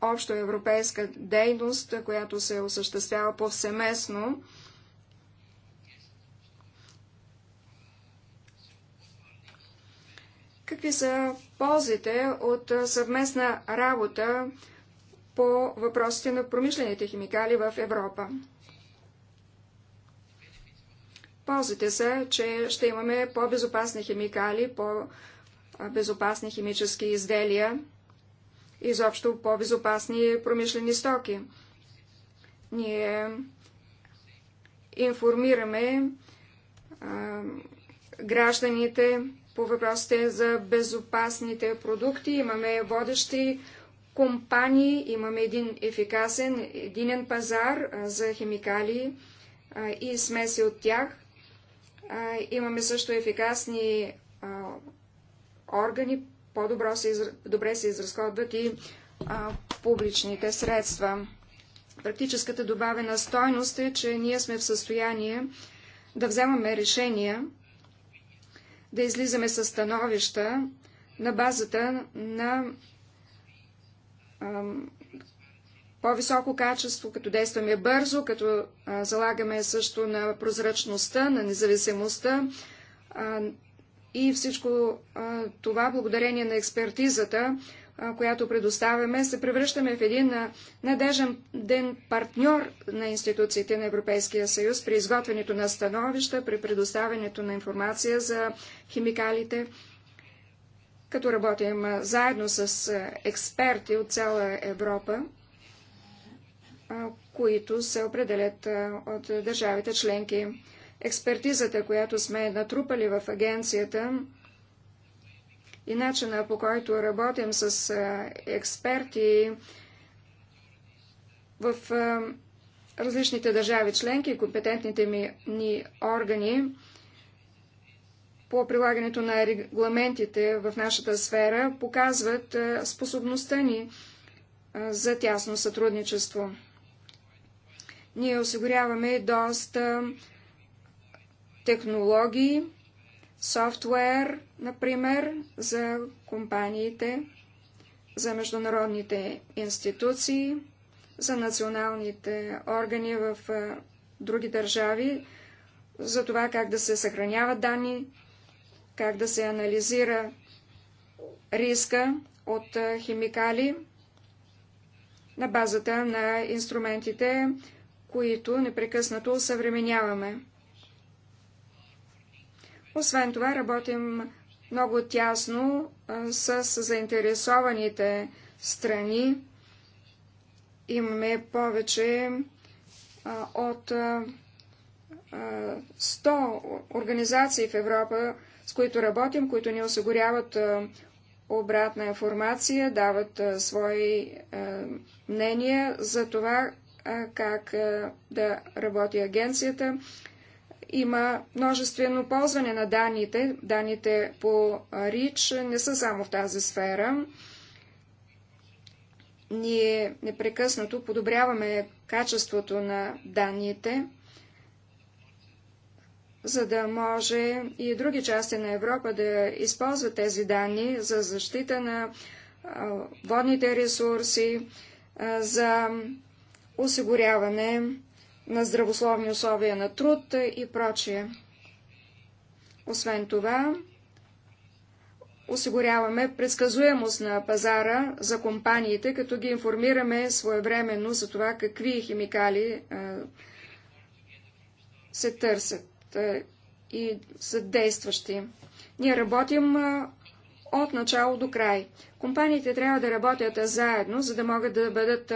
общо европейска дейност, която се осъществява повсеместно. Какви са ползите от съвместна работа по въпросите на промишлените химикали в Европа? Ползите са, че ще имаме по-безопасни химикали, по-безопасни химически изделия, изобщо по-безопасни промишлени стоки. Ние информираме а, гражданите по въпросите за безопасните продукти. Имаме водещи компании, имаме един ефикасен единен пазар а, за химикали а, и смеси от тях. А, имаме също ефикасни органи, по-добре се, изр... добре се изразходват и а, публичните средства. Практическата добавена стойност е, че ние сме в състояние да вземаме решения, да излизаме със становища на базата на по-високо качество, като действаме бързо, като а, залагаме също на прозрачността, на независимостта, а, и всичко това, благодарение на експертизата, която предоставяме, се превръщаме в един надежен ден партньор на институциите на Европейския съюз при изготвянето на становища, при предоставянето на информация за химикалите, като работим заедно с експерти от цяла Европа, които се определят от държавите членки експертизата, която сме натрупали в агенцията и начина по който работим с експерти в различните държави членки и компетентните ми, ни органи по прилагането на регламентите в нашата сфера показват способността ни за тясно сътрудничество. Ние осигуряваме доста технологии, софтуер, например, за компаниите, за международните институции, за националните органи в други държави, за това как да се съхраняват данни, как да се анализира риска от химикали на базата на инструментите, които непрекъснато съвременяваме. Освен това работим много тясно с заинтересованите страни. Имаме повече от 100 организации в Европа, с които работим, които ни осигуряват обратна информация, дават свои мнения за това как да работи агенцията. Има множествено ползване на данните. Данните по РИЧ не са само в тази сфера. Ние непрекъснато подобряваме качеството на данните, за да може и други части на Европа да използват тези данни за защита на водните ресурси, за осигуряване на здравословни условия на труд и прочие. Освен това, осигуряваме предсказуемост на пазара за компаниите, като ги информираме своевременно за това какви химикали а, е, се търсят а, е, и са действащи. Ние работим а, е, от начало до край. Компаниите трябва да работят заедно, за да могат да бъдат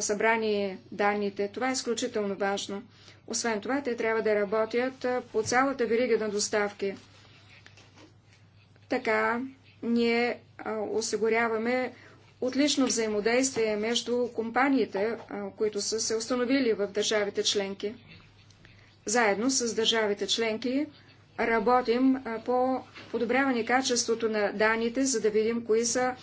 събрани данните. Това е изключително важно. Освен това, те трябва да работят по цялата верига на доставки. Така ние осигуряваме отлично взаимодействие между компаниите, които са се установили в държавите членки. Заедно с държавите членки работим по подобряване качеството на данните, за да видим кои са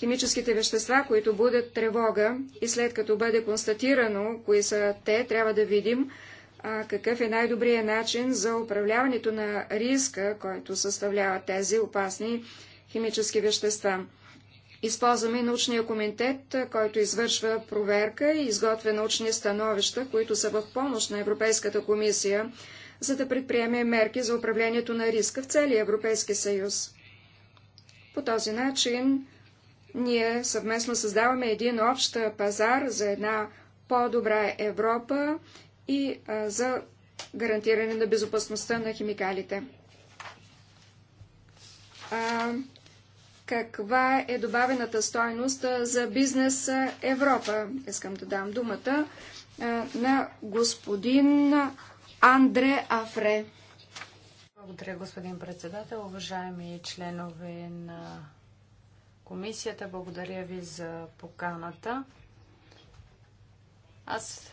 химическите вещества, които будят тревога и след като бъде констатирано кои са те, трябва да видим а, какъв е най-добрият начин за управляването на риска, който съставлява тези опасни химически вещества. Използваме научния комитет, който извършва проверка и изготвя научни становища, които са в помощ на Европейската комисия, за да предприеме мерки за управлението на риска в целия Европейски съюз. По този начин ние съвместно създаваме един общ пазар за една по-добра Европа и за гарантиране на безопасността на химикалите. А, каква е добавената стойност за бизнес Европа? Искам да дам думата на господин Андре Афре. Благодаря, господин председател. Уважаеми членове на комисията. Благодаря ви за поканата. Аз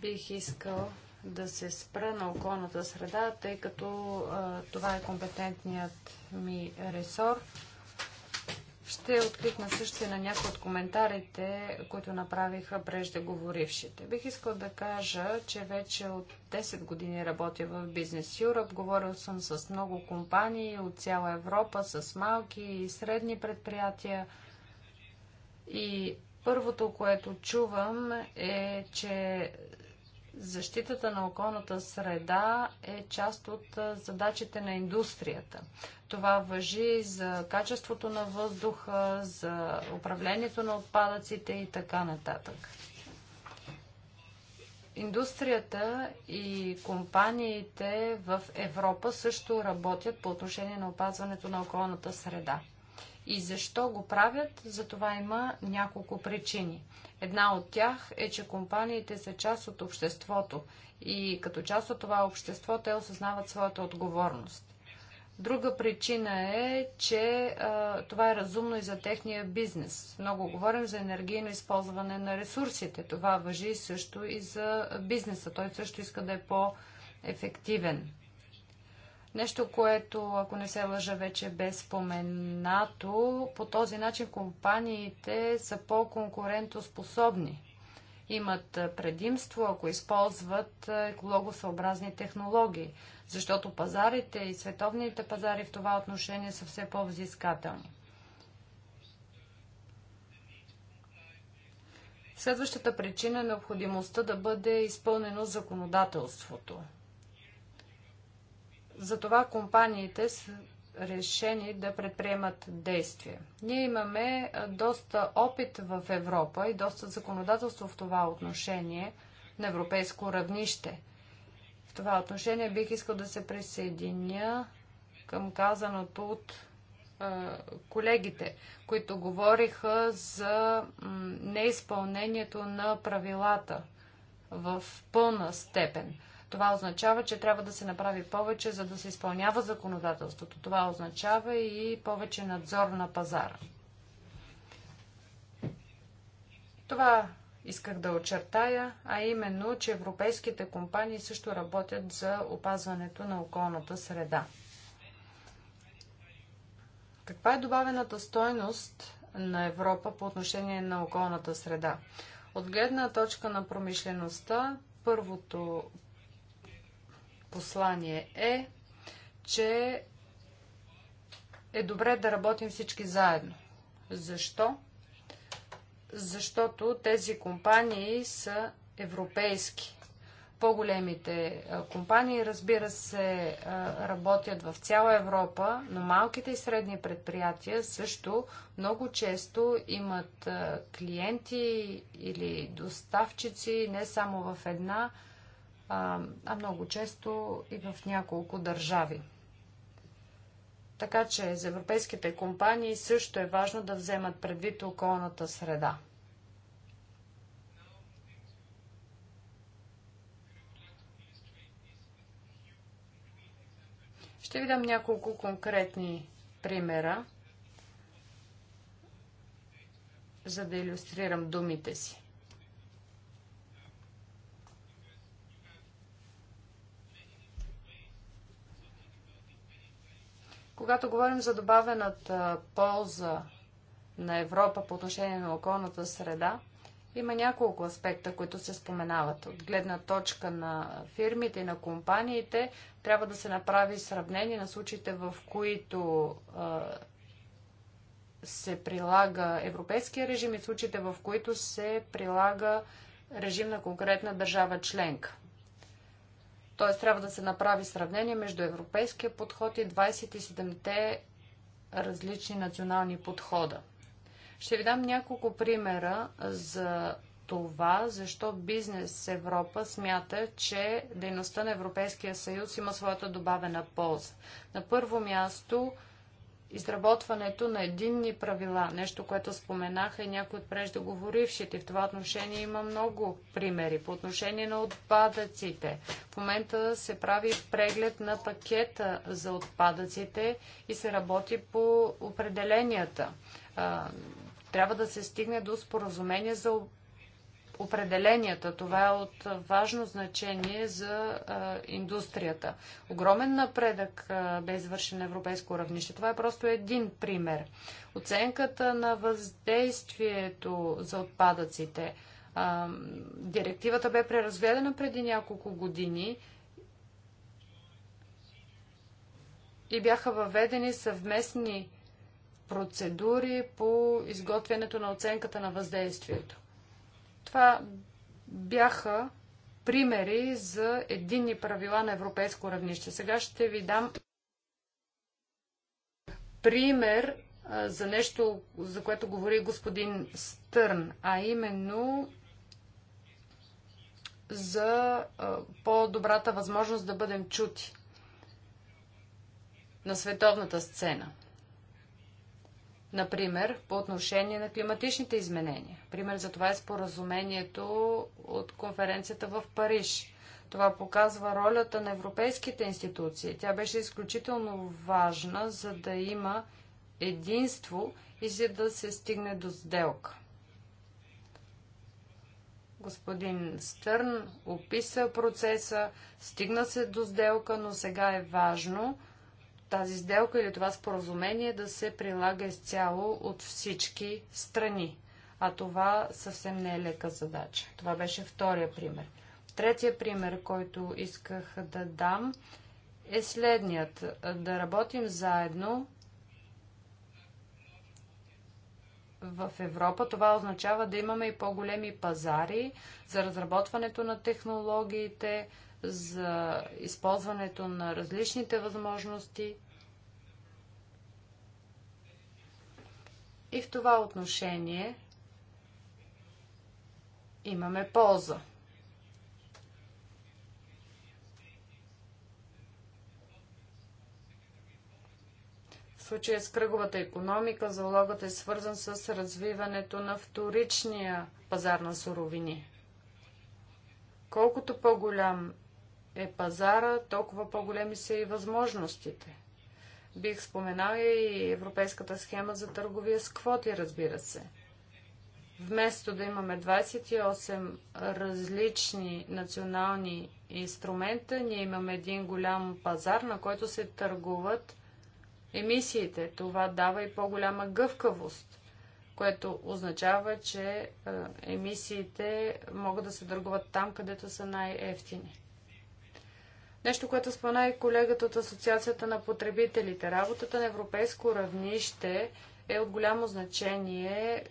бих искал да се спра на околната среда, тъй като а, това е компетентният ми ресор ще откликна също и на някои от коментарите, които направиха преждеговорившите. Бих искал да кажа, че вече от 10 години работя в Бизнес Юра. Говорил съм с много компании от цяла Европа, с малки и средни предприятия. И първото, което чувам е, че Защитата на околната среда е част от задачите на индустрията. Това въжи за качеството на въздуха, за управлението на отпадъците и така нататък. Индустрията и компаниите в Европа също работят по отношение на опазването на околната среда. И защо го правят? За това има няколко причини. Една от тях е, че компаниите са част от обществото и като част от това общество те осъзнават своята отговорност. Друга причина е, че а, това е разумно и за техния бизнес. Много говорим за енергийно използване на ресурсите. Това въжи също и за бизнеса. Той също иска да е по-ефективен. Нещо, което, ако не се лъжа, вече бе споменато, по този начин компаниите са по-конкурентоспособни. Имат предимство, ако използват екологосъобразни технологии, защото пазарите и световните пазари в това отношение са все по-взискателни. Следващата причина е необходимостта да бъде изпълнено законодателството. Затова компаниите са решени да предприемат действия. Ние имаме доста опит в Европа и доста законодателство в това отношение на европейско равнище. В това отношение бих искал да се присъединя към казаното от колегите, които говориха за неизпълнението на правилата в пълна степен. Това означава, че трябва да се направи повече, за да се изпълнява законодателството. Това означава и повече надзор на пазара. Това исках да очертая, а именно, че европейските компании също работят за опазването на околната среда. Каква е добавената стойност на Европа по отношение на околната среда? От гледна точка на промишлеността, първото, послание е, че е добре да работим всички заедно. Защо? Защото тези компании са европейски. По-големите компании, разбира се, работят в цяла Европа, но малките и средни предприятия също много често имат клиенти или доставчици не само в една, а много често и в няколко държави. Така че за европейските компании също е важно да вземат предвид околната среда. Ще ви дам няколко конкретни примера, за да иллюстрирам думите си. Когато говорим за добавената полза на Европа по отношение на околната среда, има няколко аспекта, които се споменават. От гледна точка на фирмите и на компаниите трябва да се направи сравнение на случаите, в които се прилага европейския режим и случаите, в които се прилага режим на конкретна държава членка. Т.е. трябва да се направи сравнение между европейския подход и 27-те различни национални подхода. Ще ви дам няколко примера за това, защо Бизнес Европа смята, че дейността на Европейския съюз има своята добавена полза. На първо място – изработването на единни правила, нещо, което споменаха и някои от преждеговорившите. В това отношение има много примери. По отношение на отпадъците. В момента се прави преглед на пакета за отпадъците и се работи по определенията. Трябва да се стигне до споразумение за определенията. Това е от важно значение за а, индустрията. Огромен напредък а, бе извършен на европейско равнище. Това е просто един пример. Оценката на въздействието за отпадъците. А, директивата бе преразгледана преди няколко години и бяха въведени съвместни процедури по изготвянето на оценката на въздействието. Това бяха примери за единни правила на европейско равнище. Сега ще ви дам пример за нещо, за което говори господин Стърн, а именно за по-добрата възможност да бъдем чути на световната сцена. Например, по отношение на климатичните изменения. Пример за това е споразумението от конференцията в Париж. Това показва ролята на европейските институции. Тя беше изключително важна, за да има единство и за да се стигне до сделка. Господин Стърн описа процеса, стигна се до сделка, но сега е важно – тази сделка или това споразумение да се прилага изцяло от всички страни. А това съвсем не е лека задача. Това беше втория пример. Третия пример, който исках да дам, е следният. Да работим заедно в Европа. Това означава да имаме и по-големи пазари за разработването на технологиите, за използването на различните възможности. И в това отношение имаме полза. В случая с кръговата економика, залогът е свързан с развиването на вторичния пазар на суровини. Колкото по-голям е пазара, толкова по-големи са и възможностите. Бих споменал и Европейската схема за търговия с квоти, разбира се. Вместо да имаме 28 различни национални инструмента, ние имаме един голям пазар, на който се търгуват емисиите. Това дава и по-голяма гъвкавост, което означава, че емисиите могат да се търгуват там, където са най-ефтини. Нещо, което спомена и колегата от Асоциацията на потребителите. Работата на европейско равнище е от голямо значение, е,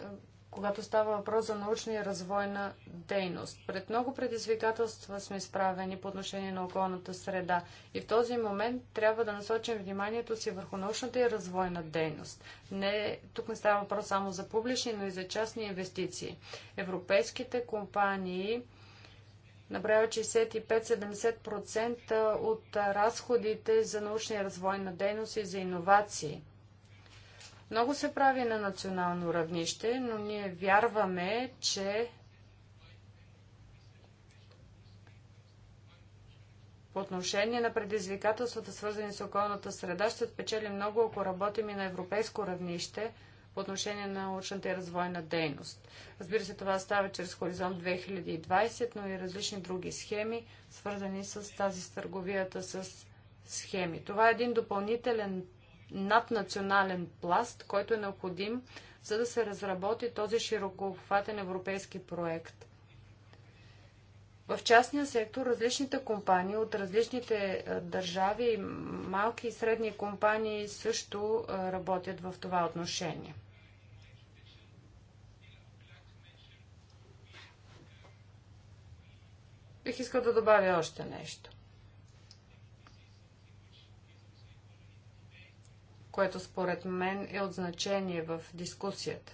когато става въпрос за научна и развойна дейност. Пред много предизвикателства сме изправени по отношение на околната среда и в този момент трябва да насочим вниманието си върху научната и развойна дейност. Не, тук не става въпрос само за публични, но и за частни инвестиции. Европейските компании набравя 65-70% от разходите за научни и развойна дейност и за иновации. Много се прави на национално равнище, но ние вярваме, че По отношение на предизвикателствата, свързани с околната среда, ще спечели много, ако работим и на европейско равнище – по отношение на научната и развойна дейност. Разбира се, това става чрез Хоризонт 2020, но и различни други схеми, свързани с тази с търговията с схеми. Това е един допълнителен наднационален пласт, който е необходим, за да се разработи този широкоохватен европейски проект – в частния сектор различните компании от различните е, държави, малки и средни компании също е, работят в това отношение. Бих искал да добавя още нещо, което според мен е от значение в дискусията.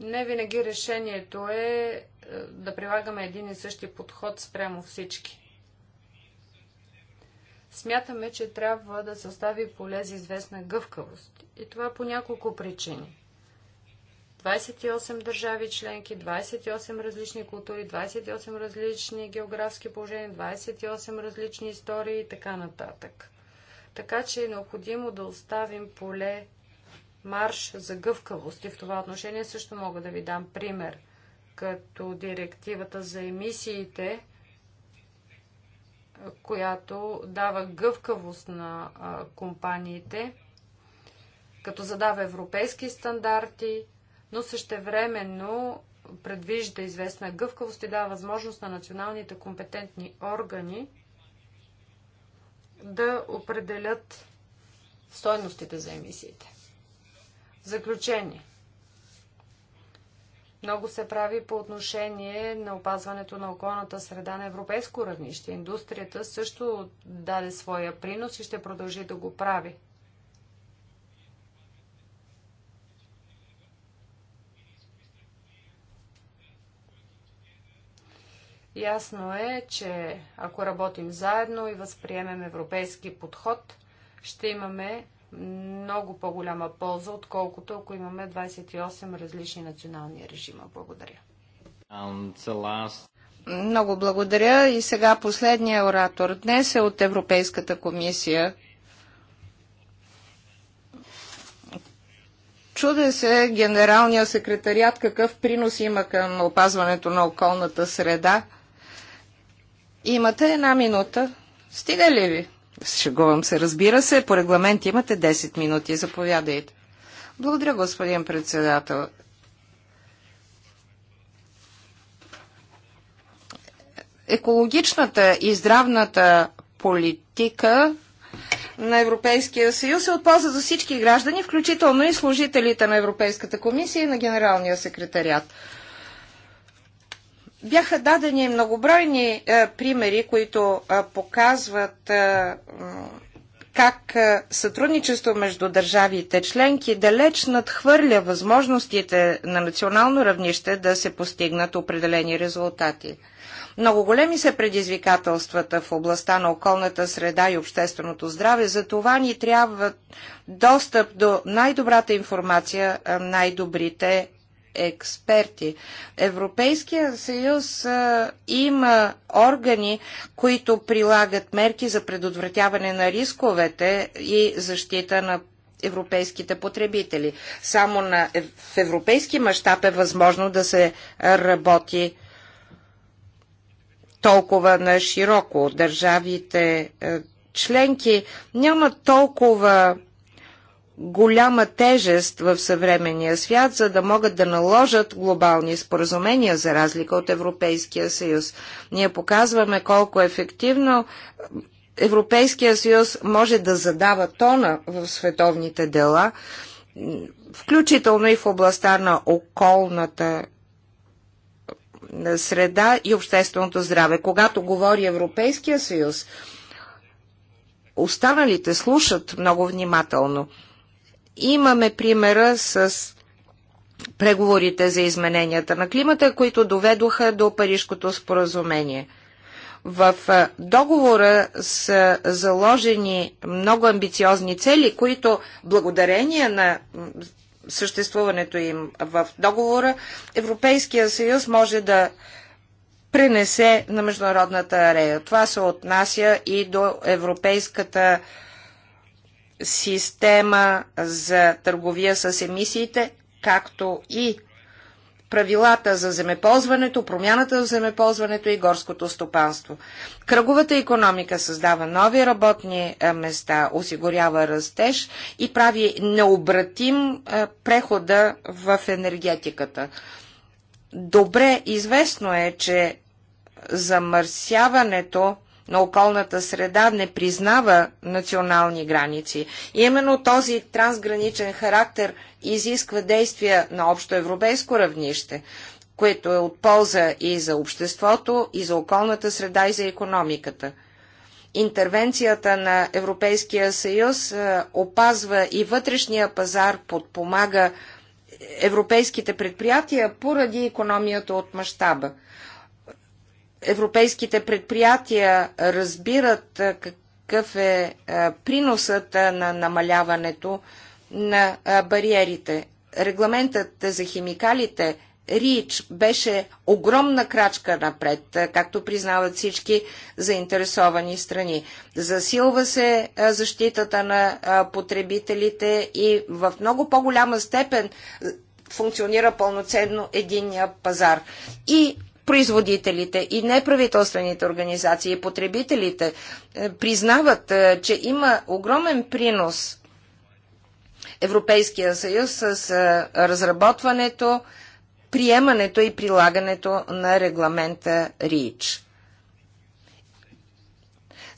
Не винаги решението е, е да прилагаме един и същи подход спрямо всички. Смятаме, че трябва да състави поле за известна гъвкавост. И това по няколко причини. 28 държави членки, 28 различни култури, 28 различни географски положения, 28 различни истории и така нататък. Така че е необходимо да оставим поле марш за гъвкавост. И в това отношение също мога да ви дам пример, като директивата за емисиите, която дава гъвкавост на компаниите, като задава европейски стандарти, но същевременно предвижда известна гъвкавост и дава възможност на националните компетентни органи да определят стойностите за емисиите. Заключение. Много се прави по отношение на опазването на околната среда на европейско равнище. Индустрията също даде своя принос и ще продължи да го прави. Ясно е, че ако работим заедно и възприемем европейски подход, ще имаме много по-голяма полза, отколкото ако имаме 28 различни национални режима. Благодаря. Um, много благодаря. И сега последния оратор днес е от Европейската комисия. Чуде се генералния секретарят какъв принос има към опазването на околната среда. Имате една минута. Стига ли ви? Шегувам се, разбира се. По регламент имате 10 минути. Заповядайте. Благодаря, господин председател. Екологичната и здравната политика на Европейския съюз е от полза за всички граждани, включително и служителите на Европейската комисия и на Генералния секретариат. Бяха дадени многобройни е, примери, които е, показват е, как е, сътрудничество между държавите членки далеч надхвърля възможностите на национално равнище да се постигнат определени резултати. Много големи са предизвикателствата в областта на околната среда и общественото здраве, за това ни трябва достъп до най-добрата информация, е, най-добрите експерти. Европейския съюз а, има органи, които прилагат мерки за предотвратяване на рисковете и защита на европейските потребители. Само на, е, в европейски мащаб е възможно да се работи толкова на широко. Държавите е, членки нямат толкова голяма тежест в съвременния свят, за да могат да наложат глобални споразумения за разлика от Европейския съюз. Ние показваме колко ефективно Европейския съюз може да задава тона в световните дела, включително и в областта на околната среда и общественото здраве. Когато говори Европейския съюз, останалите слушат много внимателно – Имаме примера с преговорите за измененията на климата, които доведоха до Парижкото споразумение. В договора са заложени много амбициозни цели, които благодарение на съществуването им в договора, Европейския съюз може да пренесе на международната арея. Това се отнася и до Европейската система за търговия с емисиите, както и правилата за земеползването, промяната в земеползването и горското стопанство. Кръговата економика създава нови работни места, осигурява растеж и прави необратим прехода в енергетиката. Добре известно е, че замърсяването на околната среда не признава национални граници. И именно този трансграничен характер изисква действия на общо европейско равнище, което е от полза и за обществото, и за околната среда, и за економиката. Интервенцията на Европейския съюз е, опазва и вътрешния пазар, подпомага европейските предприятия поради економията от мащаба европейските предприятия разбират какъв е приносът на намаляването на бариерите. Регламентът за химикалите РИЧ беше огромна крачка напред, както признават всички заинтересовани страни. Засилва се защитата на потребителите и в много по-голяма степен функционира пълноценно единния пазар. И производителите и неправителствените организации и потребителите е, признават, е, че има огромен принос Европейския съюз с е, разработването, приемането и прилагането на регламента РИЧ.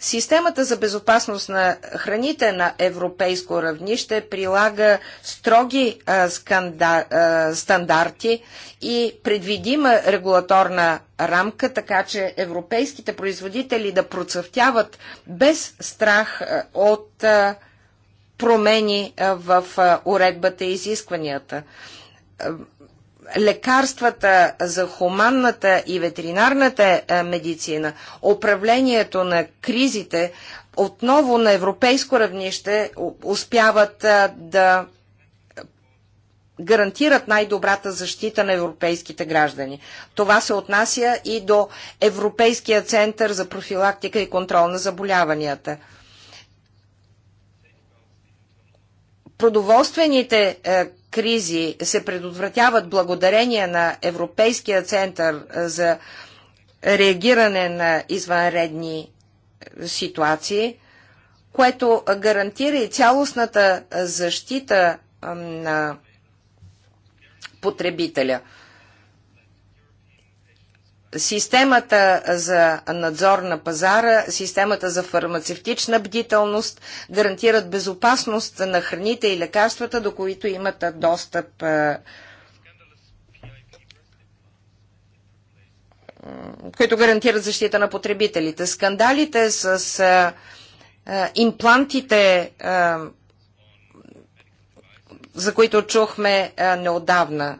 Системата за безопасност на храните на европейско равнище прилага строги а, сканда, а, стандарти и предвидима регулаторна рамка, така че европейските производители да процъфтяват без страх от а, промени в уредбата и изискванията лекарствата, за хуманната и ветеринарната е, медицина, управлението на кризите, отново на европейско равнище успяват е, да гарантират най-добрата защита на европейските граждани. Това се отнася и до Европейския център за профилактика и контрол на заболяванията. Продоволствените е, кризи се предотвратяват благодарение на Европейския център за реагиране на извънредни ситуации, което гарантира и цялостната защита на потребителя – системата за надзор на пазара, системата за фармацевтична бдителност гарантират безопасност на храните и лекарствата, до които имат достъп е, които гарантират защита на потребителите. Скандалите с е, е, имплантите, за които чухме неодавна,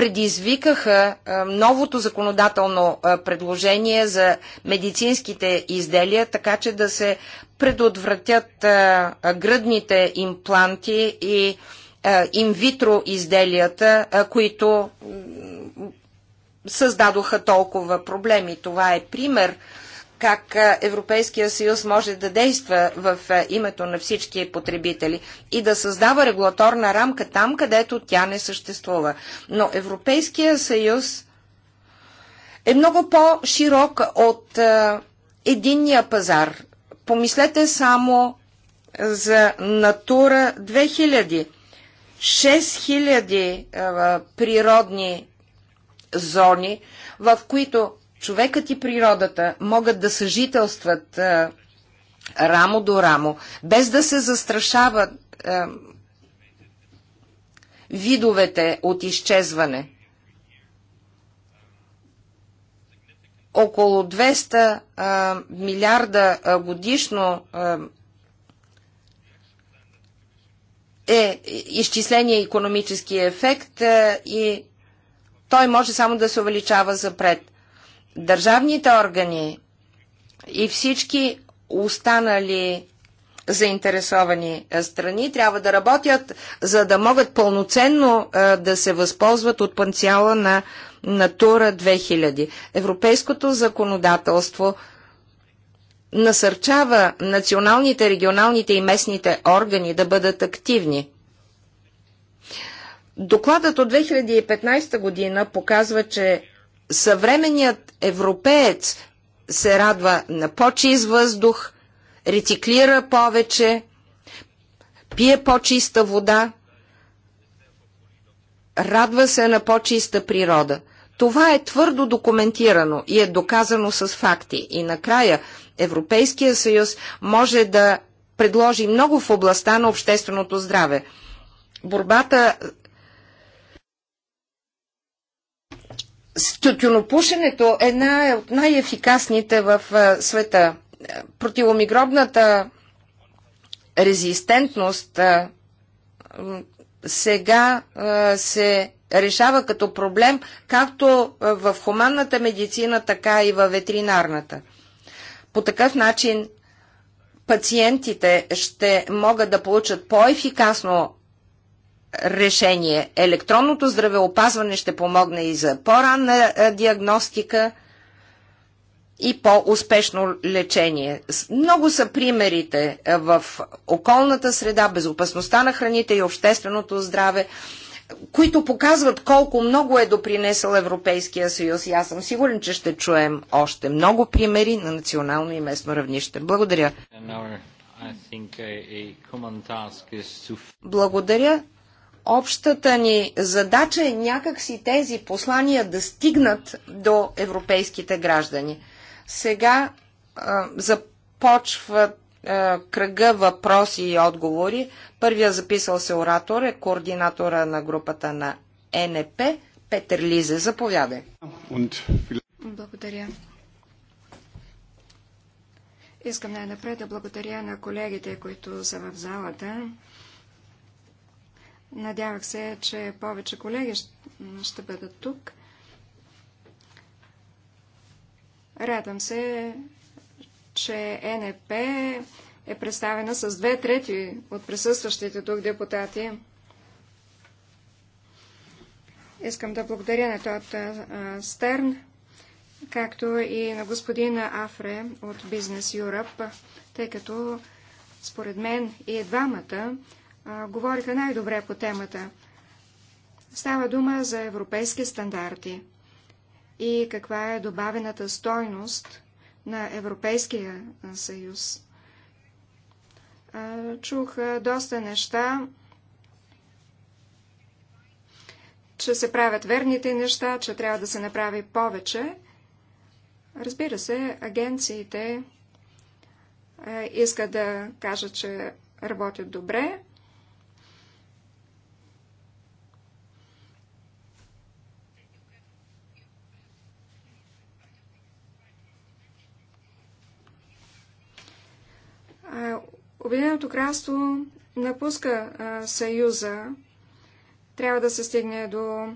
предизвикаха новото законодателно предложение за медицинските изделия, така че да се предотвратят гръдните импланти и инвитро изделията, които създадоха толкова проблеми. Това е пример как Европейския съюз може да действа в името на всички потребители и да създава регулаторна рамка там, където тя не съществува. Но Европейския съюз е много по-широк от единния пазар. Помислете само за Натура 2000. 6000 природни зони, в които човекът и природата могат да съжителстват а, е, рамо до рамо, без да се застрашават а, е, видовете от изчезване. Около 200 а, е, милиарда а, годишно а, е изчисления економически ефект а, и той може само да се увеличава запред държавните органи и всички останали заинтересовани е, страни трябва да работят, за да могат пълноценно е, да се възползват от панциала на Натура 2000. Европейското законодателство насърчава националните, регионалните и местните органи да бъдат активни. Докладът от 2015 година показва, че съвременният европеец се радва на по-чист въздух, рециклира повече, пие по-чиста вода, радва се на по-чиста природа. Това е твърдо документирано и е доказано с факти. И накрая Европейския съюз може да предложи много в областта на общественото здраве. Борбата Тютюнопушенето е една от най-ефикасните в е, света. Противомигробната резистентност е, сега е, се решава като проблем както в хуманната медицина, така и в ветеринарната. По такъв начин пациентите ще могат да получат по-ефикасно решение. Електронното здравеопазване ще помогне и за по-ранна диагностика и по-успешно лечение. Много са примерите в околната среда, безопасността на храните и общественото здраве, които показват колко много е допринесъл Европейския съюз. И аз съм сигурен, че ще чуем още много примери на национално и местно равнище. Благодаря. Благодаря общата ни задача е някакси тези послания да стигнат до европейските граждани. Сега а, започва а, кръга въпроси и отговори. Първия записал се оратор е координатора на групата на НП Петър Лизе. Заповядай. Благодаря. Искам най-напред да благодаря на колегите, които са в залата Надявах се, че повече колеги ще бъдат тук. Радвам се, че НП е представена с две трети от присъстващите тук депутати. Искам да благодаря на Тот Стерн, както и на господина Афре от Бизнес Юръп, тъй като според мен и двамата говориха най-добре по темата. Става дума за европейски стандарти и каква е добавената стойност на Европейския съюз. чух доста неща, че се правят верните неща, че трябва да се направи повече. Разбира се, агенциите искат да кажат, че работят добре, Обединеното кралство напуска Съюза. Трябва да се стигне до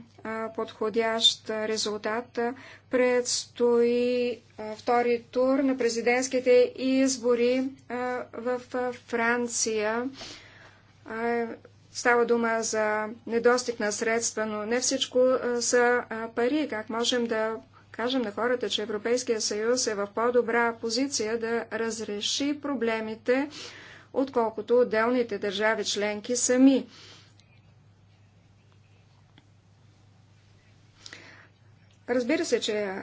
подходящ резултат. Предстои втори тур на президентските избори в Франция. Става дума за недостиг на средства, но не всичко са пари. Как можем да кажем на хората, че Европейския съюз е в по-добра позиция да разреши проблемите, отколкото отделните държави членки сами. Разбира се, че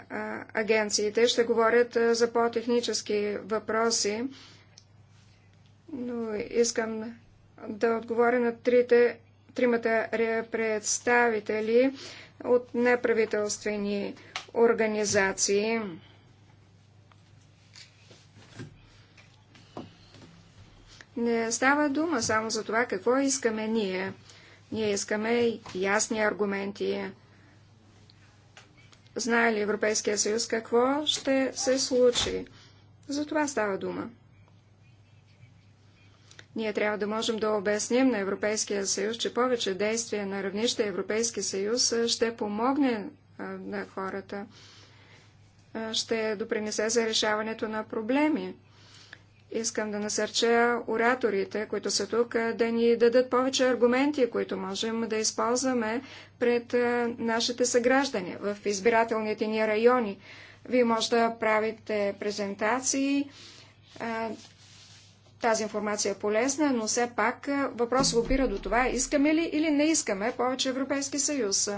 агенциите ще говорят за по-технически въпроси, но искам да отговоря на трите, тримата представители от неправителствени организации. Не става дума само за това какво искаме ние. Ние искаме ясни аргументи. Знае ли Европейския съюз какво ще се случи? За това става дума. Ние трябва да можем да обясним на Европейския съюз, че повече действия на равнище Европейски съюз ще помогне на хората, ще допринесе за решаването на проблеми. Искам да насърча ораторите, които са тук, да ни дадат повече аргументи, които можем да използваме пред нашите съграждани в избирателните ни райони. Вие може да правите презентации, тази информация е полезна, но все пак е, въпросът опира до това, искаме ли или не искаме повече Европейски съюз.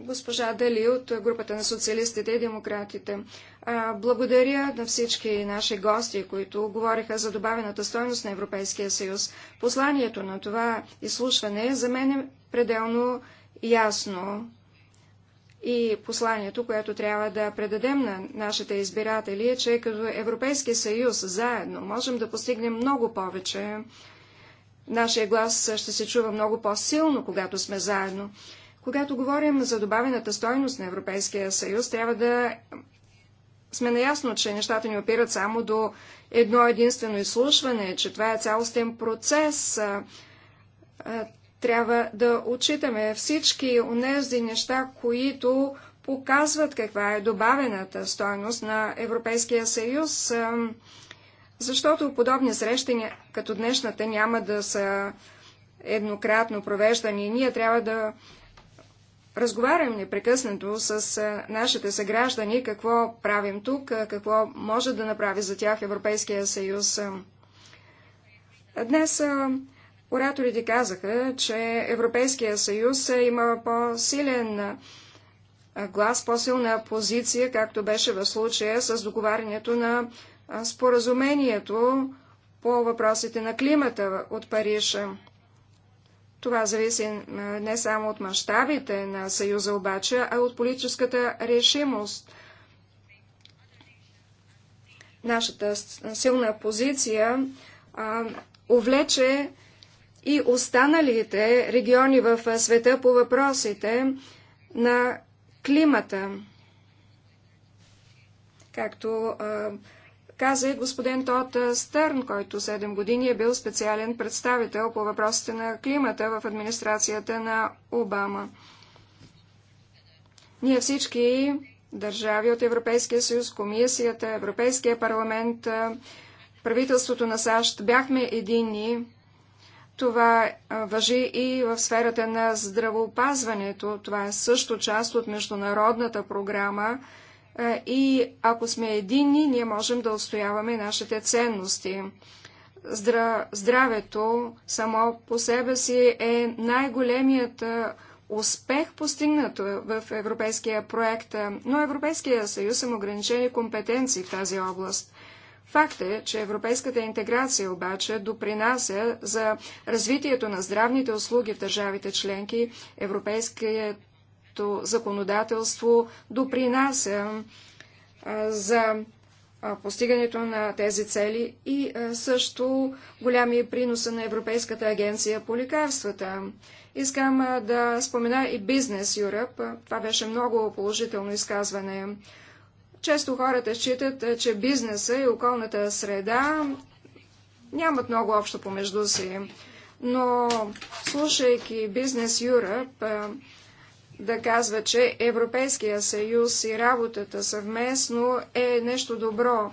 госпожа Дали от групата на социалистите и демократите. Благодаря на всички наши гости, които говориха за добавената стойност на Европейския съюз. Посланието на това изслушване за мен е пределно ясно. И посланието, което трябва да предадем на нашите избиратели е, че като Европейски съюз заедно можем да постигнем много повече. Нашия глас ще се чува много по-силно, когато сме заедно. Когато говорим за добавената стойност на Европейския съюз, трябва да сме наясно, че нещата ни опират само до едно единствено изслушване, че това е цялостен процес. Трябва да отчитаме всички онези неща, които показват каква е добавената стойност на Европейския съюз, защото подобни срещи като днешната няма да са еднократно провеждани. Ние трябва да разговарям непрекъснато с нашите съграждани, какво правим тук, какво може да направи за тях Европейския съюз. Днес Ораторите казаха, че Европейския съюз има по-силен глас, по-силна позиция, както беше в случая с договарянето на споразумението по въпросите на климата от Париж. Това зависи не само от мащабите на Съюза обаче, а от политическата решимост. Нашата силна позиция а, увлече и останалите региони в света по въпросите на климата. Както каза каза господин Тот Стърн, който 7 години е бил специален представител по въпросите на климата в администрацията на Обама. Ние всички държави от Европейския съюз, Комисията, Европейския парламент, правителството на САЩ бяхме единни това въжи и в сферата на здравоопазването. Това е също част от международната програма и ако сме единни, ние можем да отстояваме нашите ценности. Здравето само по себе си е най-големият успех постигнат в европейския проект, но Европейския съюз има ограничени компетенции в тази област. Факт е, че европейската интеграция обаче допринася за развитието на здравните услуги в държавите членки. Европейското законодателство допринася за постигането на тези цели и също голями приноса на Европейската агенция по лекарствата. Искам да спомена и Бизнес Юръп. Това беше много положително изказване. Често хората считат, че бизнеса и околната среда нямат много общо помежду си. Но слушайки Бизнес Юръп, да казва, че Европейския съюз и работата съвместно е нещо добро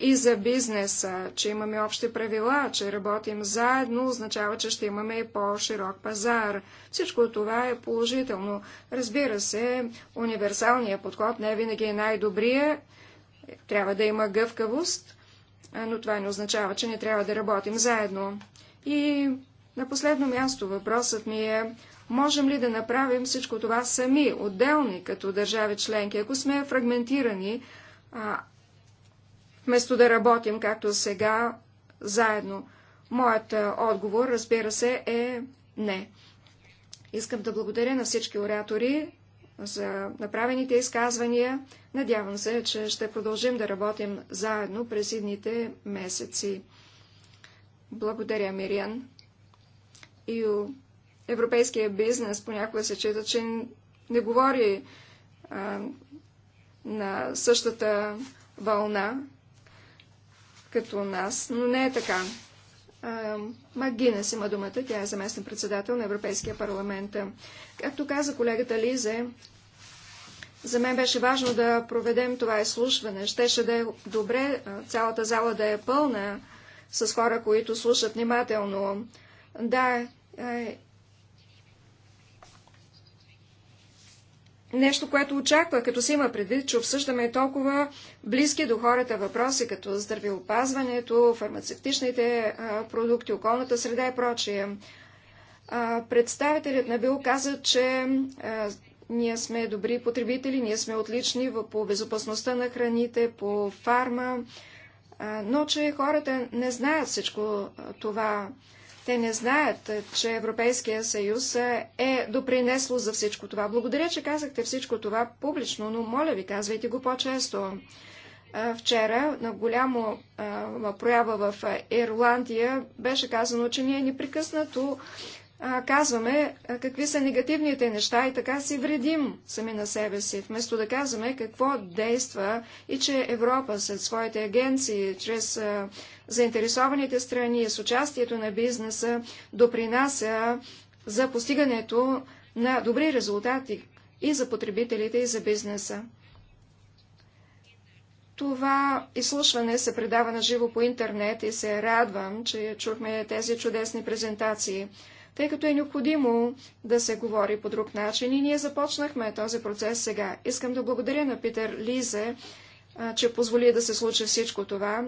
и за бизнеса, че имаме общи правила, че работим заедно, означава, че ще имаме и по-широк пазар. Всичко това е положително. Разбира се, универсалният подход не е винаги е най-добрия. Трябва да има гъвкавост, но това не означава, че не трябва да работим заедно. И на последно място въпросът ми е, можем ли да направим всичко това сами, отделни, като държави членки, ако сме фрагментирани, вместо да работим както сега заедно? Моят отговор, разбира се, е не. Искам да благодаря на всички оратори за направените изказвания. Надявам се, че ще продължим да работим заедно през идните месеци. Благодаря, Мириан. И европейския бизнес понякога се чета, че не говори а, на същата вълна като нас, но не е така. Магинес има думата, тя е заместен председател на Европейския парламент. Както каза колегата Лизе, за мен беше важно да проведем това изслушване. Щеше да е добре цялата зала да е пълна с хора, които слушат внимателно. Да, е, нещо, което очаква, като се има предвид, че обсъждаме толкова близки до хората въпроси, като здравеопазването, фармацевтичните а, продукти, околната среда и прочие. А, представителят на БИЛ каза, че а, ние сме добри потребители, ние сме отлични по безопасността на храните, по фарма, но че хората не знаят всичко това. Те не знаят, е, че Европейския съюз е, е допринесло за всичко това. Благодаря, че казахте всичко това публично, но моля ви, казвайте го по-често. Е, вчера на голямо проява в Ирландия беше казано, че ние непрекъснато казваме какви са негативните неща и така си вредим сами на себе си, вместо да казваме какво действа и че Европа с своите агенции, чрез заинтересованите страни, с участието на бизнеса, допринася за постигането на добри резултати и за потребителите, и за бизнеса. Това изслушване се предава на живо по интернет и се радвам, че чухме тези чудесни презентации тъй като е необходимо да се говори по друг начин и ние започнахме този процес сега. Искам да благодаря на Питер Лизе, че позволи да се случи всичко това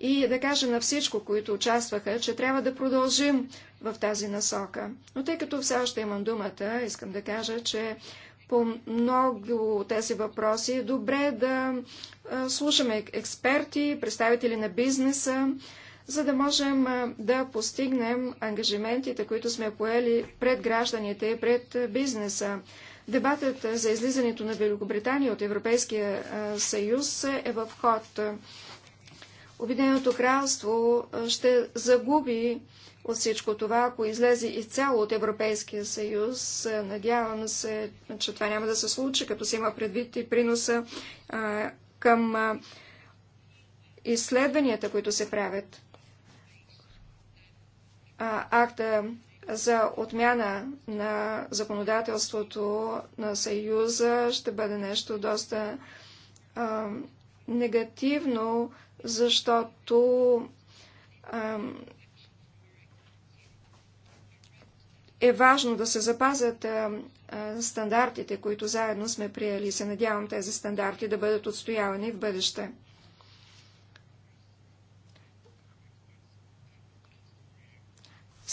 и да кажа на всичко, които участваха, че трябва да продължим в тази насока. Но тъй като все още имам думата, искам да кажа, че по много тези въпроси е добре да слушаме експерти, представители на бизнеса, за да можем да постигнем ангажиментите, които сме поели пред гражданите и пред бизнеса. Дебатът за излизането на Великобритания от Европейския съюз е в ход. Обединеното кралство ще загуби от всичко това, ако излезе изцяло от Европейския съюз. Надявам се, че това няма да се случи, като се има предвид и приноса към изследванията, които се правят акта за отмяна на законодателството на Съюза ще бъде нещо доста а, негативно, защото а, е важно да се запазят а, а, стандартите, които заедно сме приели. Се надявам тези стандарти да бъдат отстоявани в бъдеще.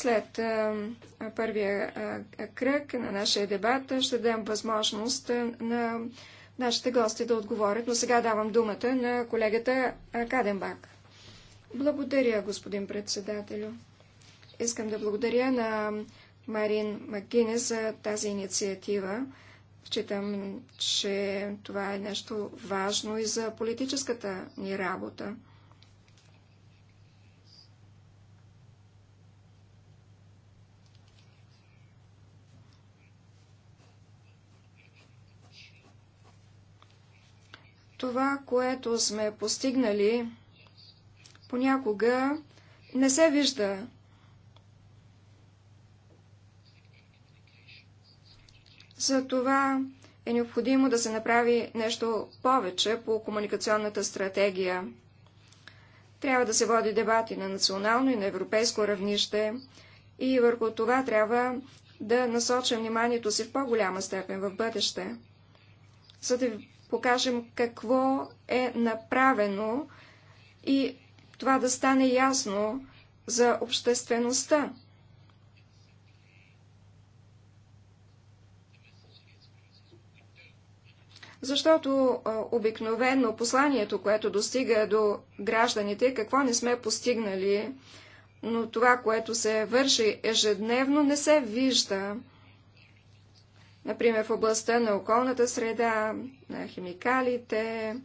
След първия кръг на нашия дебат ще дадем възможност на нашите гости да отговорят, но сега давам думата на колегата Каденбак. Благодаря, господин председателю. Искам да благодаря на Марин Макгине за тази инициатива. Считам, че това е нещо важно и за политическата ни работа. Това, което сме постигнали, понякога не се вижда. За това е необходимо да се направи нещо повече по комуникационната стратегия. Трябва да се води дебати на национално и на европейско равнище и върху това трябва да насочим вниманието си в по-голяма степен в бъдеще, за да покажем какво е направено и това да стане ясно за обществеността. Защото обикновено посланието, което достига до гражданите, какво не сме постигнали, но това, което се върши ежедневно, не се вижда например в областта на околната среда, на химикалите.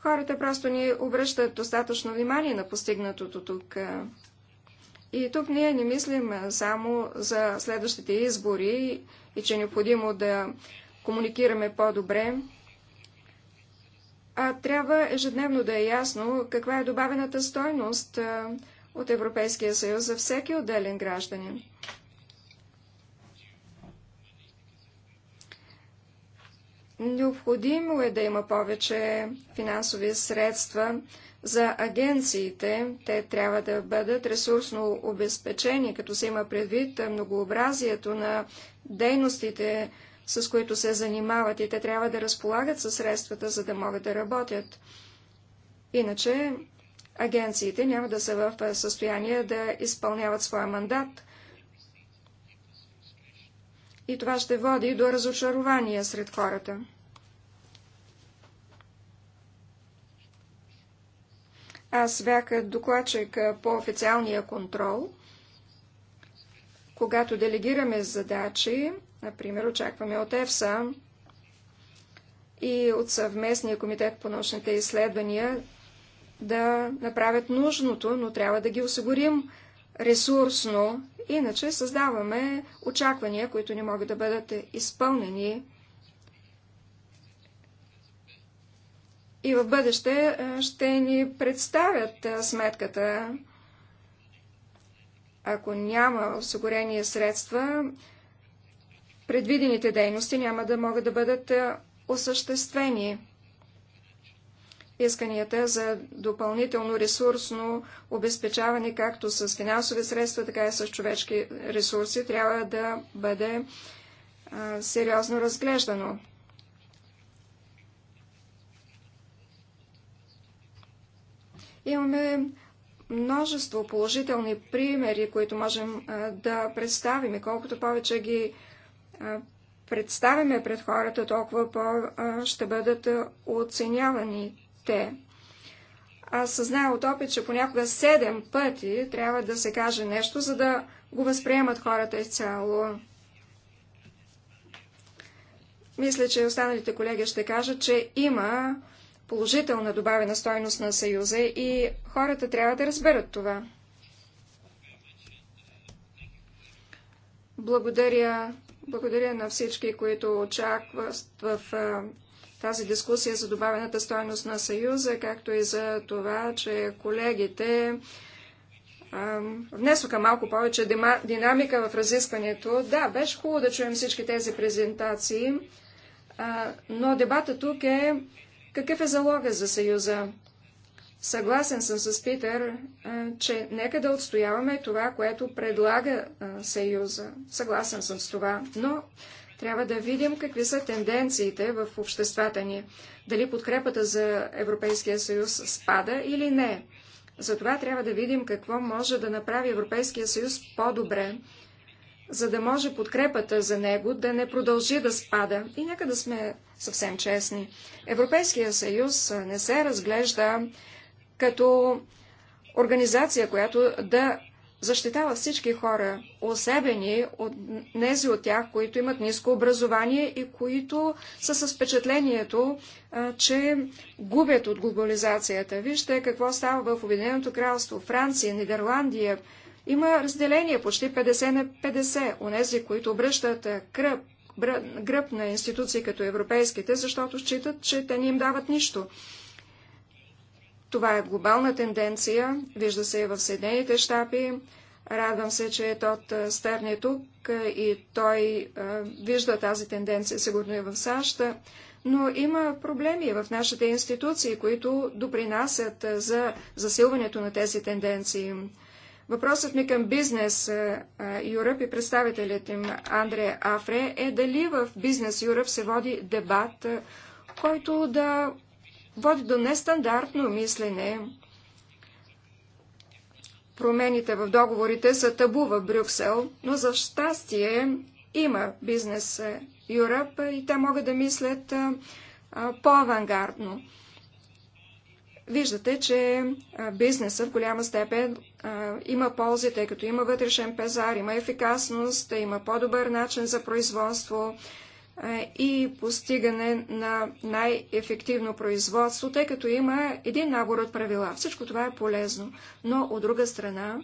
Хората просто ни обръщат достатъчно внимание на постигнатото тук. И тук ние не мислим само за следващите избори и че е необходимо да комуникираме по-добре, а трябва ежедневно да е ясно каква е добавената стойност от Европейския съюз за всеки отделен гражданин. Необходимо е да има повече финансови средства за агенциите. Те трябва да бъдат ресурсно обезпечени, като се има предвид многообразието на дейностите, с които се занимават и те трябва да разполагат със средствата, за да могат да работят. Иначе агенциите няма да са в състояние да изпълняват своя мандат. И това ще води до разочарование сред хората. Аз бях докладчик по официалния контрол. Когато делегираме задачи, например, очакваме от ЕФСА и от съвместния комитет по научните изследвания да направят нужното, но трябва да ги осигурим ресурсно, иначе създаваме очаквания, които не могат да бъдат изпълнени и в бъдеще е, ще ни представят е, сметката. Ако няма осигурение средства, предвидените дейности няма да могат да бъдат е, осъществени. Исканията за допълнително ресурсно обезпечаване, както с финансови средства, така и с човешки ресурси, трябва да бъде а, сериозно разглеждано. Имаме множество положителни примери, които можем да представим и колкото повече ги представяме пред хората, толкова по ще бъдат оценявани те. Аз съзная от опит, че понякога седем пъти трябва да се каже нещо, за да го възприемат хората изцяло. Мисля, че останалите колеги ще кажат, че има положителна добавена стойност на Съюза и хората трябва да разберат това. Благодаря, благодаря на всички, които очакват в тази дискусия за добавената стойност на Съюза, както и за това, че колегите внесоха малко повече динамика в разискването. Да, беше хубаво да чуем всички тези презентации, но дебата тук е какъв е залога за Съюза? Съгласен съм с Питер, че нека да отстояваме това, което предлага Съюза. Съгласен съм с това, но трябва да видим какви са тенденциите в обществата ни. Дали подкрепата за Европейския съюз спада или не. Затова трябва да видим какво може да направи Европейския съюз по-добре за да може подкрепата за него да не продължи да спада. И нека да сме съвсем честни. Европейския съюз не се разглежда като организация, която да защитава всички хора, особени от нези от тях, които имат ниско образование и които са с впечатлението, че губят от глобализацията. Вижте какво става в Обединеното кралство, Франция, Нидерландия, има разделение почти 50 на 50. Онези, които обръщат е, кръп, гръб на институции като европейските, защото считат, че те не им дават нищо. Това е глобална тенденция, вижда се и в Съединените щапи. Радвам се, че Тот Стерн е тук е, и той е, вижда тази тенденция сигурно и в САЩ, но има проблеми в нашите институции, които допринасят е, за засилването на тези тенденции. Въпросът ми към бизнес е, е, Юръп и представителят им Андре Афре е дали в бизнес Юръп се води дебат, е, който да води до нестандартно мислене. Промените в договорите са табу в Брюксел, но за щастие има бизнес Юръп и те могат да мислят по-авангардно. Виждате, че бизнесът в голяма степен има ползи, тъй като има вътрешен пазар, има ефикасност, има по-добър начин за производство и постигане на най-ефективно производство, тъй като има един набор от правила. Всичко това е полезно, но от друга страна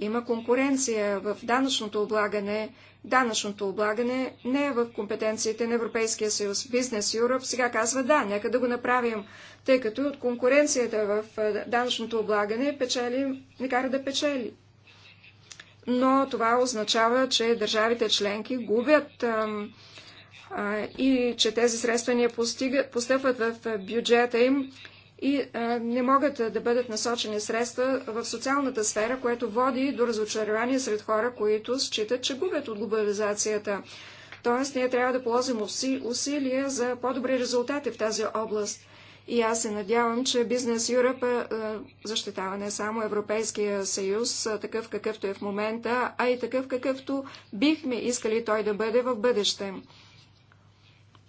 има конкуренция в данъчното облагане. Данъчното облагане не е в компетенциите на Европейския съюз. Бизнес Юроп сега казва да, нека да го направим, тъй като от конкуренцията в е, данъчното облагане печели, не кара да печели. Но това означава, че държавите членки губят а, и че тези средства не постъпват в е, бюджета им и не могат да бъдат насочени средства в социалната сфера, което води до разочарование сред хора, които считат, че губят от глобализацията. Тоест, ние трябва да положим усилия за по-добри резултати в тази област. И аз се надявам, че Бизнес Юръп защитава не само Европейския съюз, такъв какъвто е в момента, а и такъв какъвто бихме искали той да бъде в бъдеще.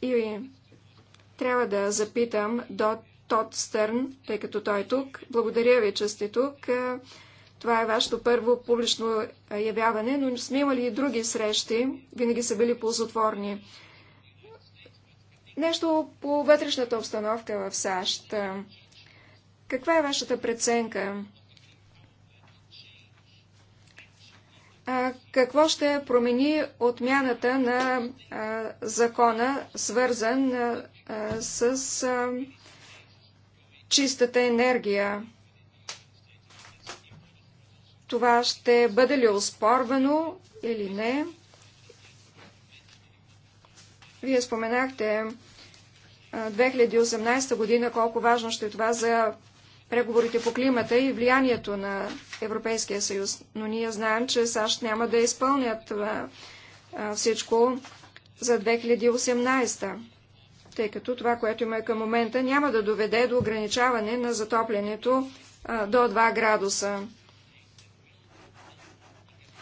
И трябва да запитам до Тод Стърн, тъй като той е тук. Благодаря ви, че сте тук. Е, това е вашето първо публично е, явяване, но сме имали и други срещи. Винаги са били ползотворни. Нещо по вътрешната обстановка в САЩ. Е, каква е вашата преценка? А, какво ще промени отмяната на а, закона, свързан а, с чистата енергия. Това ще бъде ли оспорвано или не? Вие споменахте 2018 година, колко важно ще е това за преговорите по климата и влиянието на Европейския съюз. Но ние знаем, че САЩ няма да изпълнят всичко за 2018 тъй като това, което има към момента, няма да доведе до ограничаване на затоплянето до 2 градуса.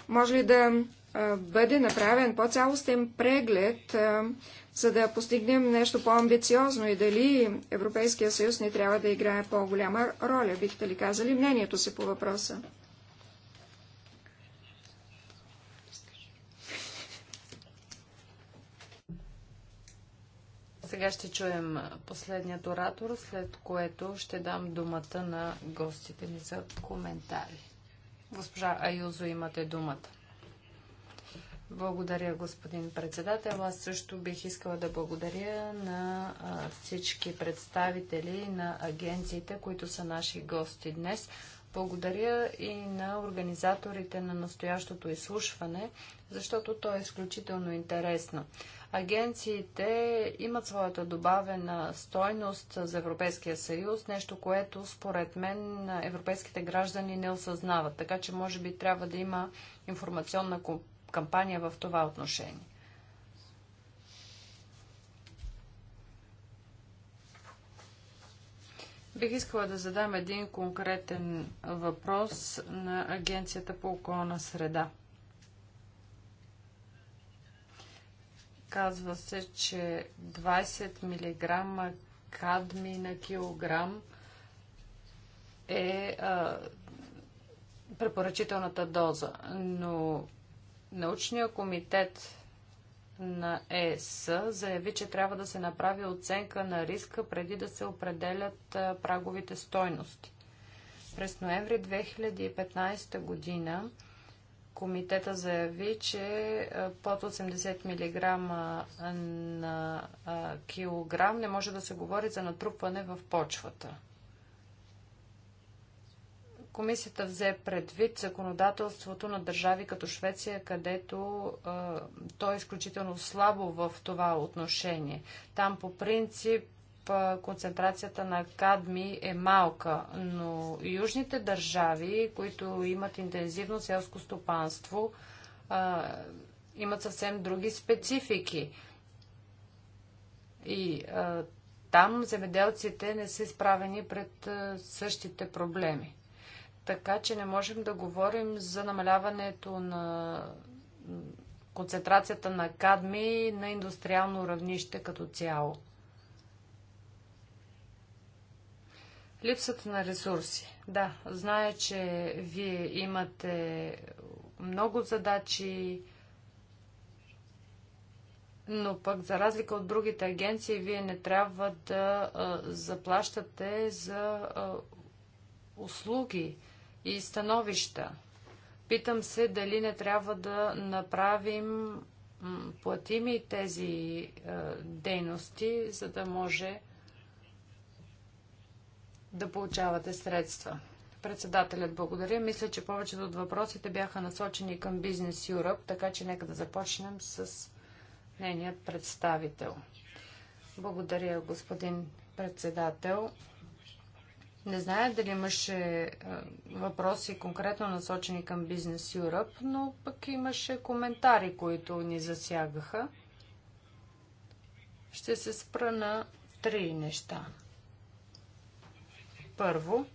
Може ли да бъде направен по-цялостен преглед, за да постигнем нещо по-амбициозно и дали Европейския съюз не трябва да играе по-голяма роля? Бихте ли казали мнението си по въпроса? Сега ще чуем последният оратор, след което ще дам думата на гостите ни за коментари. Госпожа Аюзо, имате думата. Благодаря, господин председател. Аз също бих искала да благодаря на всички представители на агенциите, които са наши гости днес. Благодаря и на организаторите на настоящото изслушване, защото то е изключително интересно агенциите имат своята добавена стойност за Европейския съюз, нещо, което според мен европейските граждани не осъзнават. Така че може би трябва да има информационна кампания в това отношение. Бих искала да задам един конкретен въпрос на Агенцията по околна среда. Казва се, че 20 мг кадми на килограм е а, препоръчителната доза, но научният комитет на ЕС заяви, че трябва да се направи оценка на риска преди да се определят а, праговите стойности. През ноември 2015 година комитета заяви, че под 80 мг на килограм не може да се говори за натрупване в почвата. Комисията взе предвид законодателството на държави като Швеция, където а, то е изключително слабо в това отношение. Там по принцип концентрацията на кадми е малка, но южните държави, които имат интензивно селско стопанство, имат съвсем други специфики. И а, там земеделците не са изправени пред а, същите проблеми. Така че не можем да говорим за намаляването на концентрацията на кадми на индустриално равнище като цяло. Липсата на ресурси. Да, зная, че вие имате много задачи, но пък за разлика от другите агенции, вие не трябва да а, заплащате за а, услуги и становища. Питам се дали не трябва да направим платими тези а, дейности, за да може да получавате средства. Председателят благодаря. Мисля, че повечето от въпросите бяха насочени към Бизнес Юръп, така че нека да започнем с нейният представител. Благодаря, господин председател. Не зная дали имаше е, въпроси конкретно насочени към Бизнес Юръп, но пък имаше коментари, които ни засягаха. Ще се спра на три неща. Първо,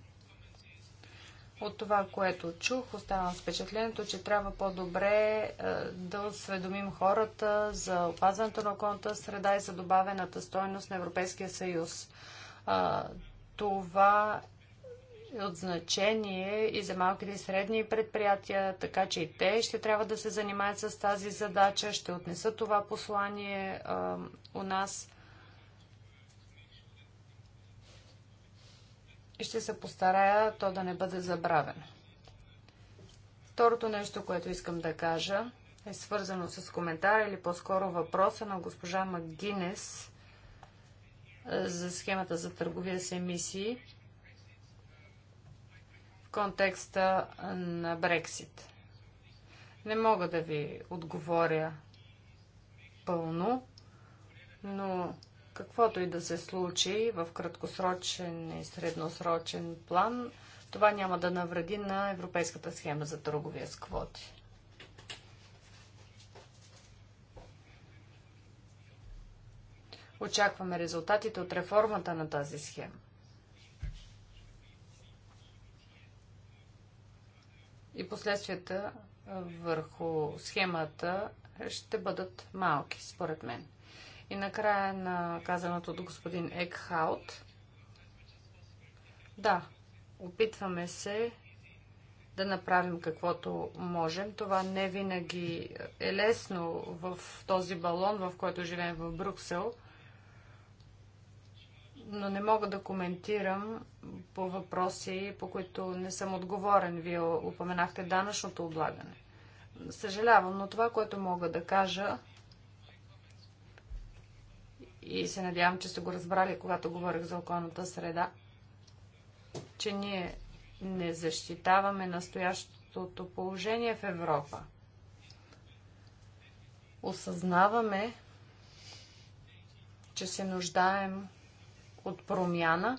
от това, което чух, оставам с впечатлението, че трябва по-добре е, да осведомим хората за опазването на околната среда и за добавената стойност на Европейския съюз. Това е от значение и за малките и средни предприятия, така че и те ще трябва да се занимаят с тази задача, ще отнесат това послание у нас и ще се постарая то да не бъде забравено. Второто нещо, което искам да кажа, е свързано с коментара или по-скоро въпроса на госпожа Магинес за схемата за търговия с емисии в контекста на Брексит. Не мога да ви отговоря пълно, но каквото и да се случи в краткосрочен и средносрочен план, това няма да навреди на европейската схема за търговия с квоти. Очакваме резултатите от реформата на тази схема. И последствията върху схемата ще бъдат малки, според мен. И накрая на казаното от господин Екхаут. Да, опитваме се да направим каквото можем. Това не винаги е лесно в този балон, в който живеем в Брюксел. Но не мога да коментирам по въпроси, по които не съм отговорен. Вие упоменахте данъчното облагане. Съжалявам, но това, което мога да кажа и се надявам, че сте го разбрали, когато говорих за околната среда, че ние не защитаваме настоящото положение в Европа. Осъзнаваме, че се нуждаем от промяна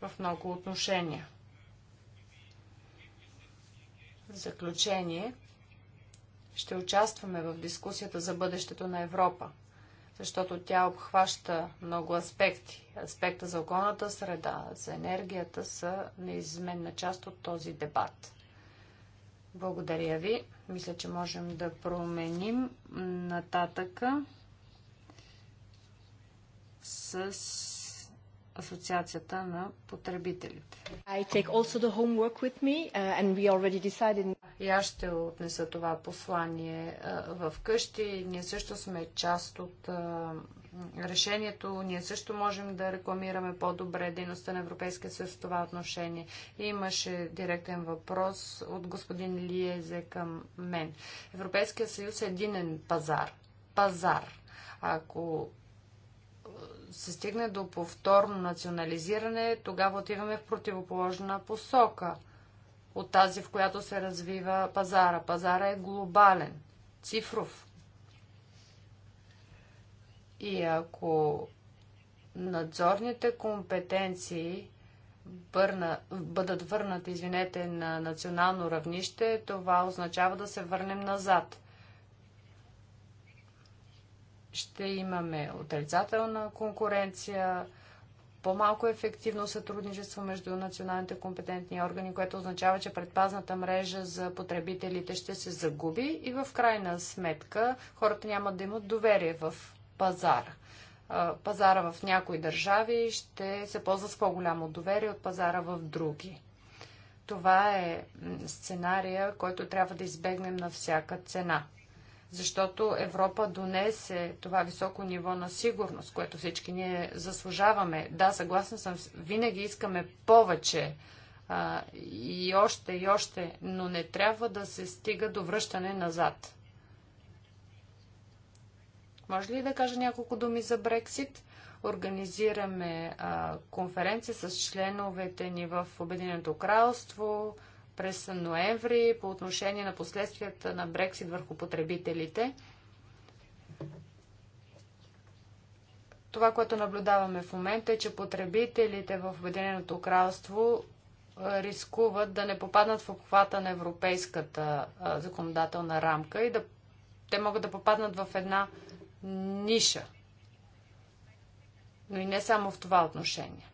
в много отношения. В заключение, ще участваме в дискусията за бъдещето на Европа защото тя обхваща много аспекти. Аспекта за околната среда, за енергията са неизменна част от този дебат. Благодаря ви. Мисля, че можем да променим нататъка с Асоциацията на потребителите. I take also the homework with me uh, and we already decided и аз ще отнеса това послание в къщи. Ние също сме част от решението. Ние също можем да рекламираме по-добре дейността на Европейския съюз в това отношение. И имаше директен въпрос от господин Лиезе към мен. Европейския съюз е единен пазар. Пазар. Ако се стигне до повторно национализиране, тогава отиваме в противоположна посока от тази, в която се развива пазара. Пазара е глобален, цифров. И ако надзорните компетенции бърна, бъдат върнати, извинете, на национално равнище, това означава да се върнем назад. Ще имаме отрицателна конкуренция, по-малко ефективно сътрудничество между националните компетентни органи, което означава, че предпазната мрежа за потребителите ще се загуби и в крайна сметка хората няма да имат доверие в пазара. Пазара в някои държави ще се ползва с по-голямо доверие от пазара в други. Това е сценария, който трябва да избегнем на всяка цена защото Европа донесе това високо ниво на сигурност, което всички ние заслужаваме. Да, съгласна съм, винаги искаме повече а, и още и още, но не трябва да се стига до връщане назад. Може ли да кажа няколко думи за Брексит? Организираме а, конференция с членовете ни в Обединеното кралство през ноември по отношение на последствията на Брексит върху потребителите. Това, което наблюдаваме в момента е, че потребителите в Обединеното кралство рискуват да не попаднат в обхвата на европейската законодателна рамка и да те могат да попаднат в една ниша. Но и не само в това отношение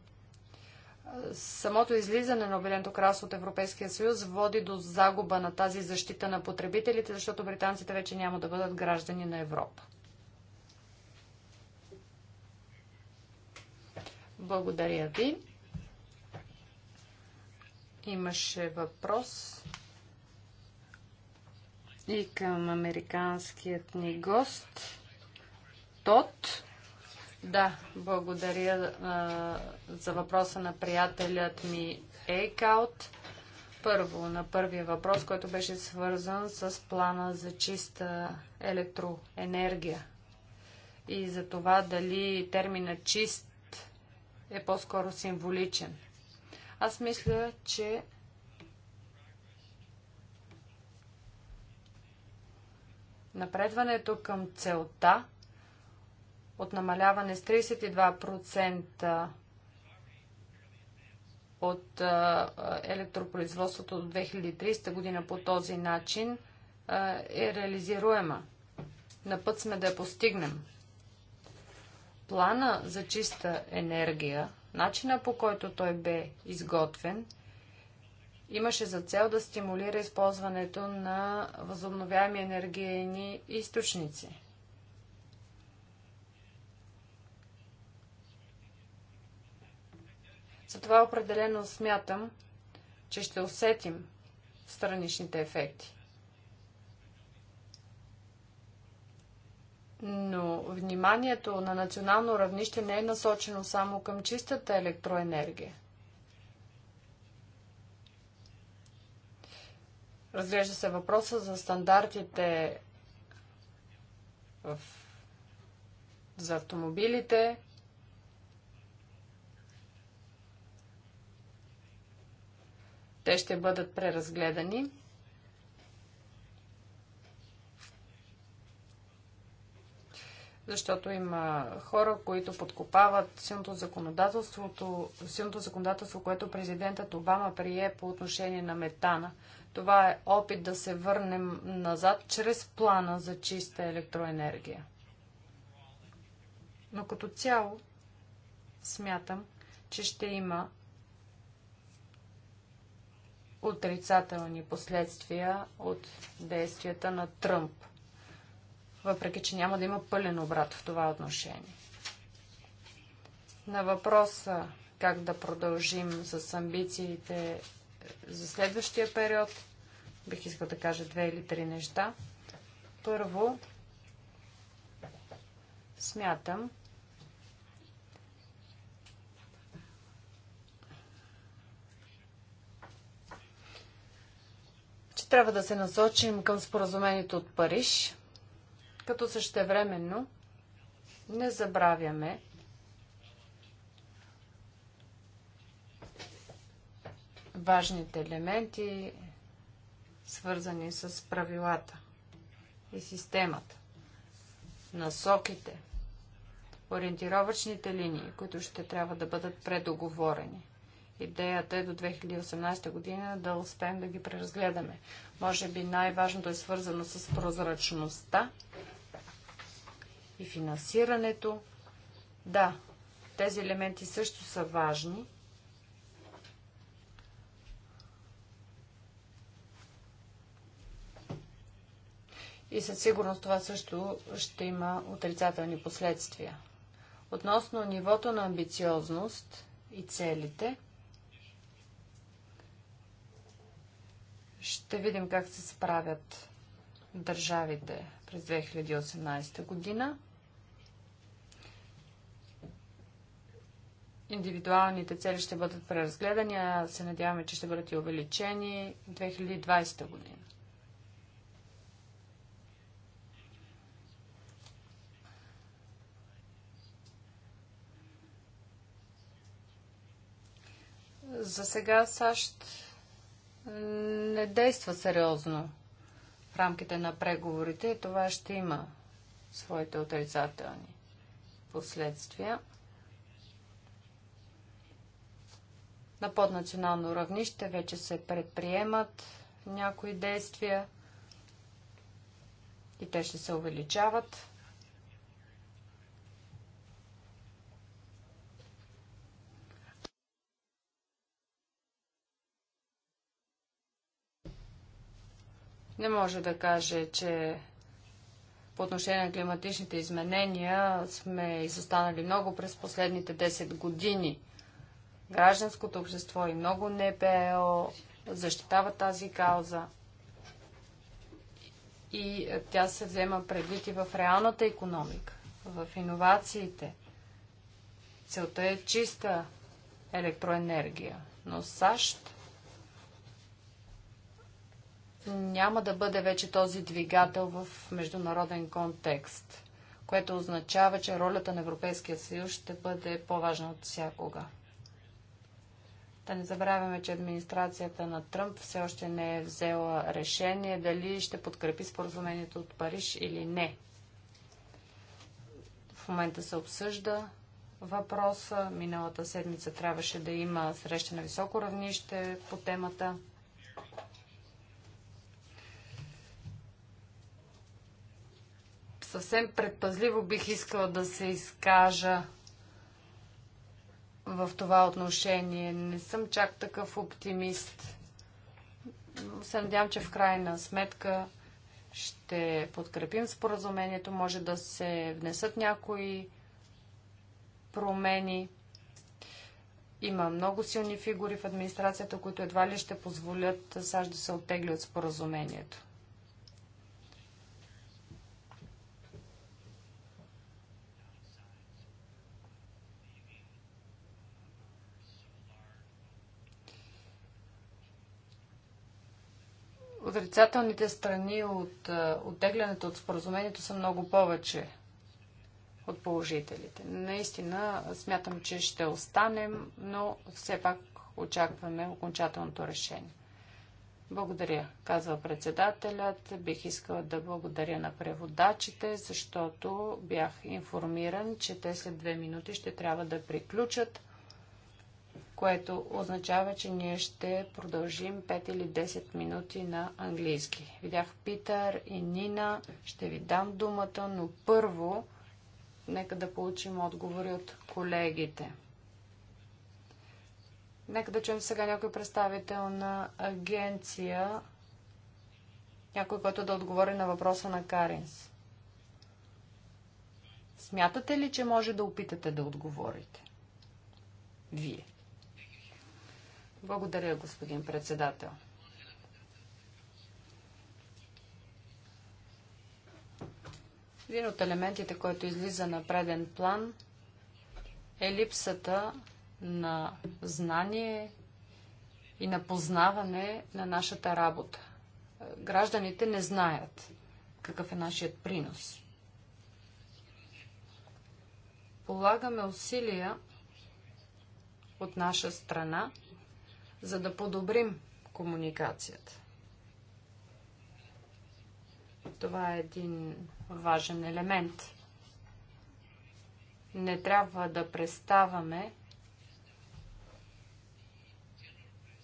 самото излизане на Обединеното кралство от Европейския съюз води до загуба на тази защита на потребителите, защото британците вече няма да бъдат граждани на Европа. Благодаря ви. Имаше въпрос и към американският ни гост. Тот. Да, благодаря а, за въпроса на приятелят ми Ейкаут. Първо, на първия въпрос, който беше свързан с плана за чиста електроенергия и за това дали термина чист е по-скоро символичен. Аз мисля, че напредването към целта – от намаляване с 32% от електропроизводството до 2300 година по този начин е реализируема. На път сме да я постигнем. Плана за чиста енергия, начина по който той бе изготвен, имаше за цел да стимулира използването на възобновяеми енергийни източници. Затова определено смятам, че ще усетим страничните ефекти. Но вниманието на национално равнище не е насочено само към чистата електроенергия. Разглежда се въпроса за стандартите в... за автомобилите, Те ще бъдат преразгледани. защото има хора, които подкопават силното, законодателството, силното законодателство, което президентът Обама прие по отношение на метана. Това е опит да се върнем назад чрез плана за чиста електроенергия. Но като цяло смятам, че ще има отрицателни последствия от действията на Тръмп. Въпреки, че няма да има пълен обрат в това отношение. На въпроса как да продължим с амбициите за следващия период, бих искал да кажа две или три неща. Първо, смятам, Трябва да се насочим към споразумението от Париж, като същевременно не забравяме, важните елементи, свързани с правилата и системата, насоките, ориентировъчните линии, които ще трябва да бъдат предоговорени. Идеята е до 2018 година да успеем да ги преразгледаме. Може би най-важното е свързано с прозрачността и финансирането. Да, тези елементи също са важни. И със сигурност това също ще има отрицателни последствия. Относно нивото на амбициозност и целите – Ще видим как се справят държавите през 2018 година. Индивидуалните цели ще бъдат преразгледани, а се надяваме, че ще бъдат и увеличени 2020 година. За сега САЩ не действа сериозно в рамките на преговорите, това ще има своите отрицателни последствия. На поднационално равнище вече се предприемат някои действия и те ще се увеличават. не може да каже, че по отношение на климатичните изменения сме изостанали много през последните 10 години. Гражданското общество и много НПО защитава тази кауза. И тя се взема предвид и в реалната економика, в иновациите. Целта е чиста електроенергия. Но САЩ няма да бъде вече този двигател в международен контекст, което означава, че ролята на Европейския съюз ще бъде по-важна от всякога. Да не забравяме, че администрацията на Тръмп все още не е взела решение дали ще подкрепи споразумението от Париж или не. В момента се обсъжда въпроса. Миналата седмица трябваше да има среща на високо равнище по темата. съвсем предпазливо бих искала да се изкажа в това отношение. Не съм чак такъв оптимист. Се надявам, че в крайна сметка ще подкрепим споразумението. Може да се внесат някои промени. Има много силни фигури в администрацията, които едва ли ще позволят САЩ да се оттегли от споразумението. Отрицателните страни от е, оттеглянето от споразумението са много повече от положителите. Наистина смятам, че ще останем, но все пак очакваме окончателното решение. Благодаря, казва председателят. Бих искала да благодаря на преводачите, защото бях информиран, че те след две минути ще трябва да приключат което означава, че ние ще продължим 5 или 10 минути на английски. Видях Питър и Нина, ще ви дам думата, но първо нека да получим отговори от колегите. Нека да чуем сега някой представител на агенция, някой, който да отговори на въпроса на Каринс. Смятате ли, че може да опитате да отговорите? Вие. Благодаря, господин председател. Един от елементите, който излиза на преден план, е липсата на знание и на познаване на нашата работа. Гражданите не знаят какъв е нашият принос. Полагаме усилия от наша страна – за да подобрим комуникацията. Това е един важен елемент. Не трябва да преставаме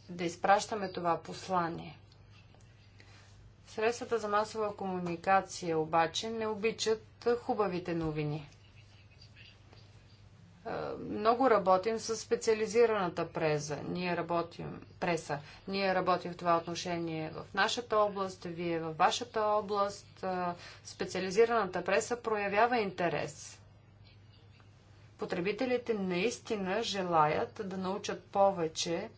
да изпращаме това послание. Средствата за масова комуникация обаче не обичат хубавите новини. Е, много работим с специализираната преза. Ние работим, преса. Ние работим в това отношение в нашата област, вие в вашата област. Е, специализираната преса проявява интерес. Потребителите наистина желаят да научат повече е,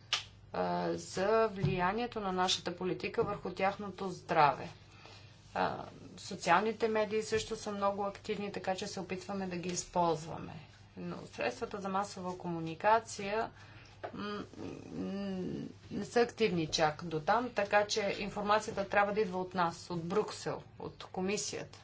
за влиянието на нашата политика върху тяхното здраве. социалните медии също са много активни, така че се опитваме да ги използваме. Но средствата за масова комуникация не са активни чак до там, така че информацията трябва да идва от нас, от Брюксел, от комисията.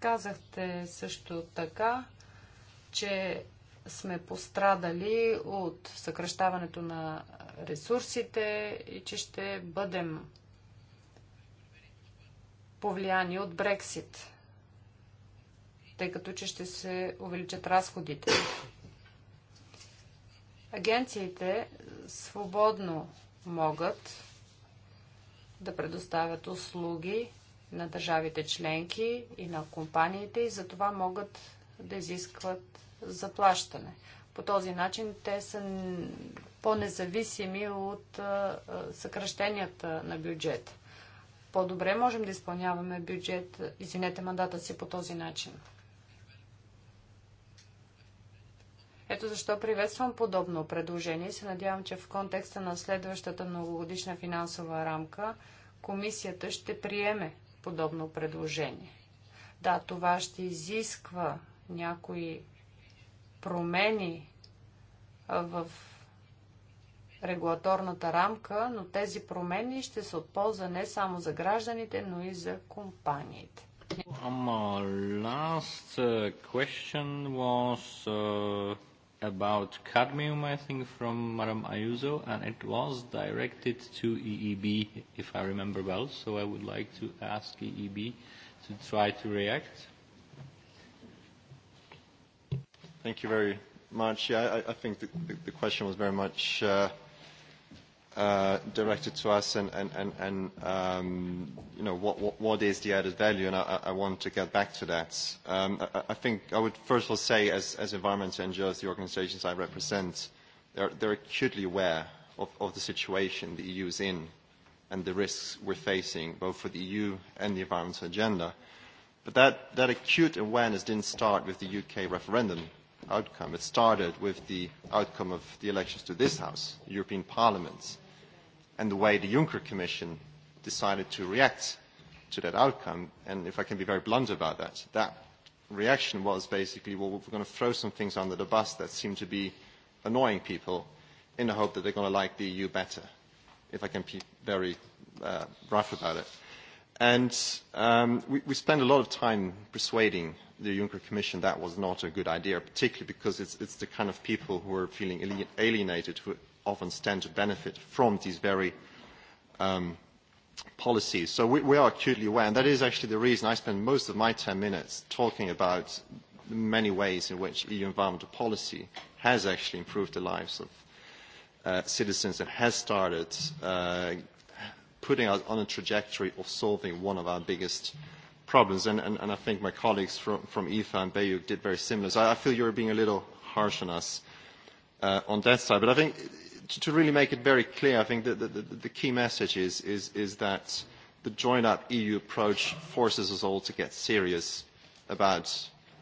Казахте също така, че сме пострадали от съкръщаването на ресурсите и че ще бъдем повлияни от Брексит, тъй като че ще се увеличат разходите. Агенциите свободно могат да предоставят услуги на държавите членки и на компаниите и за това могат да изискват заплащане. По този начин те са по-независими от съкръщенията на бюджета по-добре можем да изпълняваме бюджет, извинете, мандата си по този начин. Ето защо приветствам подобно предложение и се надявам, че в контекста на следващата многогодишна финансова рамка комисията ще приеме подобно предложение. Да, това ще изисква някои промени в регулаторната рамка, но тези промени ще са от полза не само за гражданите, но и за компаниите. last question was uh, about cadmium, I think, from Madam Ayuso, and it was directed to EEB, if I remember well. So I would like to ask EEB to try to react. Thank you very much. Yeah, I, I think the, the, the question was very much uh, uh, directed to us and, and, and, and um, you know, what, what, what is the added value? And I, I want to get back to that. Um, I, I think I would first of all say as, as environment NGOs, the organizations I represent, they're, they're acutely aware of, of the situation the EU is in and the risks we're facing, both for the EU and the environmental agenda. But that, that acute awareness didn't start with the UK referendum outcome. It started with the outcome of the elections to this House, the European Parliament, and the way the Juncker Commission decided to react to that outcome. And if I can be very blunt about that, that reaction was basically, well, we're going to throw some things under the bus that seem to be annoying people in the hope that they're going to like the EU better, if I can be very uh, rough about it. And um, we, we spend a lot of time persuading the Juncker Commission that was not a good idea, particularly because it's, it's the kind of people who are feeling alienated who often stand to benefit from these very um, policies. So we, we are acutely aware, and that is actually the reason I spend most of my 10 minutes talking about the many ways in which EU environmental policy has actually improved the lives of uh, citizens and has started uh, putting us on a trajectory of solving one of our biggest problems, and, and, and I think my colleagues from, from IFA and Bayou did very similar. So I, I feel you're being a little harsh on us uh, on that side. But I think to, to really make it very clear, I think that the, the, the key message is, is, is that the joined-up EU approach forces us all to get serious about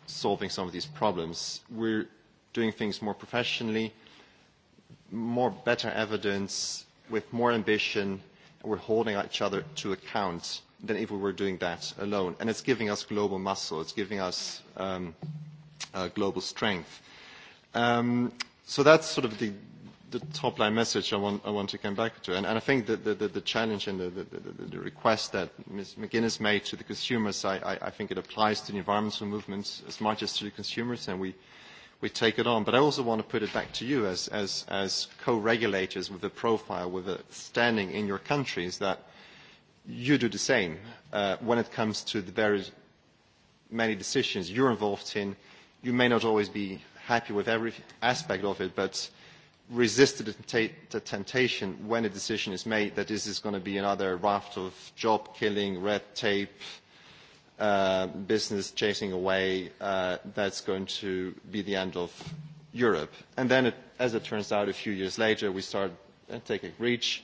solving some of these problems. We're doing things more professionally, more better evidence, with more ambition, and we're holding each other to account than if we were doing that alone. And it's giving us global muscle. It's giving us um, uh, global strength. Um, so that's sort of the, the top-line message I want, I want to come back to. And, and I think that the, the, the challenge and the, the, the, the request that Ms. McGuinness made to the consumers, I, I, I think it applies to the environmental movements as much as to the consumers, and we, we take it on. But I also want to put it back to you as, as, as co-regulators with a profile, with a standing in your countries, that you do the same uh, when it comes to the very many decisions you're involved in. You may not always be happy with every aspect of it, but resist the temptation when a decision is made that this is going to be another raft of job killing, red tape, uh, business chasing away uh, that's going to be the end of Europe. And then, it, as it turns out, a few years later, we start taking reach.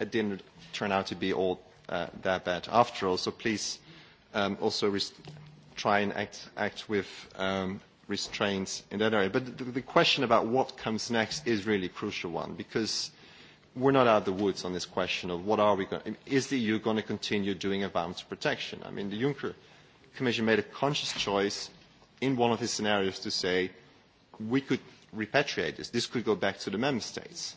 It didn't turn out to be all their bed after all. So please um, also try and act, act with um, restraints in that area. But the, the question about what comes next is really a crucial one because we're not out of the woods on this question of what are we going is the EU going to continue doing environmental protection? I mean, the Juncker Commission made a conscious choice in one of his scenarios to say we could repatriate this. This could go back to the member states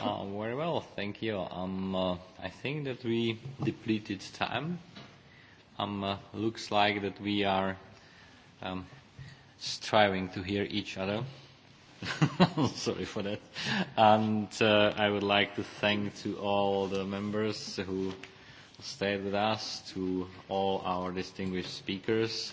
Uh, very well, thank you. Um, uh, I think that we depleted time. Um, uh, looks like that we are um, striving to hear each other. Sorry for that. And uh, I would like to thank to all the members who stayed with us, to all our distinguished speakers